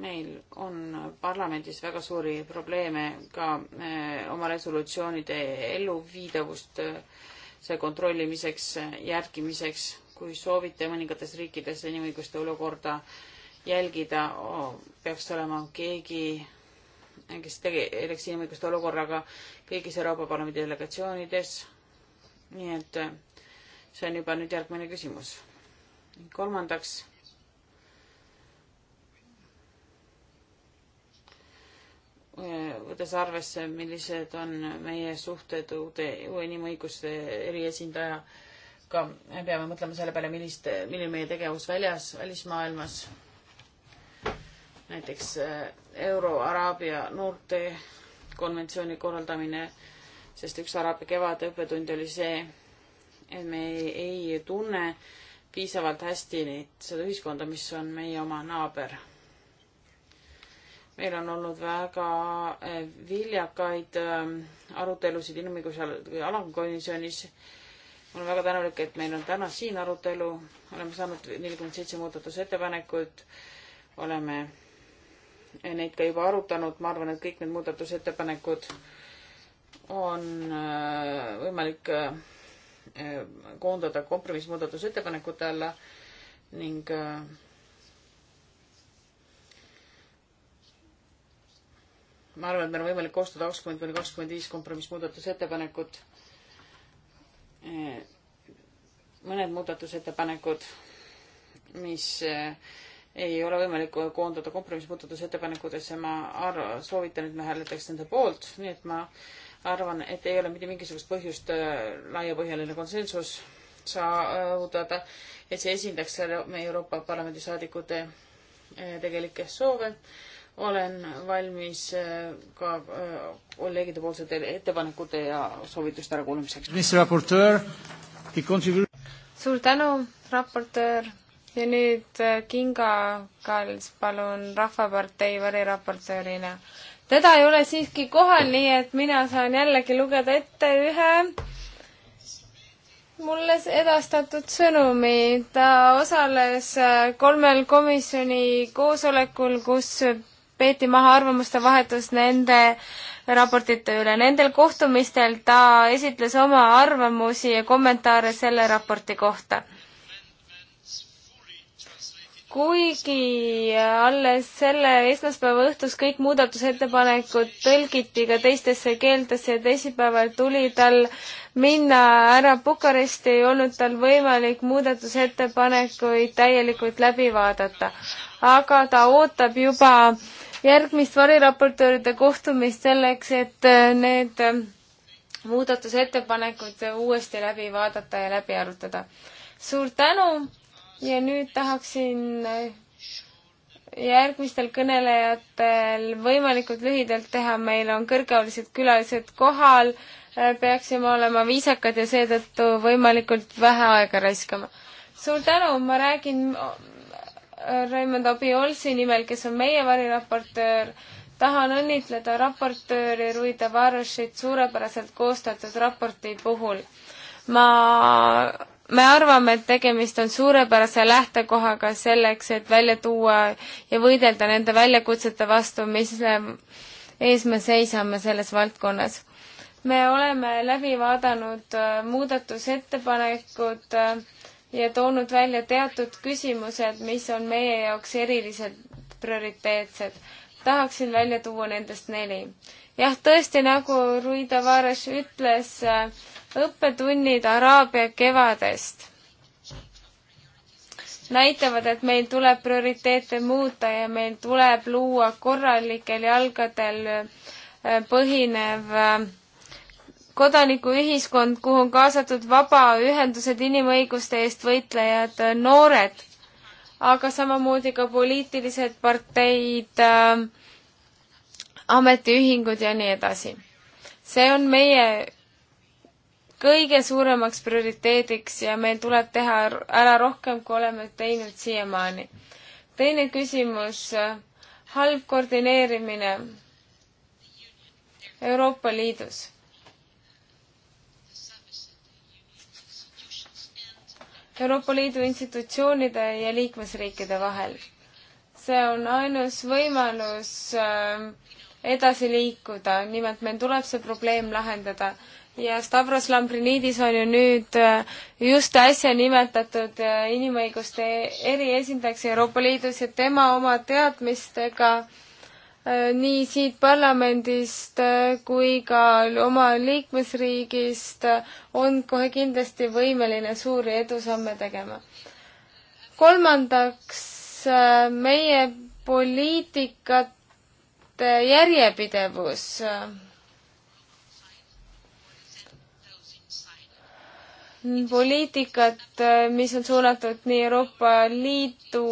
meil on parlamendis väga suuri probleeme ka eh, oma resolutsioonide elluviidavust see kontrollimiseks, järgimiseks, kui soovite mõningates riikides inimõiguste olukorda äh, jälgida oh,, peaks olema keegi, kes tegeleks inimõiguste olukorraga kõigis Euroopa Parlamendi delegatsioonides. nii et äh, see on juba nüüd järgmine küsimus. kolmandaks. Äh, võttes arvesse, millised on meie suhted uude, uue inimõiguste eriesindajaga, me peame mõtlema selle peale, millist, milline meie tegevus väljas, välismaailmas näiteks äh, Euro-Araabia noorte konventsiooni korraldamine, sest üks araabia kevade õppetund oli see, et me ei, ei tunne piisavalt hästi neid, seda ühiskonda, mis on meie oma naaber. meil on olnud väga äh, viljakaid ähm, arutelusid inimõiguse alamkomisjonis. ma olen väga tänulik, et meil on täna siin arutelu, oleme saanud nelikümmend seitse muudatusettepanekut, oleme neid ka juba arutanud, ma arvan, et kõik need muudatusettepanekud on äh, võimalik äh, koondada kompromissmuudatusettepanekute alla ning äh, ma arvan, et meil on võimalik koostada kakskümmend kuni kakskümmend viis kompromissmuudatusettepanekut. mõned muudatusettepanekud, mis ei ole võimalik koondada kompromissmuudatusettepanekutesse, ma arv-, soovitan, et me hääletaks nende poolt, nii et ma arvan, et ei ole mitte mingisugust põhjust äh, laiapõhjaline konsensus saavutada, et see esindaks selle meie Euroopa Parlamendi saadikute äh, tegelikke soove. olen valmis äh, ka kolleegide poolsete ettepanekute ja soovituste ärakuulamiseks. suur tänu, raportöör ja nüüd äh, Kinga Kals, palun, Rahvapartei variraportöörina. teda ei ole siiski kohal, nii et mina saan jällegi lugeda ette ühe mulle edastatud sõnumi. ta osales äh, kolmel komisjoni koosolekul, kus peeti maha arvamuste vahetus nende raportite üle. Nendel kohtumistel ta esitles oma arvamusi ja kommentaare selle raporti kohta kuigi alles selle esmaspäeva õhtus kõik muudatusettepanekud tõlgiti ka teistesse keeltesse ja teisipäeval tuli tal minna ära Bukaresti, ei olnud tal võimalik muudatusettepanekuid täielikult läbi vaadata. aga ta ootab juba järgmist variraportööride kohtumist selleks, et need muudatusettepanekud uuesti läbi vaadata ja läbi arutada. suur tänu ja nüüd tahaksin järgmistel kõnelejatel võimalikult lühidalt teha, meil on kõrgeolised külalised kohal, peaksime olema viisakad ja seetõttu võimalikult vähe aega raiskama. suur tänu, ma räägin Raimond Abiolsi nimel, kes on meie variraportöör, tahan õnnitleda raportööri Ruida Varošit suurepäraselt koostatud raporti puhul. ma me arvame, et tegemist on suurepärase lähtekohaga selleks, et välja tuua ja võidelda nende väljakutsete vastu, mis ähm, ees me seisame selles valdkonnas. me oleme läbi vaadanud äh, muudatusettepanekud äh, ja toonud välja teatud küsimused, mis on meie jaoks eriliselt prioriteetsed. tahaksin välja tuua nendest neli. jah, tõesti, nagu Rui Tavares ütles, äh, õppetunnid Araabia kevadest näitavad, et meil tuleb prioriteete muuta ja meil tuleb luua korralikel jalgadel äh, põhinev äh, kodanikuühiskond, kuhu on kaasatud vabaühendused, inimõiguste eest võitlejad, äh, noored, aga samamoodi ka poliitilised parteid äh,, ametiühingud ja nii edasi. see on meie kõige suuremaks prioriteediks ja meil tuleb teha ära rohkem, kui oleme teinud siiamaani. teine küsimus, halb koordineerimine Euroopa Liidus. Euroopa Liidu institutsioonide ja liikmesriikide vahel. see on ainus võimalus äh, edasi liikuda, nimelt meil tuleb see probleem lahendada ja Stavros Lambrinidis on ju nüüd äh, just äsja nimetatud äh, inimõiguste eriesindajaks Euroopa Liidus ja tema oma teadmistega äh, nii siit parlamendist kui ka oma liikmesriigist on kohe kindlasti võimeline suuri edusamme tegema. kolmandaks, meie poliitikate järjepidevus poliitikat, mis on suunatud nii Euroopa Liitu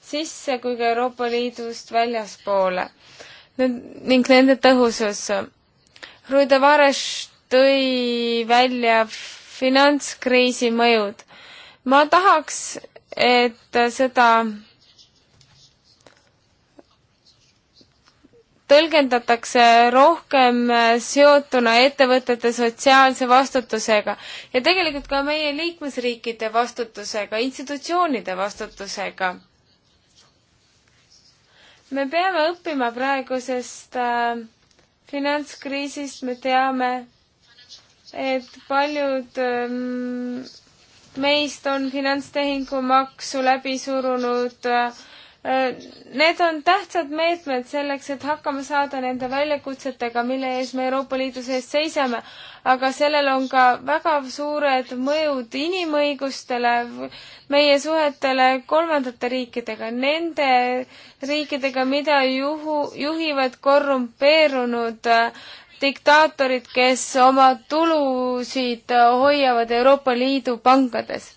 sisse kui ka Euroopa Liidust väljaspoole ning nende tõhusus. Rui Tavares tõi välja finantskriisi mõjud. ma tahaks, et seda tõlgendatakse rohkem seotuna ettevõtete sotsiaalse vastutusega ja tegelikult ka meie liikmesriikide vastutusega, institutsioonide vastutusega. me peame õppima praegusest äh, finantskriisist, me teame, et paljud ähm, meist on finantstehingumaksu läbi surunud äh, Äh, need on tähtsad meetmed selleks, et hakkama saada nende väljakutsetega, mille ees me Euroopa Liidu sees seisame, aga sellel on ka väga suured mõjud inimõigustele, meie suhetele kolmandate riikidega, nende riikidega, mida juhu, juhivad korrumpeerunud äh, diktaatorid, kes oma tulusid hoiavad Euroopa Liidu pankades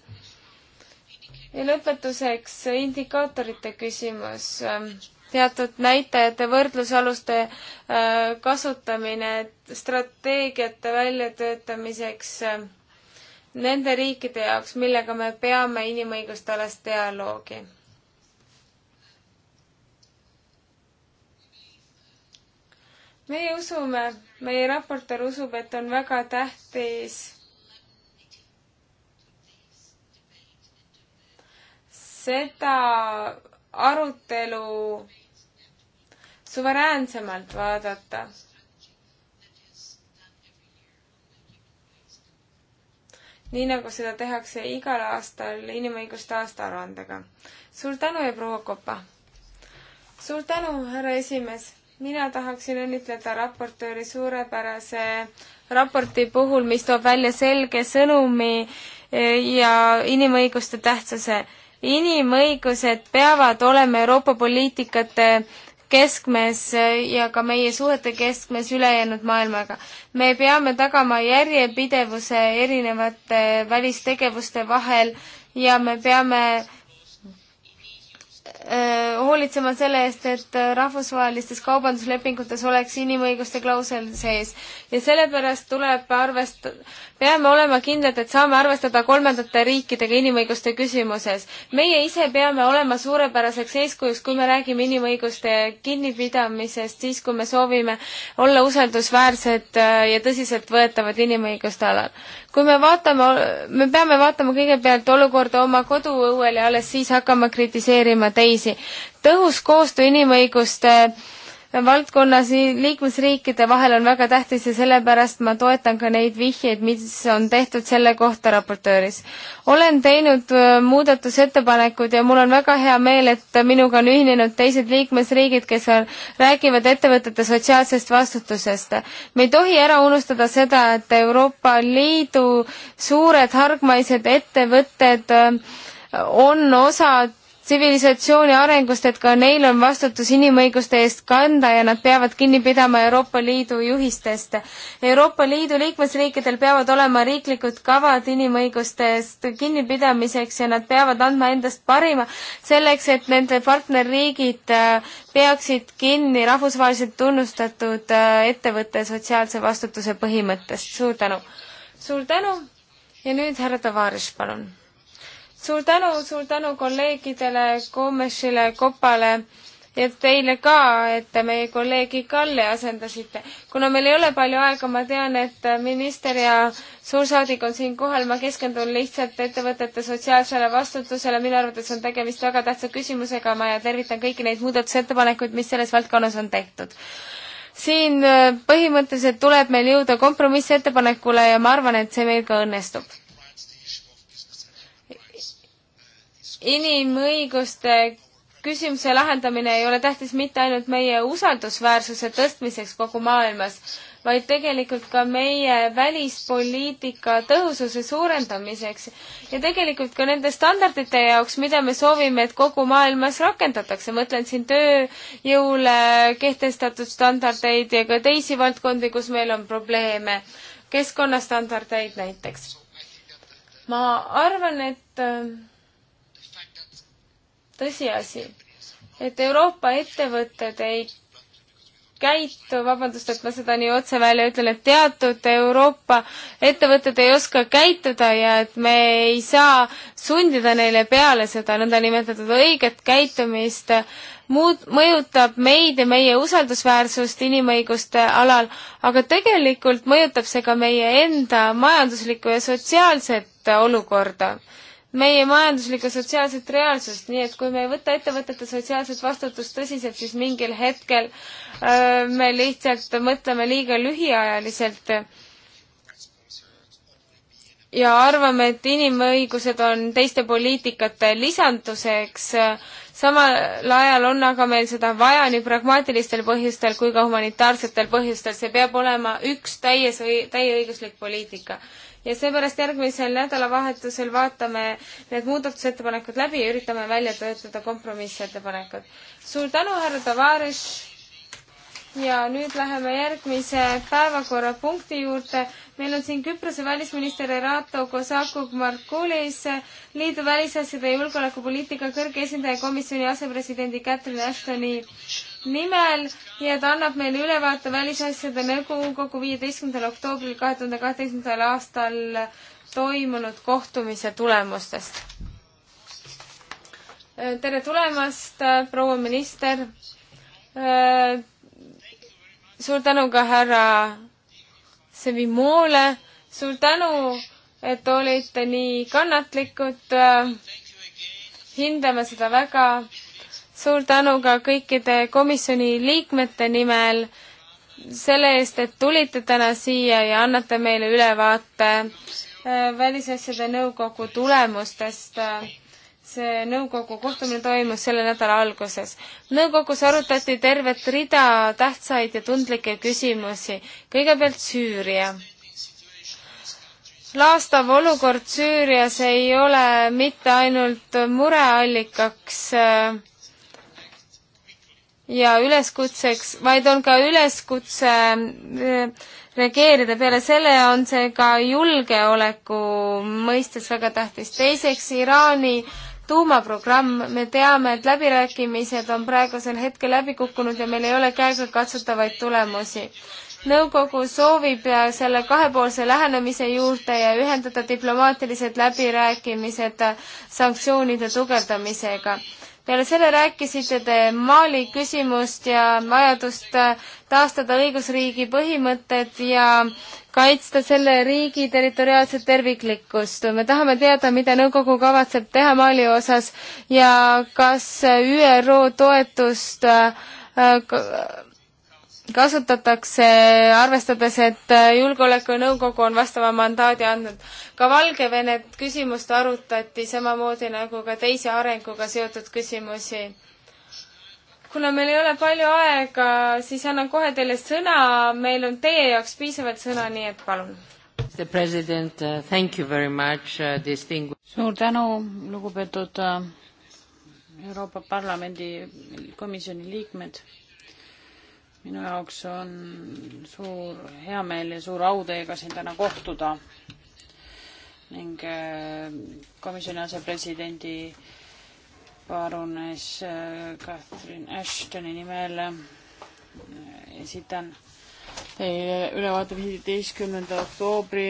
ja lõpetuseks indikaatorite küsimus ähm, teatud näitajate võrdlusaluste äh, kasutamine strateegiate väljatöötamiseks ähm, nende riikide jaoks, millega me peame inimõiguste alast dialoogi. meie usume, meie raportöör usub, et on väga tähtis seda arutelu suveräänsemalt vaadata. nii nagu seda tehakse igal aastal inimõiguste aasta aruandega. suur tänu ja proua Kopa! suur tänu, härra esimees! mina tahaksin õnnitleda raportööri suurepärase raporti puhul, mis toob välja selge sõnumi ja inimõiguste tähtsuse inimõigused peavad olema Euroopa poliitikate keskmes ja ka meie suhete keskmes ülejäänud maailmaga. me peame tagama järjepidevuse erinevate välistegevuste vahel ja me peame Äh, hoolitsema selle eest, et äh, rahvusvahelistes kaubanduslepingutes oleks inimõiguste klausel sees. ja sellepärast tuleb arvest-, peame olema kindlad, et saame arvestada kolmandate riikidega inimõiguste küsimuses. meie ise peame olema suurepäraseks eeskujuks, kui me räägime inimõiguste kinnipidamisest, siis kui me soovime olla usaldusväärsed äh, ja tõsiseltvõetavad inimõiguste alal kui me vaatame, me peame vaatama kõigepealt olukorda oma koduõuel ja alles siis hakkama kritiseerima teisi. tõhus koostöö inimõiguste äh, valdkonnas liikmesriikide vahel on väga tähtis ja sellepärast ma toetan ka neid vihjeid, mis on tehtud selle kohta raportööris. olen teinud äh, muudatusettepanekud ja mul on väga hea meel, et minuga on ühinenud teised liikmesriigid, kes on, räägivad ettevõtete sotsiaalsest vastutusest. me ei tohi ära unustada seda, et Euroopa Liidu suured hargmaised ettevõtted äh, on osad tsivilisatsiooni arengust, et ka neil on vastutus inimõiguste eest kanda ja nad peavad kinni pidama Euroopa Liidu juhistest. Euroopa Liidu liikmesriikidel peavad olema riiklikud kavad inimõigustest kinnipidamiseks ja nad peavad andma endast parima selleks, et nende partnerriigid äh, peaksid kinni rahvusvaheliselt tunnustatud äh, ettevõtte sotsiaalse vastutuse põhimõttest. suur tänu! suur tänu ja nüüd härra Tavares, palun! suur tänu, suur tänu kolleegidele Gomesile, Kopale ja teile ka, et te meie kolleegi Kalle asendasite. kuna meil ei ole palju aega, ma tean, et minister ja suursaadik on siin kohal, ma keskendun lihtsalt ettevõtete sotsiaalsele vastutusele, minu arvates on tegemist väga tähtsa küsimusega, ma tervitan kõiki neid muudatusettepanekuid, mis selles valdkonnas on tehtud siin põhimõtteliselt tuleb meil jõuda kompromissettepanekule ja ma arvan, et see meil ka õnnestub inimõiguste küsimuse lahendamine ei ole tähtis mitte ainult meie usaldusväärsuse tõstmiseks kogu maailmas, vaid tegelikult ka meie välispoliitika tõhususe suurendamiseks ja tegelikult ka nende standardite jaoks, mida me soovime, et kogu maailmas rakendatakse. mõtlen siin tööjõule kehtestatud standardeid ja ka teisi valdkondi, kus meil on probleeme, keskkonnastandardeid näiteks. ma arvan, et äh, tõsiasi, et Euroopa ettevõtted ei käitu, vabandust, et ma seda nii otse välja ütlen, et teatud Euroopa ettevõtted ei oska käituda ja et me ei saa sundida neile peale seda nõndanimetatud õiget käitumist, muud, mõjutab meid ja meie usaldusväärsust inimõiguste alal, aga tegelikult mõjutab see ka meie enda majanduslikku ja sotsiaalset olukorda meie majanduslikku sotsiaalset reaalsust, nii et kui me ei võta ettevõtete sotsiaalset vastutust tõsiselt, siis mingil hetkel öö, äh, me lihtsalt mõtleme liiga lühiajaliselt ja arvame, et inimõigused on teiste poliitikate lisanduseks. samal ajal on aga meil seda vaja nii pragmaatilistel põhjustel kui ka humanitaarsetel põhjustel. see peab olema üks täies, täieõiguslik poliitika. ja seepärast järgmisel nädalavahetusel vaatame need muudatusettepanekud läbi ja üritame välja töötada kompromissettepanekud. suur tänu, härra Tavares! ja nüüd läheme järgmise päevakorrapunkti juurde meil on siin Küprose välisminister Erato Kosaku Markulis, liidu välisasjade ja julgeolekupoliitika kõrge esindaja komisjoni asepresidendi Catherine Ashtoni nimel ja ta annab meile ülevaate välisasjade nõukogu viieteistkümnendal oktoobril kahe tuhande kaheteistkümnendal aastal toimunud kohtumise tulemustest. tere tulemast, proua minister. suur tänu ka härra Sevimoole, suur tänu, et olite nii kannatlikud. Äh, hindame seda väga. suur tänu ka kõikide komisjoni liikmete nimel selle eest, et tulite täna siia ja annate meile ülevaate äh, välisasjade nõukogu tulemustest see nõukogu kohtumine toimus selle nädala alguses. nõukogus arutati tervet rida tähtsaid ja tundlikke küsimusi. kõigepealt Süüria. laastav olukord Süürias ei ole mitte ainult mureallikaks äh, ja üleskutseks, vaid on ka üleskutse äh, reageerida, peale selle on see ka julgeoleku mõistes väga tähtis. teiseks Iraani tuumaprogramm, me teame, et läbirääkimised on praegusel hetkel läbi kukkunud ja meil ei ole käegakatsutavaid tulemusi. nõukogu soovib selle kahepoolse lähenemise juurde ja ühendada diplomaatilised läbirääkimised sanktsioonide tugevdamisega peale selle rääkisite te Mali küsimust ja vajadust taastada õigusriigi põhimõtted ja kaitsta selle riigi territoriaalset terviklikkust. me tahame teada, mida nõukogu kavatseb teha Mali osas ja kas ÜRO toetust äh, kasutatakse, arvestades, et äh, Julgeolekunõukogu on vastava mandaadi andnud. ka Valgevene küsimust arutati samamoodi nagu ka teisi arenguga seotud küsimusi. kuna meil ei ole palju aega, siis annan kohe teile sõna, meil on teie jaoks piisavalt sõna, nii et palun. Mr President uh,, thank you very much uh,, distinguished. suur tänu, lugupeetud uh, Euroopa Parlamendi komisjoni liikmed minu jaoks on suur heameel ja suur au teiega siin täna kohtuda ning äh, komisjoni asepresidendi parunes äh, Catherine Ashtoni nimel äh, esitan teile ülevaate viieteistkümnenda oktoobri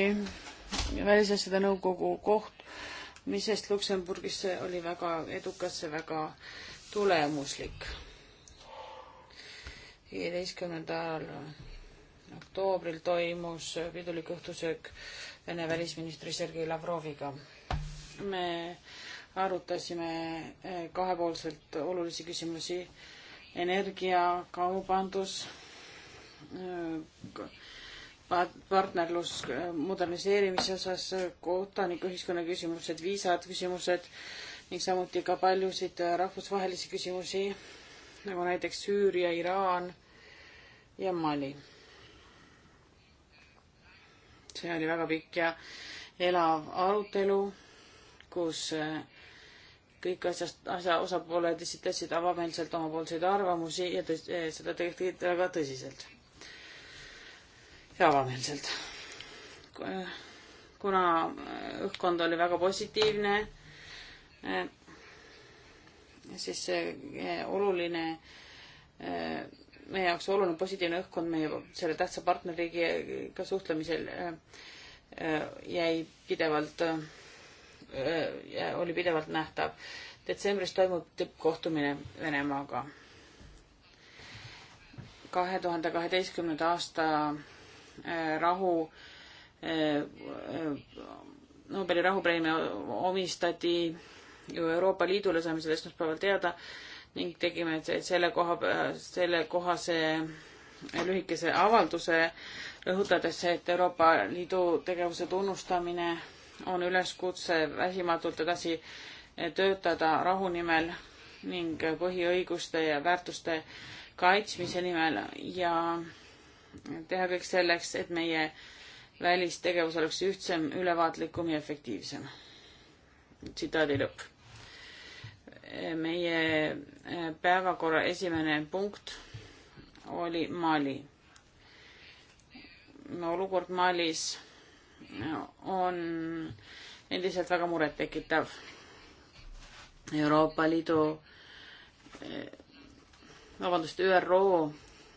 välisasjade nõukogu kohtumisest Luksemburgis, see oli väga edukas ja väga tulemuslik viieteistkümnendal oktoobril toimus pidulik õhtusöök Vene välisministri Sergei Lavroviga. me arutasime eh, kahepoolselt olulisi küsimusi, energia, kaubandus, eh, partnerlus eh, moderniseerimise osas, kodanikuühiskonna küsimused, viisad, küsimused ning samuti ka paljusid rahvusvahelisi küsimusi, nagu näiteks Süüria, Iraan ja Mali. see oli väga pikk ja elav arutelu, kus eh, kõik asjast, asja osapooled esitasid avameelselt omapoolseid arvamusi ja tõs, eh, seda tehti väga tõsiselt ja avameelselt. kuna õhkkond oli väga positiivne, eh, siis see oluline meie jaoks oluline positiivne õhkkond meie selle tähtsa partnerriigiga suhtlemisel äh, äh, jäi pidevalt, äh, oli pidevalt nähtav. detsembris toimub tippkohtumine Venemaaga. kahe tuhande kaheteistkümnenda aasta rahu, Nobeli rahupreemia omistati ju Euroopa Liidule, saime selle esmaspäeval teada ning tegime selle koha, selle kohase lühikese avalduse, rõhutades, et Euroopa Liidu tegevuse tunnustamine on üleskutse väsimatult edasi töötada rahu nimel ning põhiõiguste ja väärtuste kaitsmise nimel ja teha kõik selleks, et meie välistegevus oleks ühtsem, ülevaatlikum ja efektiivsem. tsitaadi lõpp meie äh, päevakorra esimene punkt oli Mali. olukord Malis äh, on endiselt väga murettekitav. Euroopa Liidu, äh, vabandust, ÜRO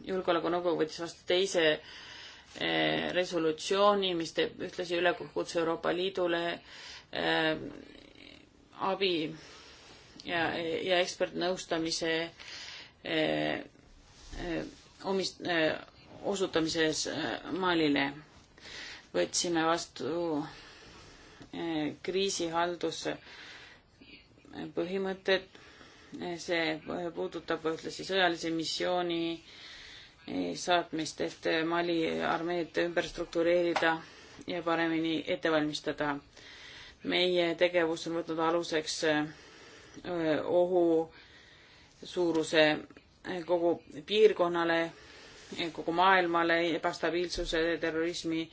Julgeolekunõukogu võttis vastu teise resolutsiooni, mis teeb ühtlasi ülekutse Euroopa Liidule abi ja, ja ekspertnõustamise eh, eh, omist- eh,, osutamises eh, Malile. võtsime vastu eh, kriisihalduse eh, põhimõtted, see puudutab ühtlasi sõjalise missiooni saatmist, et Mali armeed ümber struktureerida ja paremini ette valmistada. meie tegevus on võtnud aluseks ohu suuruse kogu piirkonnale, kogu maailmale, ebastabiilsuse, terrorismi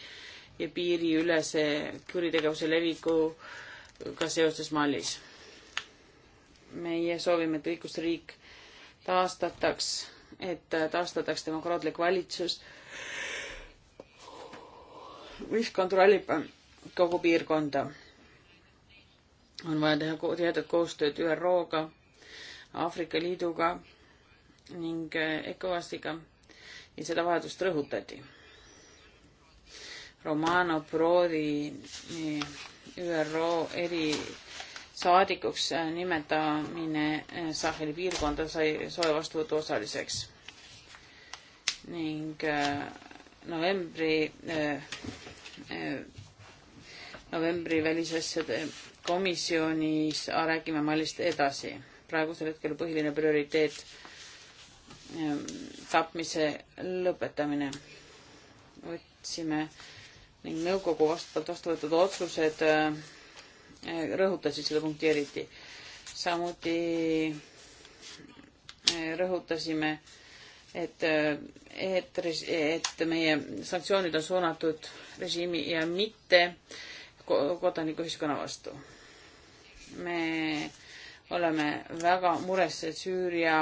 ja piiriülese kuritegevuse levikuga seoses Malis. meie soovime, et õigusriik taastataks, et taastataks demokraatlik valitsus, mis kontrollib kogu piirkonda on vaja teha tihedat koostööd ÜRO-ga, Aafrika Liiduga ning äh, ECOWAS-iga ja seda vajadust rõhutati. Romano Prodi ÜRO erisaadikuks äh, nimetamine äh, Saheli piirkonda sai soe vastuvõtu osaliseks ning novembri, novembri välisasjade komisjonis räägime Malist edasi. praegusel hetkel põhiline prioriteet ehm, tapmise lõpetamine. võtsime ning nõukogu vastavalt vastu võetud otsused ehm, eh, rõhutasid seda punkti eriti. samuti ehm, rõhutasime, et, et, et meie sanktsioonid on suunatud režiimi ja mitte äh, kodanikuühiskonna vastu. me oleme väga mures Süüria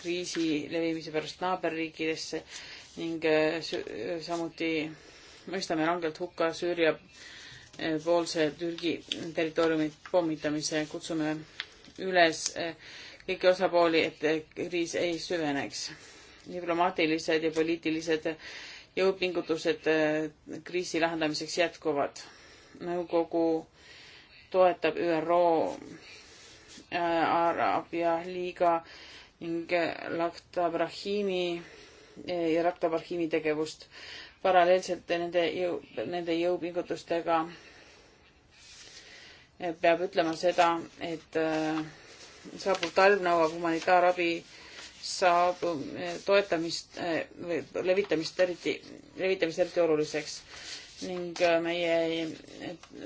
kriisi levimise pärast naaberriikidesse ning äh, samuti mõistame rangelt hukka Süüria äh, poolse Türgi territooriumi pommitamise, kutsume üles äh, kõiki osapooli, et kriis ei süveneks. diplomaatilised ja poliitilised jõupingutused kriisi lahendamiseks jätkuvad nõukogu toetab ÜRO äh, Araabia liiga ning Laktab Rahimi äh, ja Laktab Rahimi tegevust paralleelselt nende jõu, nende jõupingutustega äh, peab ütlema seda, et äh, saabuv talv nõuab humanitaarabi saab toetamist äh, või levitamist eriti, levitamist eriti oluliseks ning äh, meie,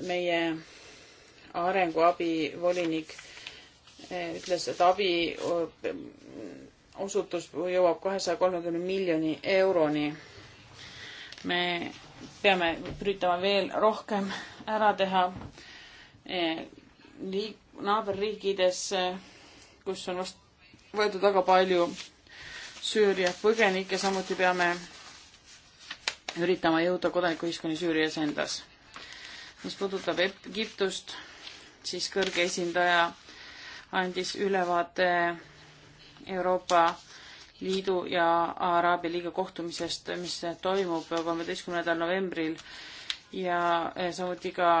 meie arenguabi volinik äh, ütles, et abi äh, osutus jõuab kahesaja kolmekümne miljoni euroni. me peame üritama veel rohkem ära teha liik-, naaberriikides, kus on vast võetud väga palju Süüria põgenikke, samuti peame üritama jõuda kodanikuühiskonna Süürias endas. mis puudutab Egiptust, siis kõrge esindaja andis ülevaate Euroopa Liidu ja Araabia Liiga kohtumisest, mis toimub kolmeteistkümnendal novembril ja eh, samuti ka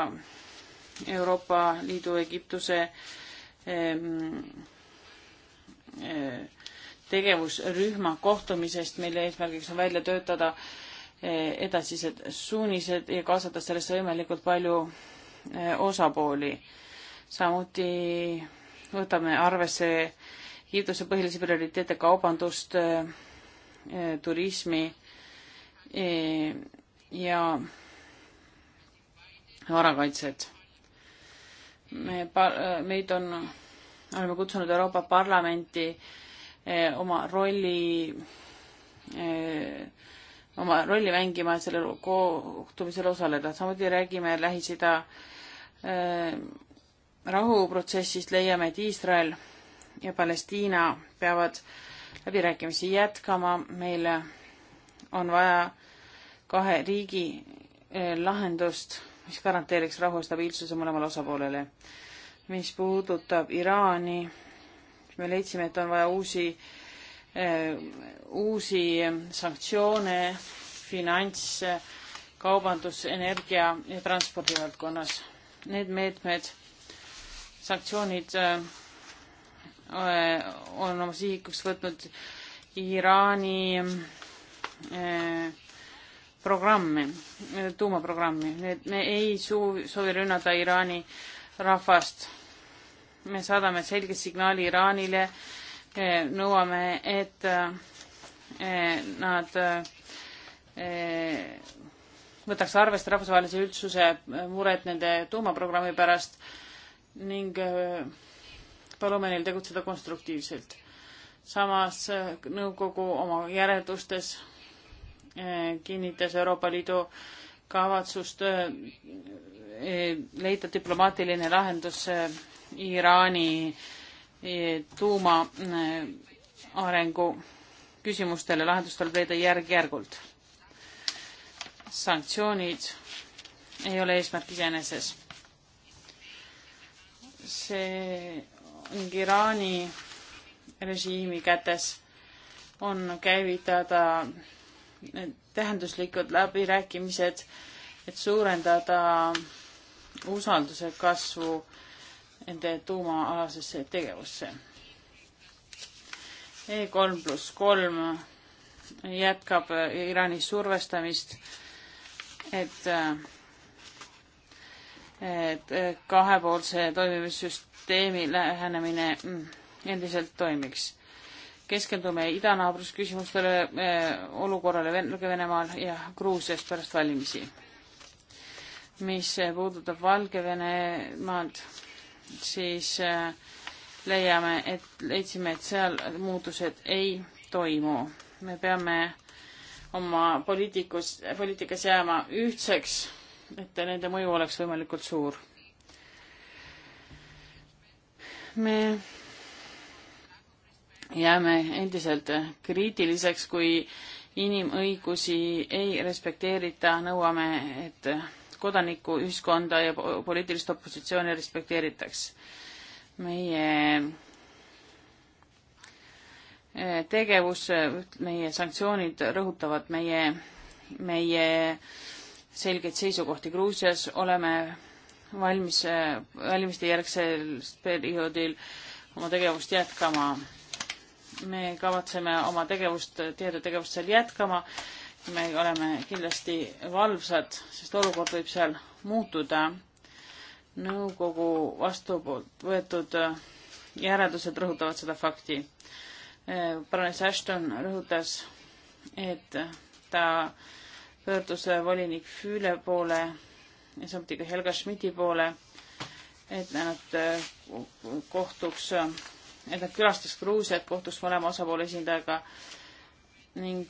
Euroopa Liidu Egiptuse ehm, eh, tegevusrühma kohtumisest, mille eesmärgiks on välja töötada äh, edasised suunised ja kaasata sellesse võimalikult palju eh, osapooli. samuti võtame arvesse Egiptuse põhilisi prioriteete kaubandust, eh, eh, turismi ja varakaitset. me, meid on, oleme kutsunud Euroopa Parlamenti oma rolli oma rolli mängima ja sellel kohtumisel osaleda. samuti räägime Lähis-Ida äh, rahuprotsessist, leiame, et Iisrael ja Palestiina peavad läbirääkimisi jätkama, meil on vaja kahe riigi äh, lahendust, mis garanteeriks rahu ja stabiilsuse mõlemale osapoolele. mis puudutab Iraani, siis me leidsime, et on vaja uusi äh, Eh, uusi sanktsioone finants, kaubandus, energia ja transpordi valdkonnas. Need meetmed, sanktsioonid eh, on oma sihikuks võtnud Iraani eh, programmi, tuumaprogrammi, nii et me ei soovi, soovi rünnata Iraani rahvast. me saadame selge signaali Iraanile äh, Eh, nõuame, et eh, nad eh, võtaks arvesse rahvusvahelise üldsuse muret nende tuumaprogrammi pärast ning palume neil tegutseda konstruktiivselt. samas nõukogu oma järeldustes kinnitas Euroopa Liidu kavatsust leida diplomaatiline lahendus Iraani äh, Eh, tuuma eh, arengu küsimustele lahendust tuleb leida järk-järgult. sanktsioonid ei ole eesmärk iseeneses. see on Iraani režiimi kätes, on käivitada tähenduslikud läbirääkimised, et suurendada usalduse kasvu äh, nende tuumaalasesse tegevusse. E kolm pluss kolm jätkab Iraani survestamist, et, et kahepoolse toimimissüsteemi lähenemine endiselt toimiks. keskendume idanaabrusküsimustele, eh, olukorrale Venemaal ja Gruusias pärast valimisi. mis puudutab Valgevenemaad, siis äh, leiame, et leidsime, et seal muutused ei toimu. me peame oma poliitikus, poliitikas jääma ühtseks, et nende mõju oleks võimalikult suur. me jääme endiselt kriitiliseks, kui inimõigusi ei respekteerita, nõuame, et kodanikuühiskonda ja poliitilist opositsiooni respekteeritaks. meie eh, tegevus, meie sanktsioonid rõhutavad meie, meie selgeid seisukohti Gruusias, oleme valmis, valimiste järgsel perioodil oma tegevust jätkama. me kavatseme oma tegevust, tihedat tegevust seal jätkama me oleme kindlasti valvsad, sest olukord võib seal muutuda. nõukogu vastu võetud äh, järeldused rõhutavad seda fakti. Äh, Baroness Ashton rõhutas, et ta pöördus äh, volinik Füüle poole ja samuti ka Helga Schmidti poole, et nad kohtuks, et nad külastas Gruusiat, kohtus mõlema osapoole esindajaga ning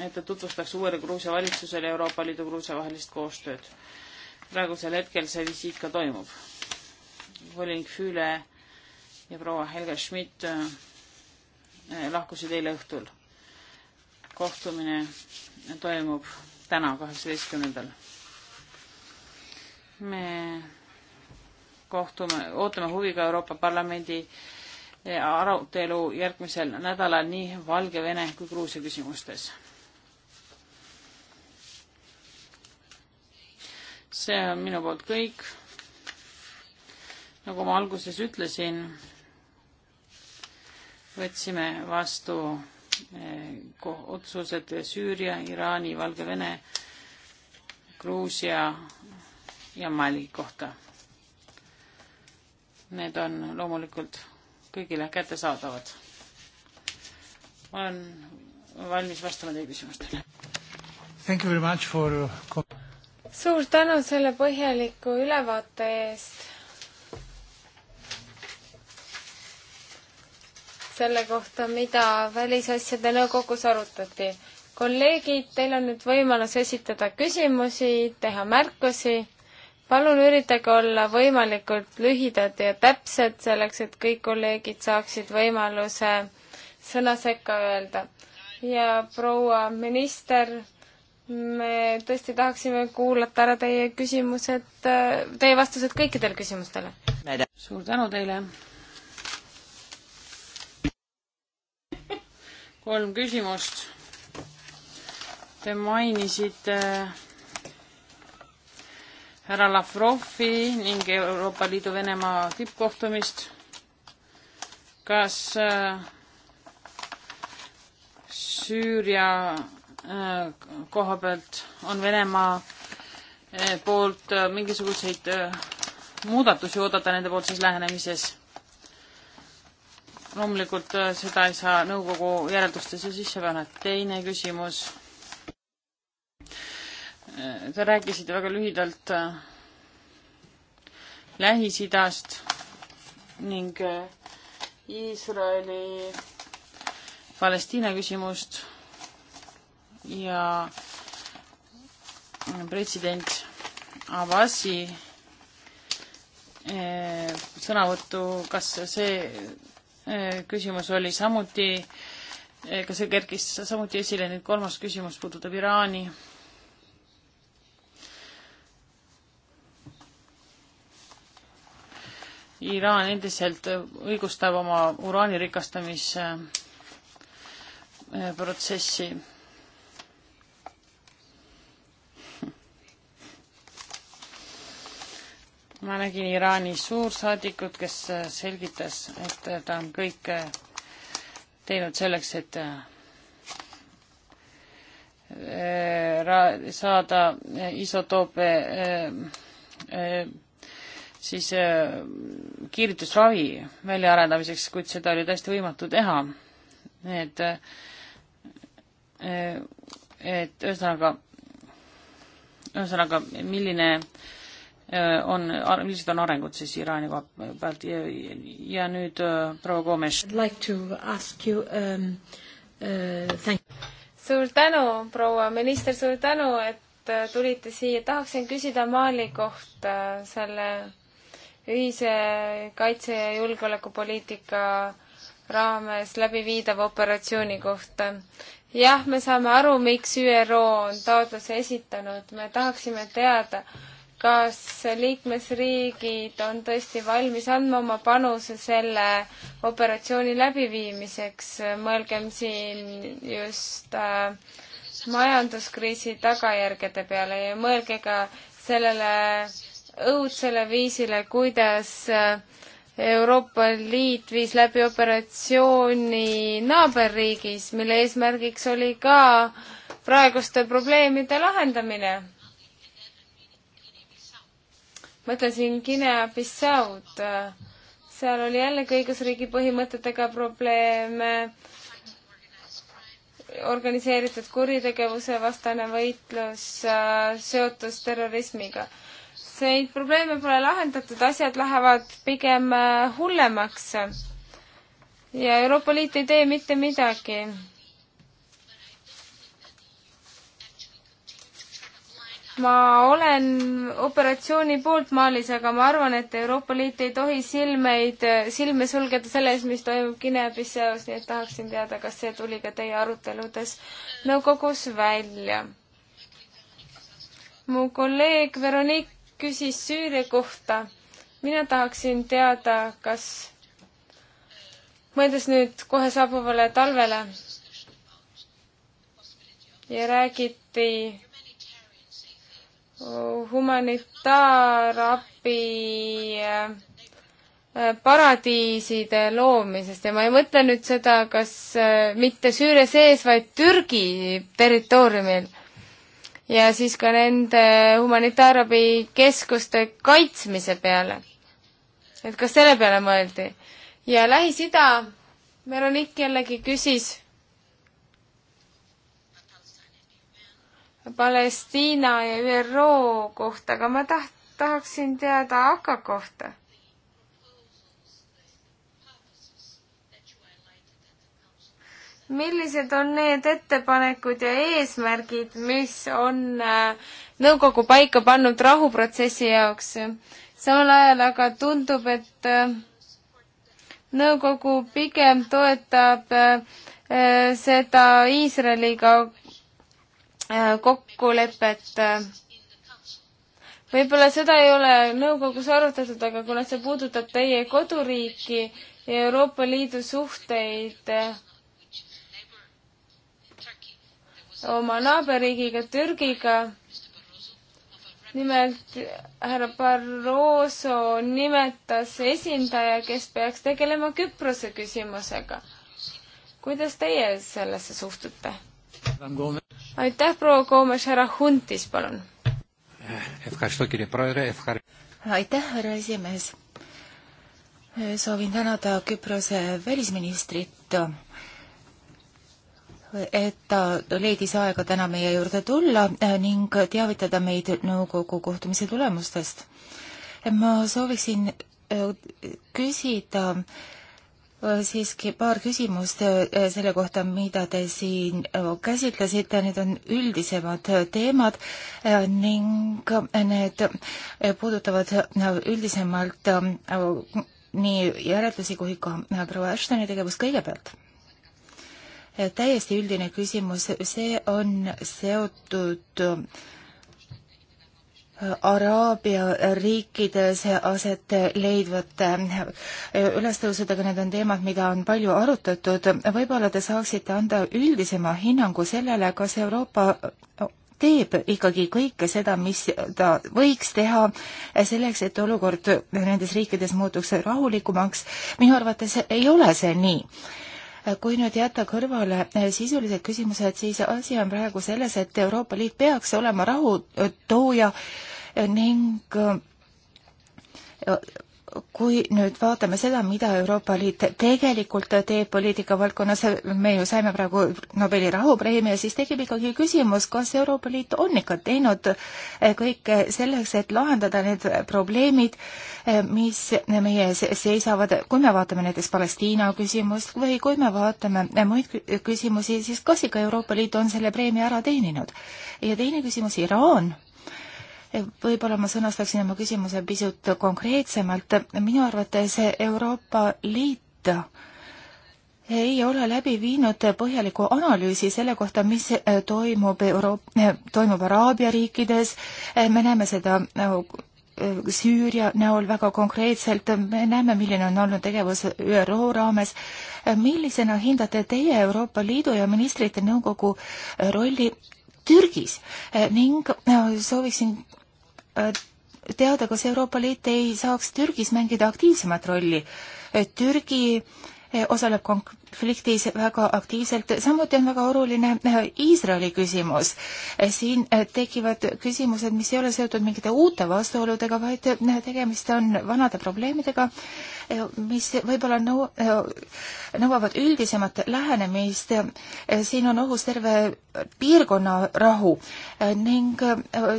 et ta tutvustaks uuele Gruusia valitsusele Euroopa Liidu Gruusia vahelist koostööd. praegusel hetkel see visiit ka toimub. volinik Füüle ja proua Helga Schmidt äh, lahkusid eile õhtul. kohtumine toimub täna, kaheksateistkümnendal. me kohtume, ootame huviga Euroopa Parlamendi äh, arutelu järgmisel nädalal nii Valgevene kui Gruusia küsimustes. see on minu poolt kõik. nagu ma alguses ütlesin, võtsime vastu eh, otsused Süüria, Iraani, Valgevene, Gruusia ja Mali kohta. Need on loomulikult kõigile kättesaadavad. olen valmis vastama teie küsimustele. Thank you very much for suur tänu selle põhjaliku ülevaate eest. selle kohta, mida Välisasjade Nõukogus arutati. kolleegid, teil on nüüd võimalus esitada küsimusi, teha märkusi. palun üritage olla võimalikult lühidad ja täpsed, selleks et kõik kolleegid saaksid võimaluse sõna sekka öelda. ja proua minister me tõesti tahaksime kuulata ära teie küsimused, äh, teie vastused kõikidele küsimustele. suur tänu teile. kolm küsimust. Te mainisite äh, härra Lavrovi ning Euroopa Liidu Venemaa tippkohtumist. kas äh, Süüria Äh, koha pealt on Venemaa äh, poolt äh, mingisuguseid muudatusi oodata nende poolses lähenemises. loomulikult seda ei saa nõukogu järeldustesse sisse panna. teine küsimus. Te rääkisite väga lühidalt Lähis-Idast ning Iisraeli Palestiina küsimust ja president Avasi eh, sõnavõttu, kas see eh, küsimus oli samuti, eh, kas see kerkis samuti esile, nüüd kolmas küsimus puudutab Iraani. Iraan endiselt õigustab oma uraani rikastamise protsessi ma nägin Iraani suursaadikut, kes äh, selgitas, et äh, ta on kõik äh, teinud selleks, et saada isotoope siis kiiritusravi väljaarendamiseks, kuid seda oli täiesti võimatu teha. et, et ühesõnaga, ühesõnaga, milline äh, Äh, on, millised on arengud siis Iraani koha pealt ja, ja nüüd äh, proua Gomes. Um, uh, suur tänu, proua minister, suur tänu, et äh, tulite siia. tahaksin küsida Mali kohta selle ühise kaitse- ja julgeolekupoliitika raames läbiviidava operatsiooni kohta jah, me saame aru, miks ÜRO on taotluse esitanud, me tahaksime teada, kas liikmesriigid on tõesti valmis andma oma panuse selle operatsiooni läbiviimiseks, mõelgem siin just äh, majanduskriisi tagajärgede peale ja mõelge ka sellele õudsele viisile, kuidas äh, Euroopa Liit viis läbi operatsiooni naaberriigis, mille eesmärgiks oli ka praeguste probleemide lahendamine mõtlesin Guinea-Bissaud, seal oli jällegi õigusriigi põhimõtetega probleeme, organiseeritud kuritegevuse vastane võitlus, seotus terrorismiga. Neid probleeme pole lahendatud, asjad lähevad pigem hullemaks. ja Euroopa Liit ei tee mitte midagi ma olen operatsiooni poolt Malis, aga ma arvan, et Euroopa Liit ei tohi silmeid, silme sulgeda selle ees, mis toimub Guinea-Bissaus, nii et tahaksin teada, kas see tuli ka teie aruteludes nõukogus välja. mu kolleeg Veronique küsis Süüria kohta. mina tahaksin teada, kas, mõeldes nüüd kohe saabuvale talvele ja räägiti humanitaarabi äh, äh, paradiiside loomisest ja ma ei mõtle nüüd seda, kas äh, mitte Süüria sees, vaid Türgi territooriumil. ja siis ka nende humanitaarabikeskuste kaitsmise peale. et kas selle peale mõeldi? ja Lähis-Ida, Veronique jällegi küsis Palestiina ja ÜRO kohta, aga ma taht-, tahaksin teada AK kohta millised on need ettepanekud ja eesmärgid, mis on äh, nõukogu paika pannud rahuprotsessi jaoks? samal ajal aga tundub, et äh, nõukogu pigem toetab äh, seda Iisraeliga Äh, kokkulepet. Äh, võib-olla seda ei ole nõukogus arutatud, aga kuna see puudutab teie koduriiki ja Euroopa Liidu suhteid äh, oma naaberriigiga Türgiga, nimelt härra Barroso nimetas esindaja, kes peaks tegelema Küprose küsimusega. kuidas teie sellesse suhtute? aitäh, proua Koomes, härra Huntis, palun. aitäh, härra esimees. soovin tänada Küprose välisministrit, et ta leidis aega täna meie juurde tulla ning teavitada meid nõukogu kohtumise tulemustest. ma sooviksin küsida äh, Äh, siiski paar küsimust äh, selle kohta, mida te siin äh, käsitlesite, need on üldisemad teemad ning need puudutavad üldisemalt nii järeldusi kui ka proua Ashtoni tegevust kõigepealt. täiesti üldine küsimus, see on seotud Araabia riikides aset leidvate eh, ülestõusudega, need on teemad, mida on palju arutatud. võib-olla te saaksite anda üldisema hinnangu sellele, kas Euroopa teeb ikkagi kõike seda, mis ta võiks teha eh, selleks, et olukord nendes riikides muutuks rahulikumaks. minu arvates ei ole see nii kui nüüd jätta kõrvale eh, sisulised küsimused, siis asi on praegu selles, et Euroopa Liit peaks olema rahutooja ning eh, kui nüüd vaatame seda, mida Euroopa Liit tegelikult teeb poliitika valdkonnas, me ju saime praegu Nobeli rahupreemia, siis tekib ikkagi küsimus, kas Euroopa Liit on ikka teinud eh, kõike selleks, et lahendada need probleemid, eh, mis meie ees seisavad, kui me vaatame näiteks Palestiina küsimust või kui me vaatame eh, muid küsimusi, siis kas ikka Euroopa Liit on selle preemia ära teeninud? ja teine küsimus, Iraan võib-olla ma sõnastaksin oma küsimuse pisut konkreetsemalt. minu arvates Euroopa Liit ei ole läbi viinud põhjalikku analüüsi selle kohta, mis toimub Euroop-, toimub Araabia riikides, me näeme seda äh, Süüria näol väga konkreetselt, me näeme, milline on olnud tegevus ÜRO raames. millisena hindate teie Euroopa Liidu ja ministrite nõukogu rolli Türgis ning äh, sooviksin Äh, teada, kas Euroopa Liit ei saaks Türgis mängida aktiivsemat rolli. Äh, Türgi äh, osaleb konfliktis väga aktiivselt, samuti on väga oluline Iisraeli küsimus. siin tekivad küsimused, mis ei ole seotud mingite uute vastuoludega, vaid tegemist on vanade probleemidega Eh, mis võib-olla nõu-, eh, nõuavad üldisemat lähenemist. Eh, siin on ohus terve piirkonna rahu ning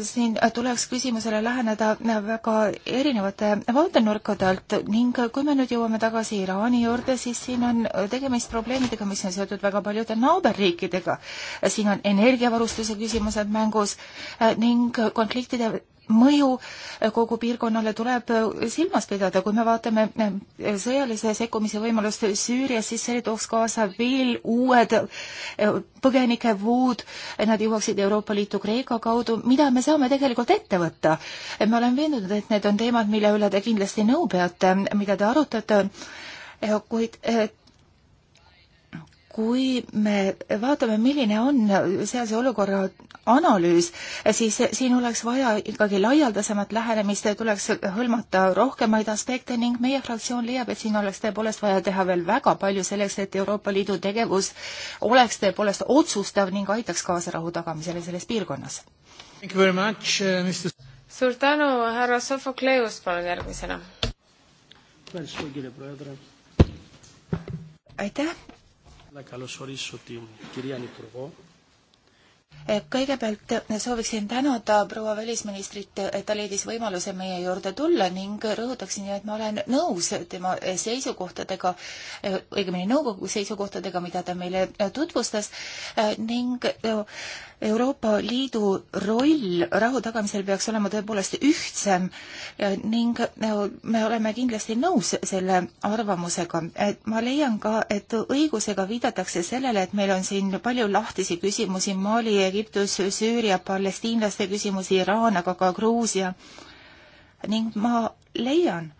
siin tuleks küsimusele läheneda väga erinevate vaatenurkade alt ning kui me nüüd jõuame tagasi Iraani juurde, siis siin on tegemist probleemidega, mis on seotud väga paljude naaberriikidega. siin on energiavarustuse küsimused mängus ning konfliktide mõju kogu piirkonnale tuleb silmas pidada. kui me vaatame sõjalise sekkumise võimalust Süürias, siis see tooks kaasa veel uued põgenikevood, nad jõuaksid Euroopa Liitu Kreeka kaudu, mida me saame tegelikult ette võtta. ma olen veendunud, et need on teemad, mille üle te kindlasti nõu peate, mida te arutate, kuid et eh, kui me vaatame, milline on sealse olukorra analüüs, siis siin oleks vaja ikkagi laialdasemat lähenemist, tuleks hõlmata rohkemaid aspekte ning meie fraktsioon leiab, et siin oleks tõepoolest vaja teha veel väga palju selleks, et Euroopa Liidu tegevus oleks tõepoolest otsustav ning aitaks kaasa rahu tagamisele selles piirkonnas. Uh, suur tänu, härra Sofokleus, palun järgmisena. aitäh Eh, kõigepealt eh, sooviksin tänada proua välisministrit, eh, et ta leidis võimaluse meie juurde tulla ning rõhutaksin, et ma olen nõus tema seisukohtadega, õigemini nõukogu seisukohtadega, mida ta meile tutvustas ning Euroopa Liidu roll rahu tagamisel peaks olema tõepoolest ühtsem ning äh, me oleme kindlasti nõus selle arvamusega. ma leian ka, et õigusega viidatakse sellele, et meil on siin palju lahtisi küsimusi Mali, Egiptus, Süüria, palestiinlaste küsimusi, Iraan, aga ka Gruusia. ning ma leian,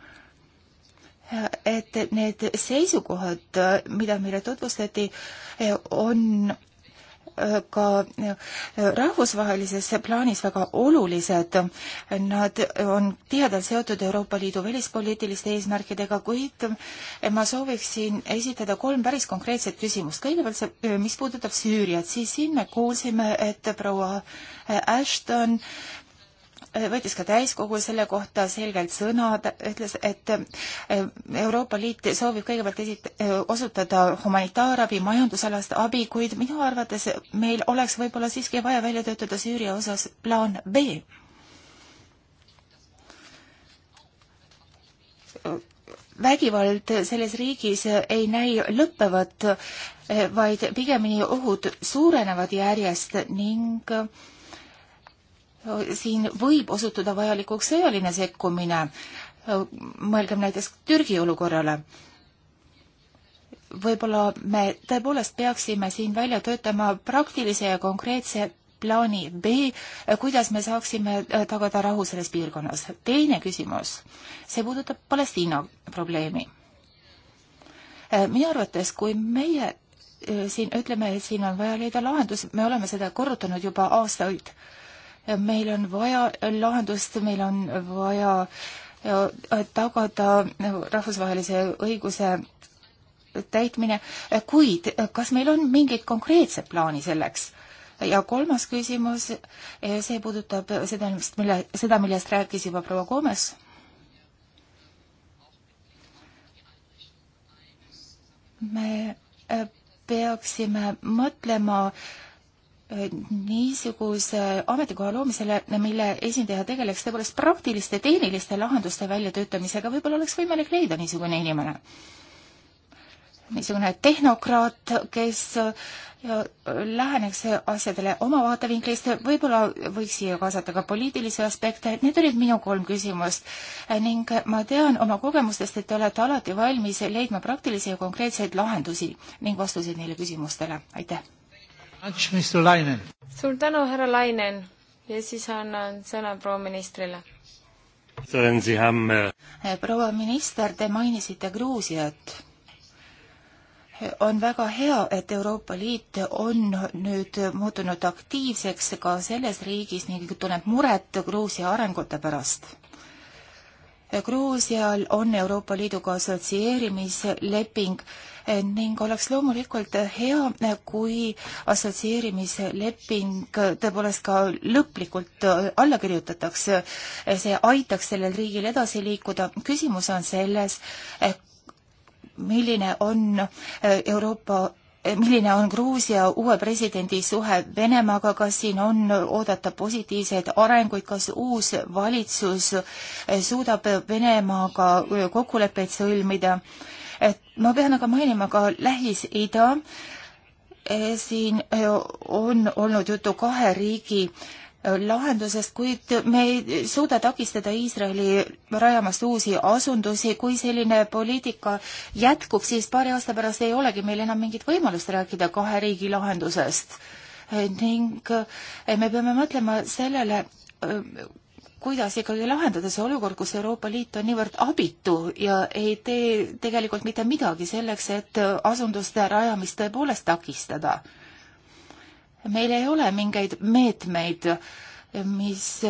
äh, et need seisukohad, äh, mida meile tutvustati, on ka rahvusvahelises plaanis väga olulised. Nad on tihedalt seotud Euroopa Liidu välispoliitiliste eesmärkidega, kuid ma sooviksin esitada kolm päris konkreetset küsimust. kõigepealt see, mis puudutab Süüriat, siis siin me kuulsime, et proua Ashton Äh, võttis ka täiskogul selle kohta selgelt sõna, ta ütles, et äh, Euroopa Liit soovib kõigepealt esit-, äh, osutada humanitaarabi, majandusalast abi, kuid minu arvates meil oleks võib-olla siiski vaja välja töötada Süüria osas plaan B. vägivald selles riigis ei näi lõppevat, vaid pigemini ohud suurenevad järjest ning äh, siin võib osutuda vajalikuks sõjaline sekkumine. mõelgem näiteks Türgi olukorrale. võib-olla me tõepoolest peaksime siin välja töötama praktilise ja konkreetse plaani B, kuidas me saaksime äh, tagada rahu selles piirkonnas. teine küsimus, see puudutab Palestiina probleemi. Äh, minu arvates, kui meie äh, siin ütleme, et siin on vaja leida lahendus, me oleme seda korrutanud juba aastaid meil on vaja lahendust, meil on vaja äh, tagada rahvusvahelise õiguse täitmine, kuid kas meil on mingit konkreetset plaani selleks? ja kolmas küsimus, äh, see puudutab seda, mille, seda, millest rääkis juba proua Koomes me äh, peaksime mõtlema niisuguse ametikoha loomisele, mille esindaja tegeleks tõepoolest praktiliste tehniliste lahenduste väljatöötamisega, võib-olla oleks võimalik leida niisugune inimene. niisugune tehnokraat, kes läheneks asjadele oma vaatevinklist, võib-olla võiks siia kaasata ka poliitilisi aspekte, need olid minu kolm küsimust. ning ma tean oma kogemustest, et te olete alati valmis leidma praktilisi ja konkreetseid lahendusi ning vastuseid neile küsimustele, aitäh! suur tänu, härra Lainen ja siis annan sõna proua ministrile. Äh, eh, proua minister, te mainisite Gruusiat on väga hea, et Euroopa Liit on nüüd muutunud aktiivseks ka selles riigis ning tunneb muret Gruusia arengute pärast. Gruusial on Euroopa Liiduga assotsieerimisleping eh, ning oleks loomulikult eh, hea, eh, kui assotsieerimisleping tõepoolest ka lõplikult alla kirjutatakse. see aitaks sellel riigil edasi liikuda. küsimus on selles, milline on Euroopa milline on Gruusia uue presidendi suhe Venemaaga, kas siin on oodata positiivseid arenguid, kas uus valitsus suudab Venemaaga kokkuleppeid sõlmida? et ma pean aga mainima ka Lähis-Ida, siin on olnud juttu kahe riigi äh, lahendusest, kuid me ei suuda takistada Iisraeli rajamast uusi asundusi. kui selline poliitika jätkub, siis paari aasta pärast ei olegi meil enam mingit võimalust rääkida kahe riigi lahendusest. ning eh, me peame mõtlema sellele, eh, kuidas ikkagi lahendada see olukord, kus Euroopa Liit on niivõrd abitu ja ei tee tegelikult mitte midagi selleks, et asunduste rajamist tõepoolest takistada meil ei ole mingeid meetmeid, mis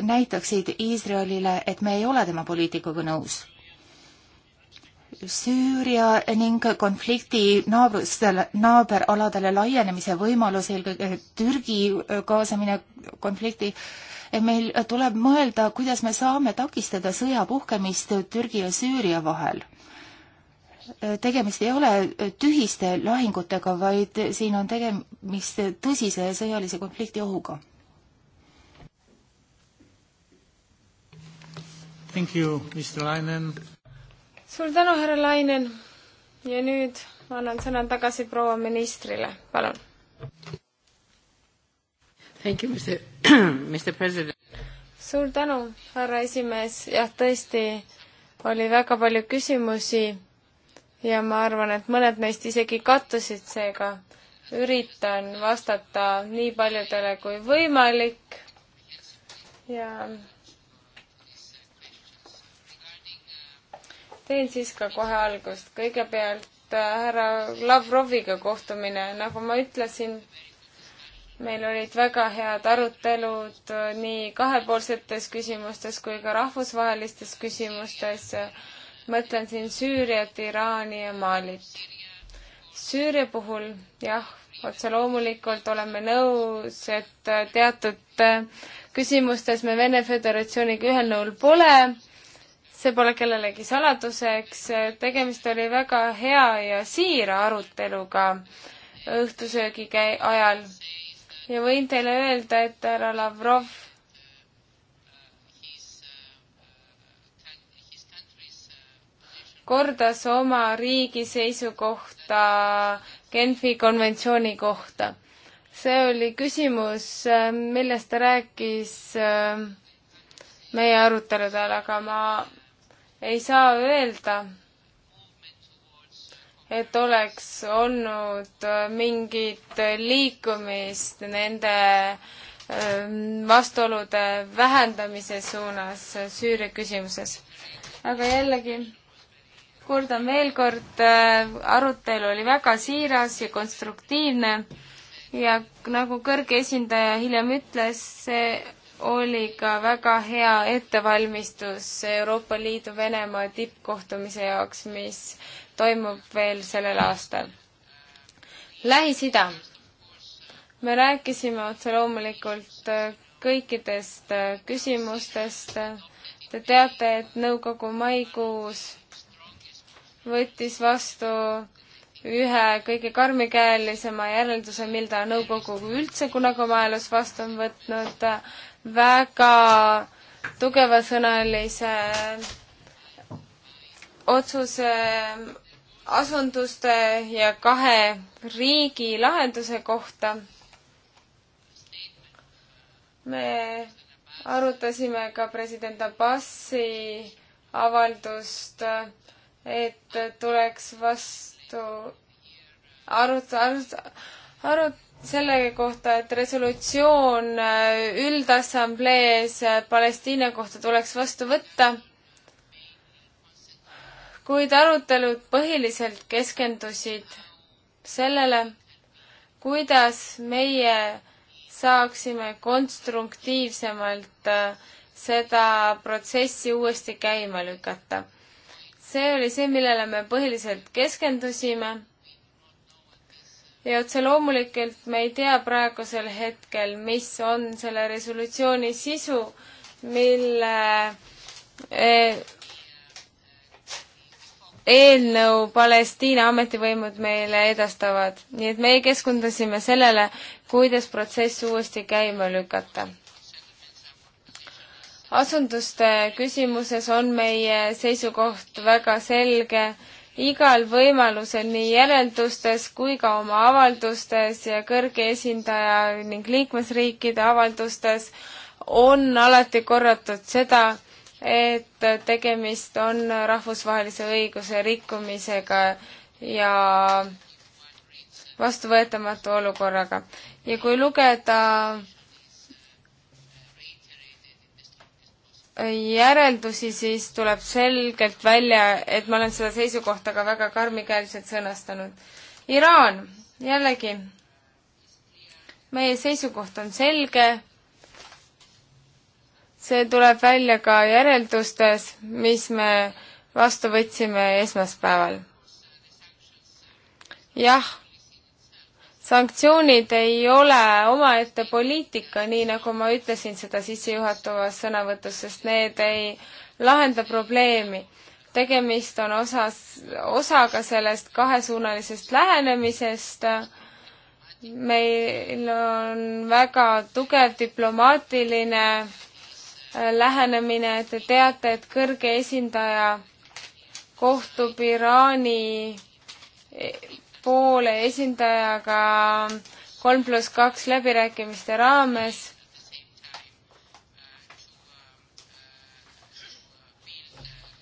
näitaksid Iisraelile, et me ei ole tema poliitikaga nõus. Süüria ning konflikti naabrustel, naaberaladele laienemise võimalus, eelkõige Türgi kaasamine konflikti, meil tuleb mõelda, kuidas me saame takistada sõja puhkemist Türgi ja Süüria vahel tegemist ei ole tühiste lahingutega, vaid siin on tegemist tõsise sõjalise konflikti ohuga. Thank you, Mr Lainen. suur tänu, härra Lainen. ja nüüd annan sõna tagasi proua ministrile, palun. Thank you, Mr, Mr President. suur tänu, härra esimees, jah, tõesti oli väga palju küsimusi ja ma arvan, et mõned neist isegi kattusid seega. üritan vastata nii paljudele kui võimalik ja teen siis ka kohe algust. kõigepealt äh, härra Lavroviga kohtumine, nagu ma ütlesin, meil olid väga head arutelud äh, nii kahepoolsetes küsimustes kui ka rahvusvahelistes küsimustes mõtlen siin Süüriat, Iraani ja Malit. Süüria puhul jah, otse loomulikult oleme nõus, et teatud küsimustes me Vene Föderatsiooniga ühel nõul pole, see pole kellelegi saladuseks, tegemist oli väga hea ja siira aruteluga õhtusöögi ajal ja võin teile öelda, et härra Lavrov kordas oma riigi seisukohta Genfi konventsiooni kohta. see oli küsimus, äh, millest ta rääkis äh, meie aruteludel, aga ma ei saa öelda, et oleks olnud äh, mingit liikumist nende vastuolude vähendamise suunas Süüria küsimuses. aga jällegi kordan veel kord, äh, arutelu oli väga siiras ja konstruktiivne ja nagu kõrge esindaja hiljem ütles, see oli ka väga hea ettevalmistus Euroopa Liidu Venemaa tippkohtumise jaoks, mis toimub veel sellel aastal. Lähis-Ida. me rääkisime otse loomulikult äh, kõikidest äh, küsimustest. Te teate, et nõukogu maikuus võttis vastu ühe kõige karmikäelisema järelduse, mida nõukogu üldse kunagi oma ajaloos vastu on võtnud, väga tugevasõnalise otsuse asunduste ja kahe riigi lahenduse kohta. me arutasime ka president Abbasi avaldust äh, et tuleks vastu arut-, arut-, arut-, selle kohta, et resolutsioon äh, üldassamblees äh, Palestiina kohta tuleks vastu võtta, kuid arutelud põhiliselt keskendusid sellele, kuidas meie saaksime konstruktiivsemalt äh, seda protsessi uuesti käima lükata see oli see, millele me põhiliselt keskendusime. ja otse loomulikult me ei tea praegusel hetkel, mis on selle resolutsiooni sisu, mille eh, eelnõu Palestiina ametivõimud meile edastavad, nii et meie keskendusime sellele, kuidas protsess uuesti käima lükata asunduste küsimuses on meie seisukoht väga selge igal võimalusel nii järeldustes kui ka oma avaldustes ja kõrge esindaja ning liikmesriikide avaldustes on alati korratud seda, et tegemist on rahvusvahelise õiguse rikkumisega ja vastuvõetamatu olukorraga. ja kui lugeda järeldusi, siis tuleb selgelt välja, et ma olen seda seisukohta ka väga karmikäeliselt sõnastanud. Iraan, jällegi, meie seisukoht on selge, see tuleb välja ka järeldustes, mis me vastu võtsime esmaspäeval. jah sanktsioonid ei ole omaette poliitika, nii nagu ma ütlesin seda sissejuhatavas sõnavõtus, sest need ei lahenda probleemi. tegemist on osas, osaga sellest kahesuunalisest lähenemisest meil on väga tugev diplomaatiline äh, lähenemine, te teate, et kõrge esindaja kohtub Iraani poole esindajaga kolm pluss kaks läbirääkimiste raames.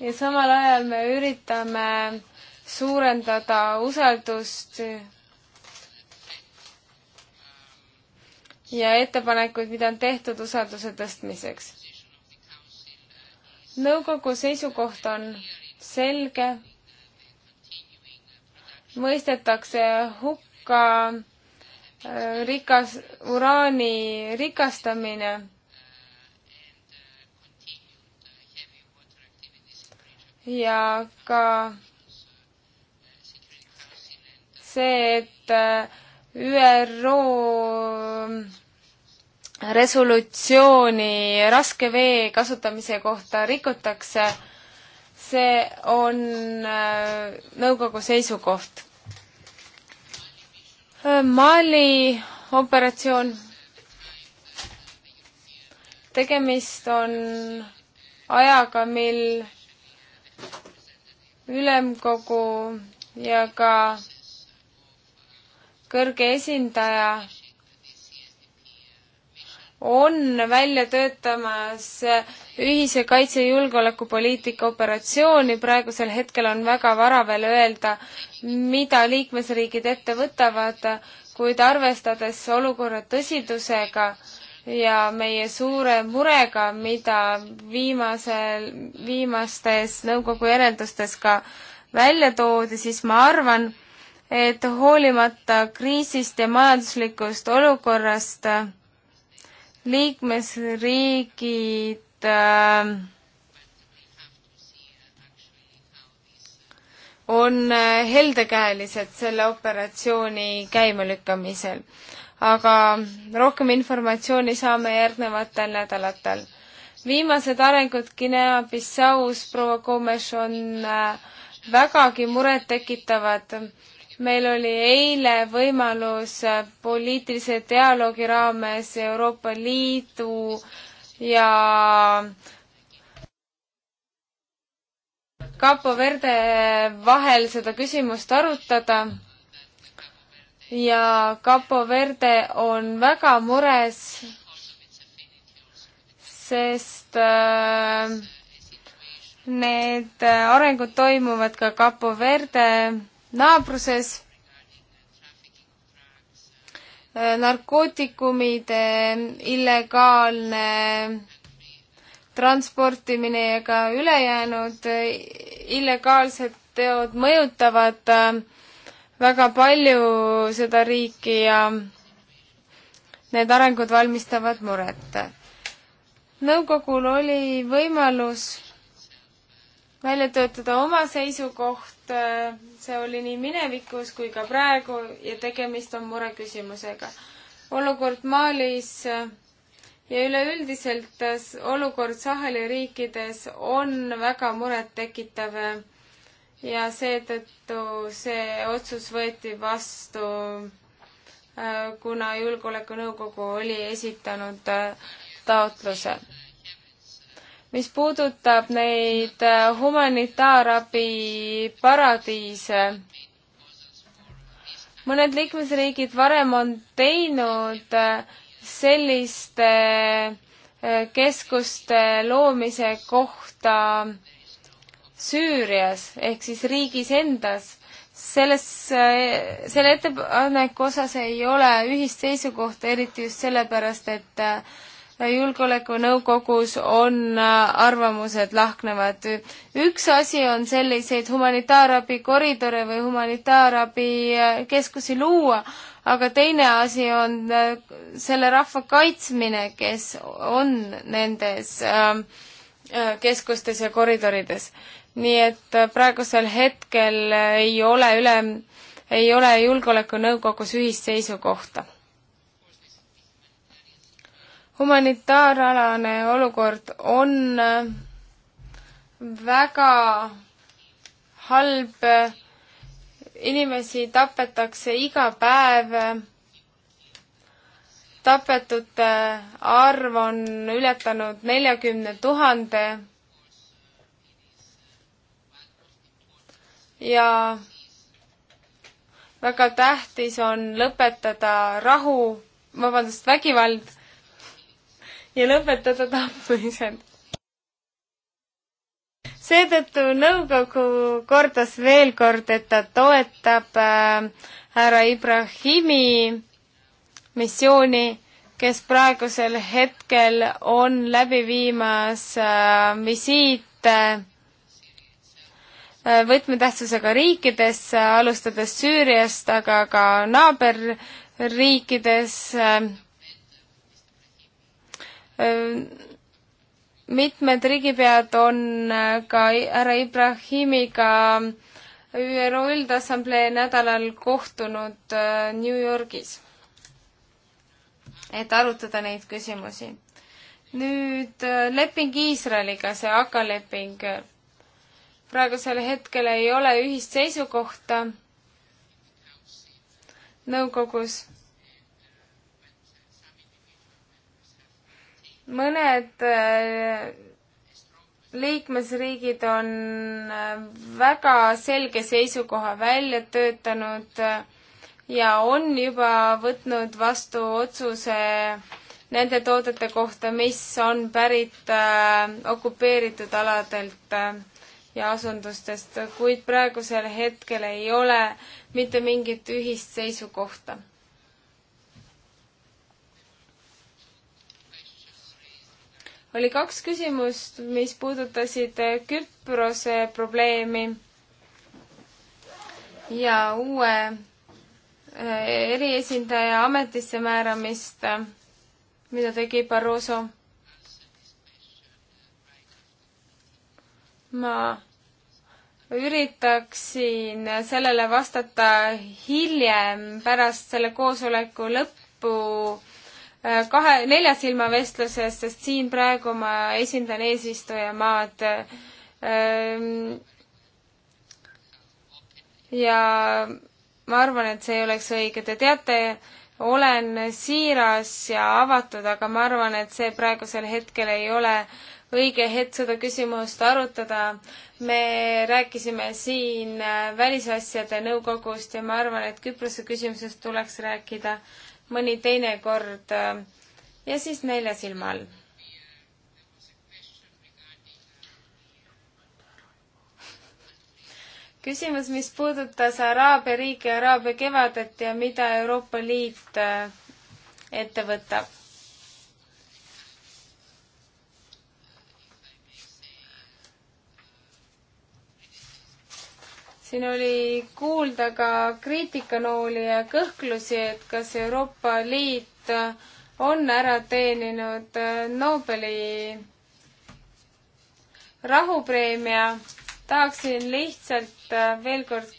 ja samal ajal me üritame suurendada usaldust ja ettepanekuid, mida on tehtud usalduse tõstmiseks. nõukogu seisukoht on selge mõistetakse hukka äh, rikas, uraani rikastamine ja ka see, et äh, ÜRO mm, resolutsiooni raske vee kasutamise kohta rikutakse see on äh, nõukogu seisukoht. Äh, Mali operatsioon. tegemist on ajaga, mil ülemkogu ja ka kõrge esindaja on välja töötamas ühise kaitse- ja julgeolekupoliitika operatsiooni, praegusel hetkel on väga vara veel öelda, mida liikmesriigid ette võtavad, kuid arvestades olukorra tõsidusega ja meie suure murega, mida viimasel, viimastes nõukogu järeldustes ka välja toodi, siis ma arvan, et hoolimata kriisist ja majanduslikust olukorrast äh, liikmesriigid äh, on äh, heldekäelised selle operatsiooni käimalükkamisel. aga rohkem informatsiooni saame järgnevatel nädalatel. viimased arengud Guinea-Bissaus, proua Gomes, on äh, vägagi murettekitavad meil oli eile võimalus poliitilise dialoogi raames Euroopa Liidu ja Capo Verde vahel seda küsimust arutada ja Capo Verde on väga mures, sest äh, need äh, arengud toimuvad ka Capo Verde naabruses äh, narkootikumide illegaalne transportimine ja ka ülejäänud äh, illegaalsed teod mõjutavad äh, väga palju seda riiki ja need arengud valmistavad muret. nõukogul oli võimalus välja töötada oma seisukoht see oli nii minevikus kui ka praegu ja tegemist on mureküsimusega. olukord Malis äh, ja üleüldiselt äh, olukord Saheli riikides on väga murettekitav äh, ja seetõttu see otsus võeti vastu, kuna Julgeolekunõukogu oli esitanud taotluse mis puudutab neid äh, humanitaarabi paradiise, mõned liikmesriigid varem on teinud äh, selliste äh, keskuste loomise kohta Süürias ehk siis riigis endas. selles, selle ettepaneku osas ei ole ühist seisukohta, eriti just sellepärast, et julgeolekunõukogus on äh, arvamused lahknevad. üks asi on selliseid humanitaarabikoridore või humanitaarabikeskusi äh, luua, aga teine asi on äh, selle rahva kaitsmine, kes on nendes keskustes ja koridorides. nii et praegusel hetkel ei ole üle, ei ole Julgeolekunõukogus ühist seisukohta humanitaaralane olukord on äh, väga halb, inimesi tapetakse iga päev, tapetute arv on ületanud neljakümne tuhande ja väga tähtis on lõpetada rahu, vabandust, vägivald ja lõpetada tapmised. seetõttu nõukogu kordas veel kord, et ta toetab äh, härra Ibrahimi missiooni, kes praegusel hetkel on läbi viimas äh, visiite äh, võtmetähtsusega riikidesse, alustades Süüriast, aga ka naaberriikides äh, Äh, mitmed riigipead on äh, ka härra Ibrahimiga ÜRO Üldassamblee nädalal kohtunud äh, New Yorgis, et arutada neid küsimusi. nüüd leping Iisraeliga, see AKA leping. praegusel hetkel ei ole ühist seisukohta nõukogus mõned äh, liikmesriigid on äh, väga selge seisukoha välja töötanud äh, ja on juba võtnud vastu otsuse nende toodete kohta, mis on pärit okupeeritud aladelt ja asundustest, kuid praegusel hetkel ei ole mitte mingit ühist seisukohta oli kaks küsimust, mis puudutasid eh, Küprose probleemi ja uue eh, eriesindaja ametisse määramist, eh, mida tegi Barroso. ma üritaksin sellele vastata hiljem, pärast selle koosoleku lõppu Äh, kahe, nelja silma vestluses, sest siin praegu ma esindan eesistujamaad ähm,. ja ma arvan, et see ei oleks õige, te teate, olen siiras ja avatud, aga ma arvan, et see praegusel hetkel ei ole õige hetk seda küsimust arutada. me rääkisime siin äh, Välisasjade Nõukogust ja ma arvan, et Küprose küsimusest tuleks rääkida äh, mõni teine kord äh, ja siis nelja silma all. küsimus, mis puudutas Araabia riike, Araabia kevadet ja mida Euroopa Liit äh, ette võtab siin oli kuulda ka kriitikanooli ja kõhklusi, et kas Euroopa Liit on ära teeninud äh, Nobeli rahupreemia. tahaksin lihtsalt äh, veel kord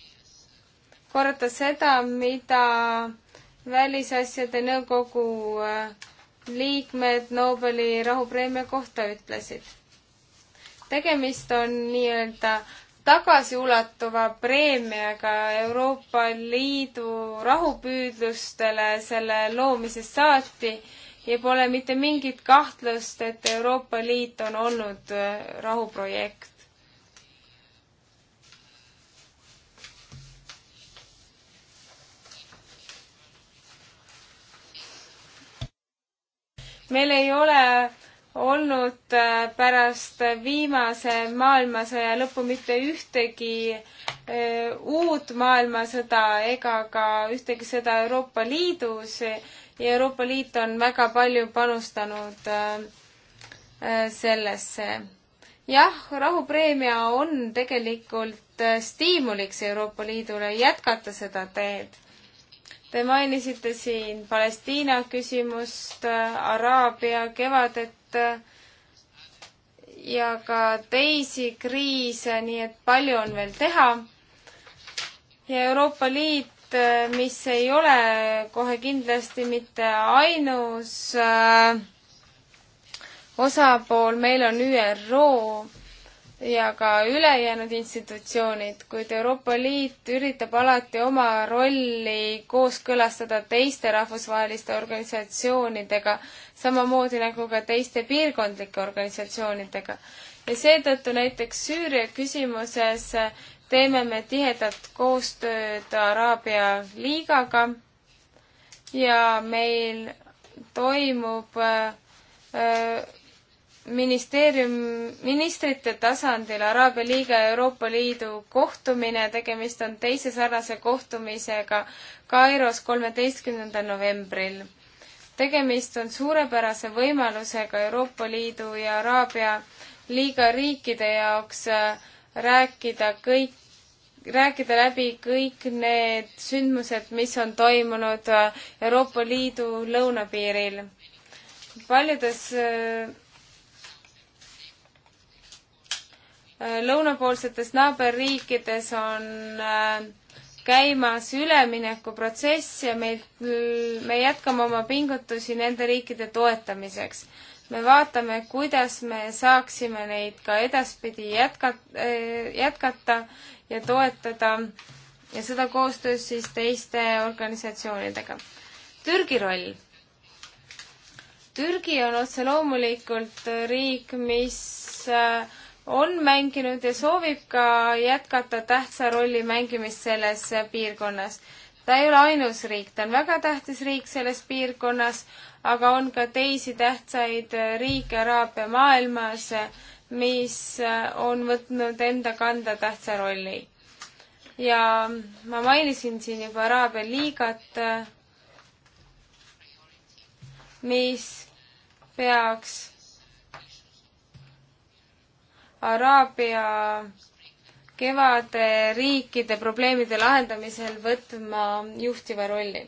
korrata seda, mida välisasjade nõukogu äh, liikmed Nobeli rahupreemia kohta ütlesid. tegemist on nii-öelda tagasiulatuva preemiaga Euroopa Liidu rahupüüdlustele selle loomisest saati ja pole mitte mingit kahtlust, et Euroopa Liit on olnud äh, rahuprojekt. meil ei ole olnud äh, pärast viimase maailmasõja lõppu mitte ühtegi äh, uut maailmasõda ega ka ühtegi sõda Euroopa Liidus ja Euroopa Liit on väga palju panustanud äh, sellesse. jah, rahupreemia on tegelikult stiimuliks Euroopa Liidule jätkata seda teed Te mainisite siin Palestiina küsimust, Araabia kevadet sõjat ja ka teisi kriise, nii et palju on veel teha. ja Euroopa Liit mis ei ole kohe kindlasti mitte ainus äh, osapool, meil on ÜRO ja ka ülejäänud institutsioonid, kuid Euroopa Liit üritab alati oma rolli kooskõlastada teiste rahvusvaheliste organisatsioonidega, samamoodi nagu ka teiste piirkondlike organisatsioonidega. ja seetõttu näiteks Süüria küsimuses teeme me tihedat koostööd Araabia liigaga ja meil toimub äh, ministeerium, ministrite tasandil Araabia liiga ja Euroopa Liidu kohtumine, tegemist on teise sarnase kohtumisega Kairos kolmeteistkümnendal novembril tegemist on suurepärase võimalusega Euroopa Liidu ja Araabia liiga riikide jaoks äh, rääkida kõik, rääkida läbi kõik need sündmused, mis on toimunud äh, Euroopa Liidu lõunapiiril. paljudes äh, lõunapoolsetes naaberriikides on äh, käimas üleminekuprotsess ja meil, me jätkame oma pingutusi nende riikide toetamiseks. me vaatame, kuidas me saaksime neid ka edaspidi jätkata, eh, jätkata ja toetada ja seda koostöös siis teiste organisatsioonidega. Türgi roll. Türgi on otse loomulikult riik, mis äh, on mänginud ja soovib ka jätkata tähtsa rolli mängimist selles piirkonnas. ta ei ole ainus riik, ta on väga tähtis riik selles piirkonnas, aga on ka teisi tähtsaid riike Araabia maailmas, mis on võtnud enda kanda tähtsa rolli. ja ma mainisin siin juba Araabia liigat, mis peaks Araabia kevade riikide probleemide lahendamisel võtma juhtiva rolli.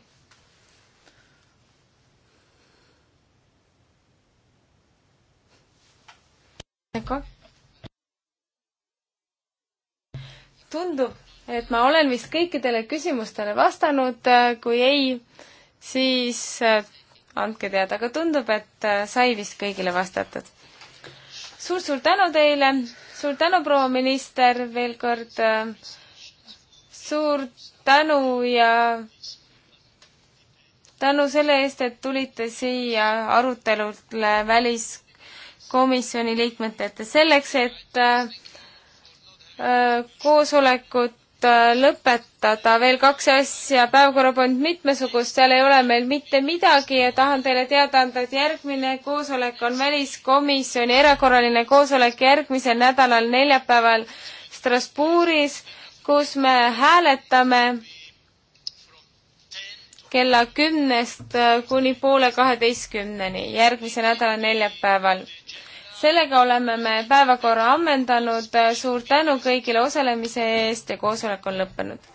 tundub, et ma olen vist kõikidele küsimustele vastanud, kui ei, siis andke teada, aga tundub, et sai vist kõigile vastatud suur-suur tänu teile, suur tänu, proua minister, veel kord suur tänu ja tänu selle eest, et tulite siia arutelule väliskomisjoni liikmete ette selleks, et äh, koosolekut Äh, lõpetada veel kaks asja, päevakorrapunkt mitmesugust, seal ei ole meil mitte midagi ja tahan teile teada anda, et järgmine koosolek on väliskomisjoni erakorraline koosolek järgmisel nädalal neljapäeval Strasbourgis, kus me hääletame kella kümnest äh, kuni poole kaheteistkümneni järgmise nädala neljapäeval sellega oleme me päevakorra ammendanud, suur tänu kõigile osalemise eest ja koosolek on lõppenud.